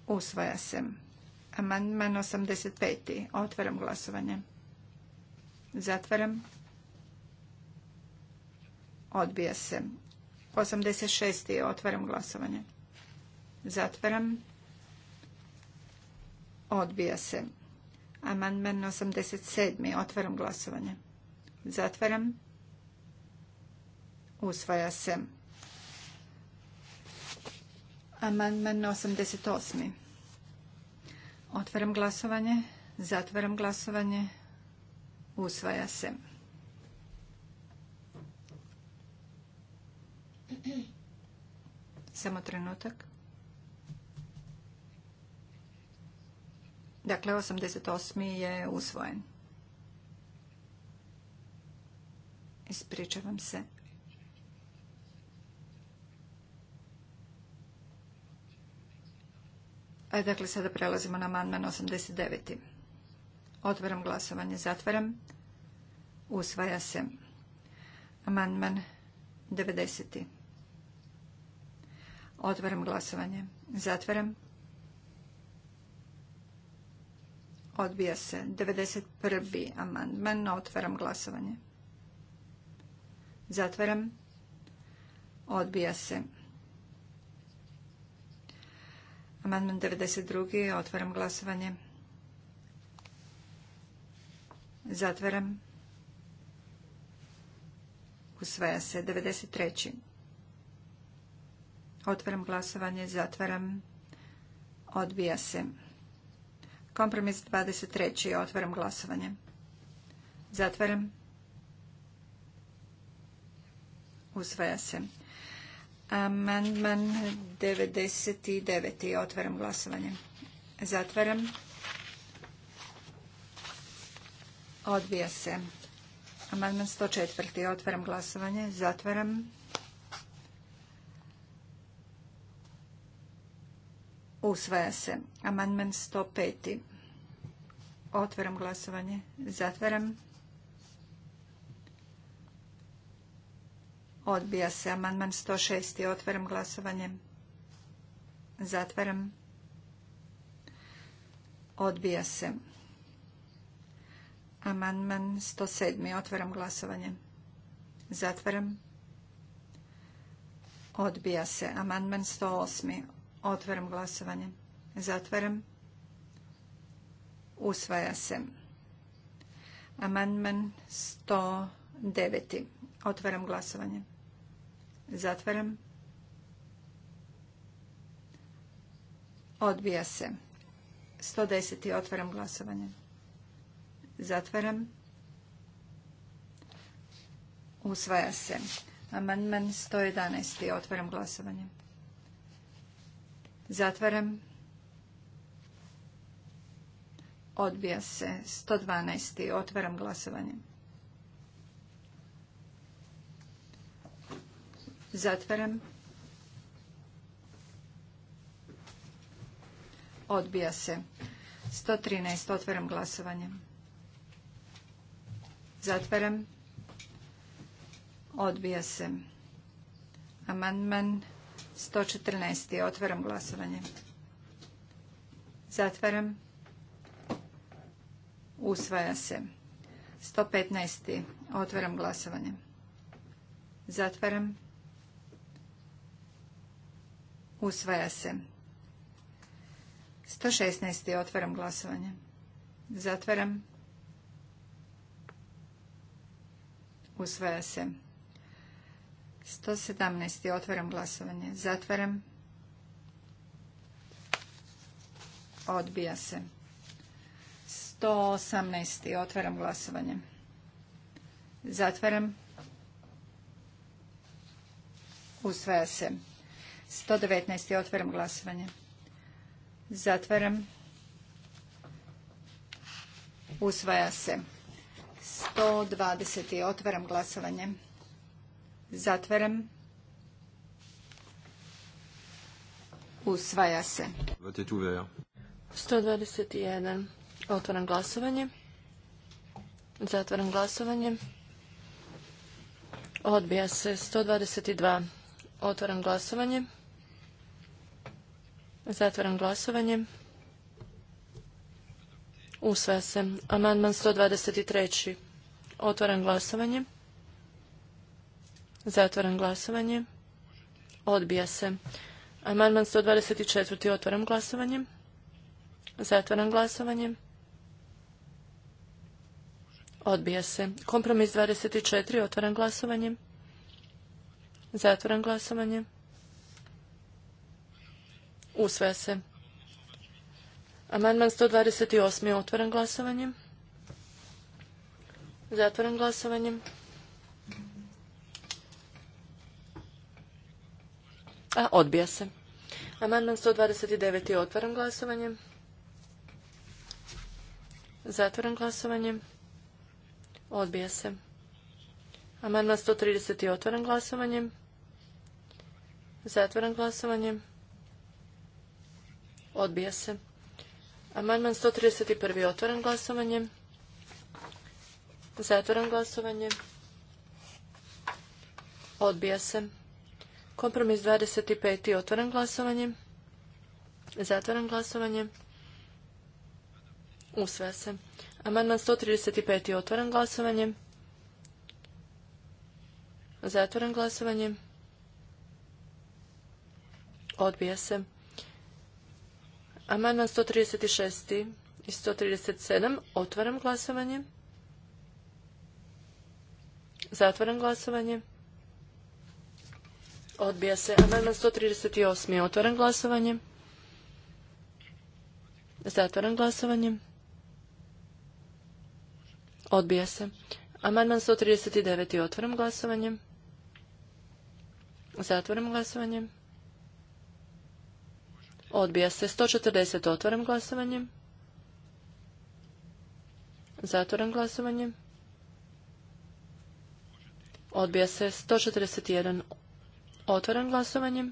Usvaja se. Amandman 85. Otvaram glasovanje. Zatvaram. Odbija se. 86. Otvaram glasovanje. Zatvaram. Odbija se. Amandman 87. Otvaram glasovanje. Zatvaram. Usvaja se. Amandman 88. Otvaram glasovanje. Zatvaram glasovanje. Usvaja se. Samo trenutak. Dakle, 88. je usvojen. Ispričavam se. E, dakle, sada prelazimo na amandman 89. Otvaram glasovanje, zatvaram. Usvaja se. Amandman 90. Otvaram glasovanje, zatvaram. Odbija se. 91. amandman. Otvaram glasovanje. Zatvaram. Odbija se. Amandman 92. Otvaram glasovanje. Zatvaram. Usvaja se. 93. Otvaram glasovanje. Zatvaram. Odbija se. Kompromis 23. Otvaram glasovanje. Zatvaram. Usvaja se. Amandman 99. Otvaram glasovanje. Zatvaram. Odbija se. Amandman 104. Otvaram glasovanje. Zatvaram. Usvaja se. Amandman 105. Otvaram glasovanje. Zatvaram. Odbija se amandman 106. Otvaram glasovanje. Zatvaram. Odbija se. Amandman 107. Otvaram glasovanje. Zatvaram. Odbija se. Amandman 108. Otvaram glasovanje. Zatvaram. Usvaja se. Amandman 109. Otvaram glasovanje. Zatvaram. Odbija se. 110. Otvaram glasovanje. Zatvaram. Usvaja se. Amandman 111. Otvaram glasovanje. Zatvaram. Odbija se. 112. Otvaram glasovanje. Zatvaram. Odbija se. 113. Otvaram glasovanje. Zatvaram. Odbija se. Amandman 114. Otvaram glasovanje. Zatvaram. Usvaja se. 115. Otvaram glasovanje. Zatvaram. Usvaja se. 116. Otvaram glasovanje. Zatvaram. Usvaja se. 117. Otvaram glasovanje. Zatvaram. Odbija se. 118. Otvaram glasovanje. Zatvaram. Usvaja se. 119. Otvaram glasovanje. Zatvaram. Usvaja se. 120. Otvaram glasovanje. Zatvaram. Usvaja se. 121. Otvaram glasovanje. Zatvaram glasovanje. Odbija se. 122. Otvaram glasovanje. Zatvaram glasovanje. Usvaja se. Amandman 123. Otvaram glasovanje. Zatvaram glasovanje. Odbija se. Amandman 124. Otvaram glasovanje. Zatvaram glasovanje. Odbija se. Kompromis 24. Otvaram glasovanje. Zatvaram glasovanje. Usvaja se. Amandman 128. je otvoren glasovanjem. Zatvoren glasovanjem. A, odbija se. Amandman 129. je otvoren glasovanjem. Zatvoren glasovanjem. Odbija se. Amandman 130. je otvoren glasovanjem. Zatvoren glasovanjem. Odbija se. Amandman 131. Otvoran glasovanje. Zatvaram glasovanje. Odbija se. Kompromis 25. Otvoran glasovanje. Zatvoran glasovanje. Usvaja se. Amandman 135. Otvoran glasovanje. Zatvoran glasovanje. Odbija se. Amandman 136. i 137. Otvaram glasovanje. Zatvaram glasovanje. Odbija se. Amandman 138. Otvaram glasovanje. Zatvaram glasovanje. Odbija se. Amandman 139. Otvaram glasovanje. Zatvaram glasovanje. Odbija se. 140. otvorem glasovanje. Zatvorem glasovanjem. Odbija se. 141. otvorem glasovanje.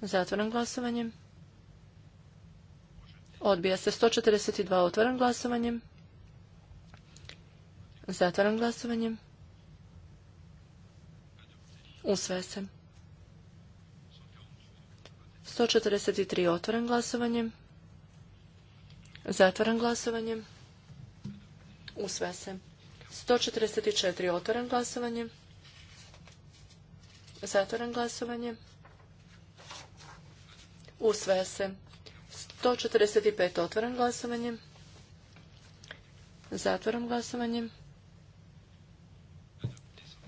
Zatvaram glasovanjem. Odbija se. 142. otvorem glasovanje. Zatvaram glasovanje. Usve se. 143 otvoren glasovanje. Zatvoren glasovanje. Usvaja se. 144 otvoren glasovanje. Zatvoren glasovanje. Usvaja se. 145 otvoren glasovanje. Zatvoren glasovanje.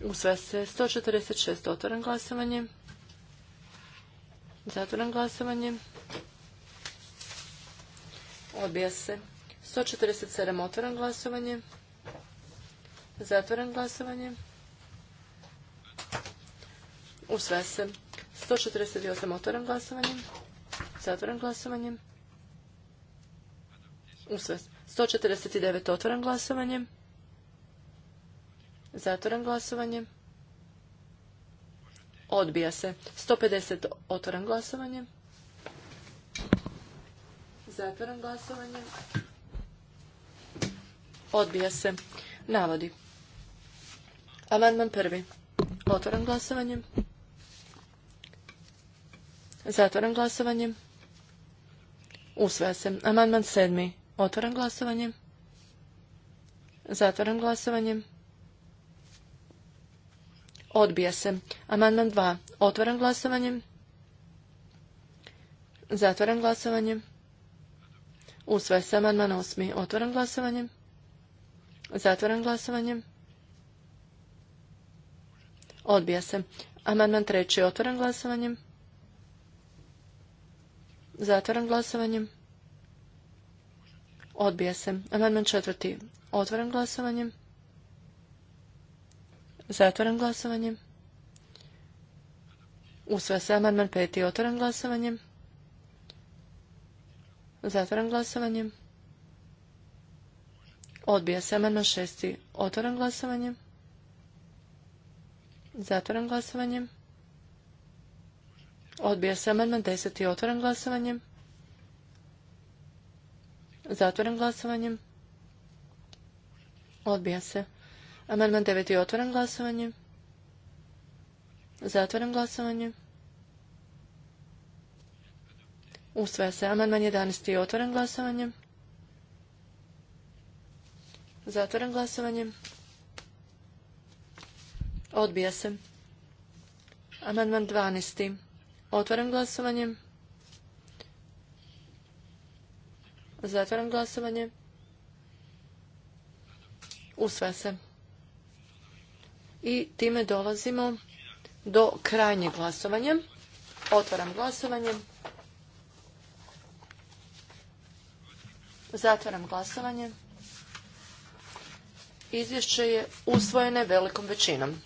Usvaja se. 146 otvoren glasovanje. Zatvoram glasovanje. Odbija se. 147. Otvoram glasovanje. Zatvoram glasovanje. Usvaja se. 148. Otvoram glasovanje. Zatvoram glasovanje. Usvaja se. 149. Otvoram glasovanje. Zatvoram glasovanje. Odbija se. 150. Otvoram glasovanje. Zatvoram glasovanje. Odbija se. Navodi. Amandman prvi. Otvoram glasovanje. Zatvoram glasovanje. Usvaja se. Amandman sedmi. Otvoram glasovanje. Zatvoram glasovanje. Odbija se. Amandman 2. Otvaram glasovanjem, Zatvaram glasovanjem. Usvaja se amandman 8. Otvaram glasovanje. Zatvaram glasovanjem. Odbija se. Amandman 3. Otvaram glasovanje. Zatvaram glasovanjem. Odbija se. Amandman 4. Otvaram glasovanje. Zatvoren glasovanje. Usva se amandman peti. Otvoren glasovanje. Zatvoren glasovanje. Odbija se amandman šesti. Otvoren glasovanje. Zatvoren glasovanje. Odbija se amandman deseti. Otvoren glasovanje. Zatvoren glasovanje. Odbija se. Amandman 9 je otvoren glasovanje. Zatvoren glasovanje. Usvaja se. Amandman 11 je otvoren glasovanje. Zatvoren glasovanje. Odbija se. Amandman 12. Otvoren glasovanje. Zatvoren glasovanje. Usvaja se. I time dolazimo do krajnjeg glasovanja. Otvaram glasovanje. Zatvaram glasovanje. Izvješće je usvojene velikom većinom.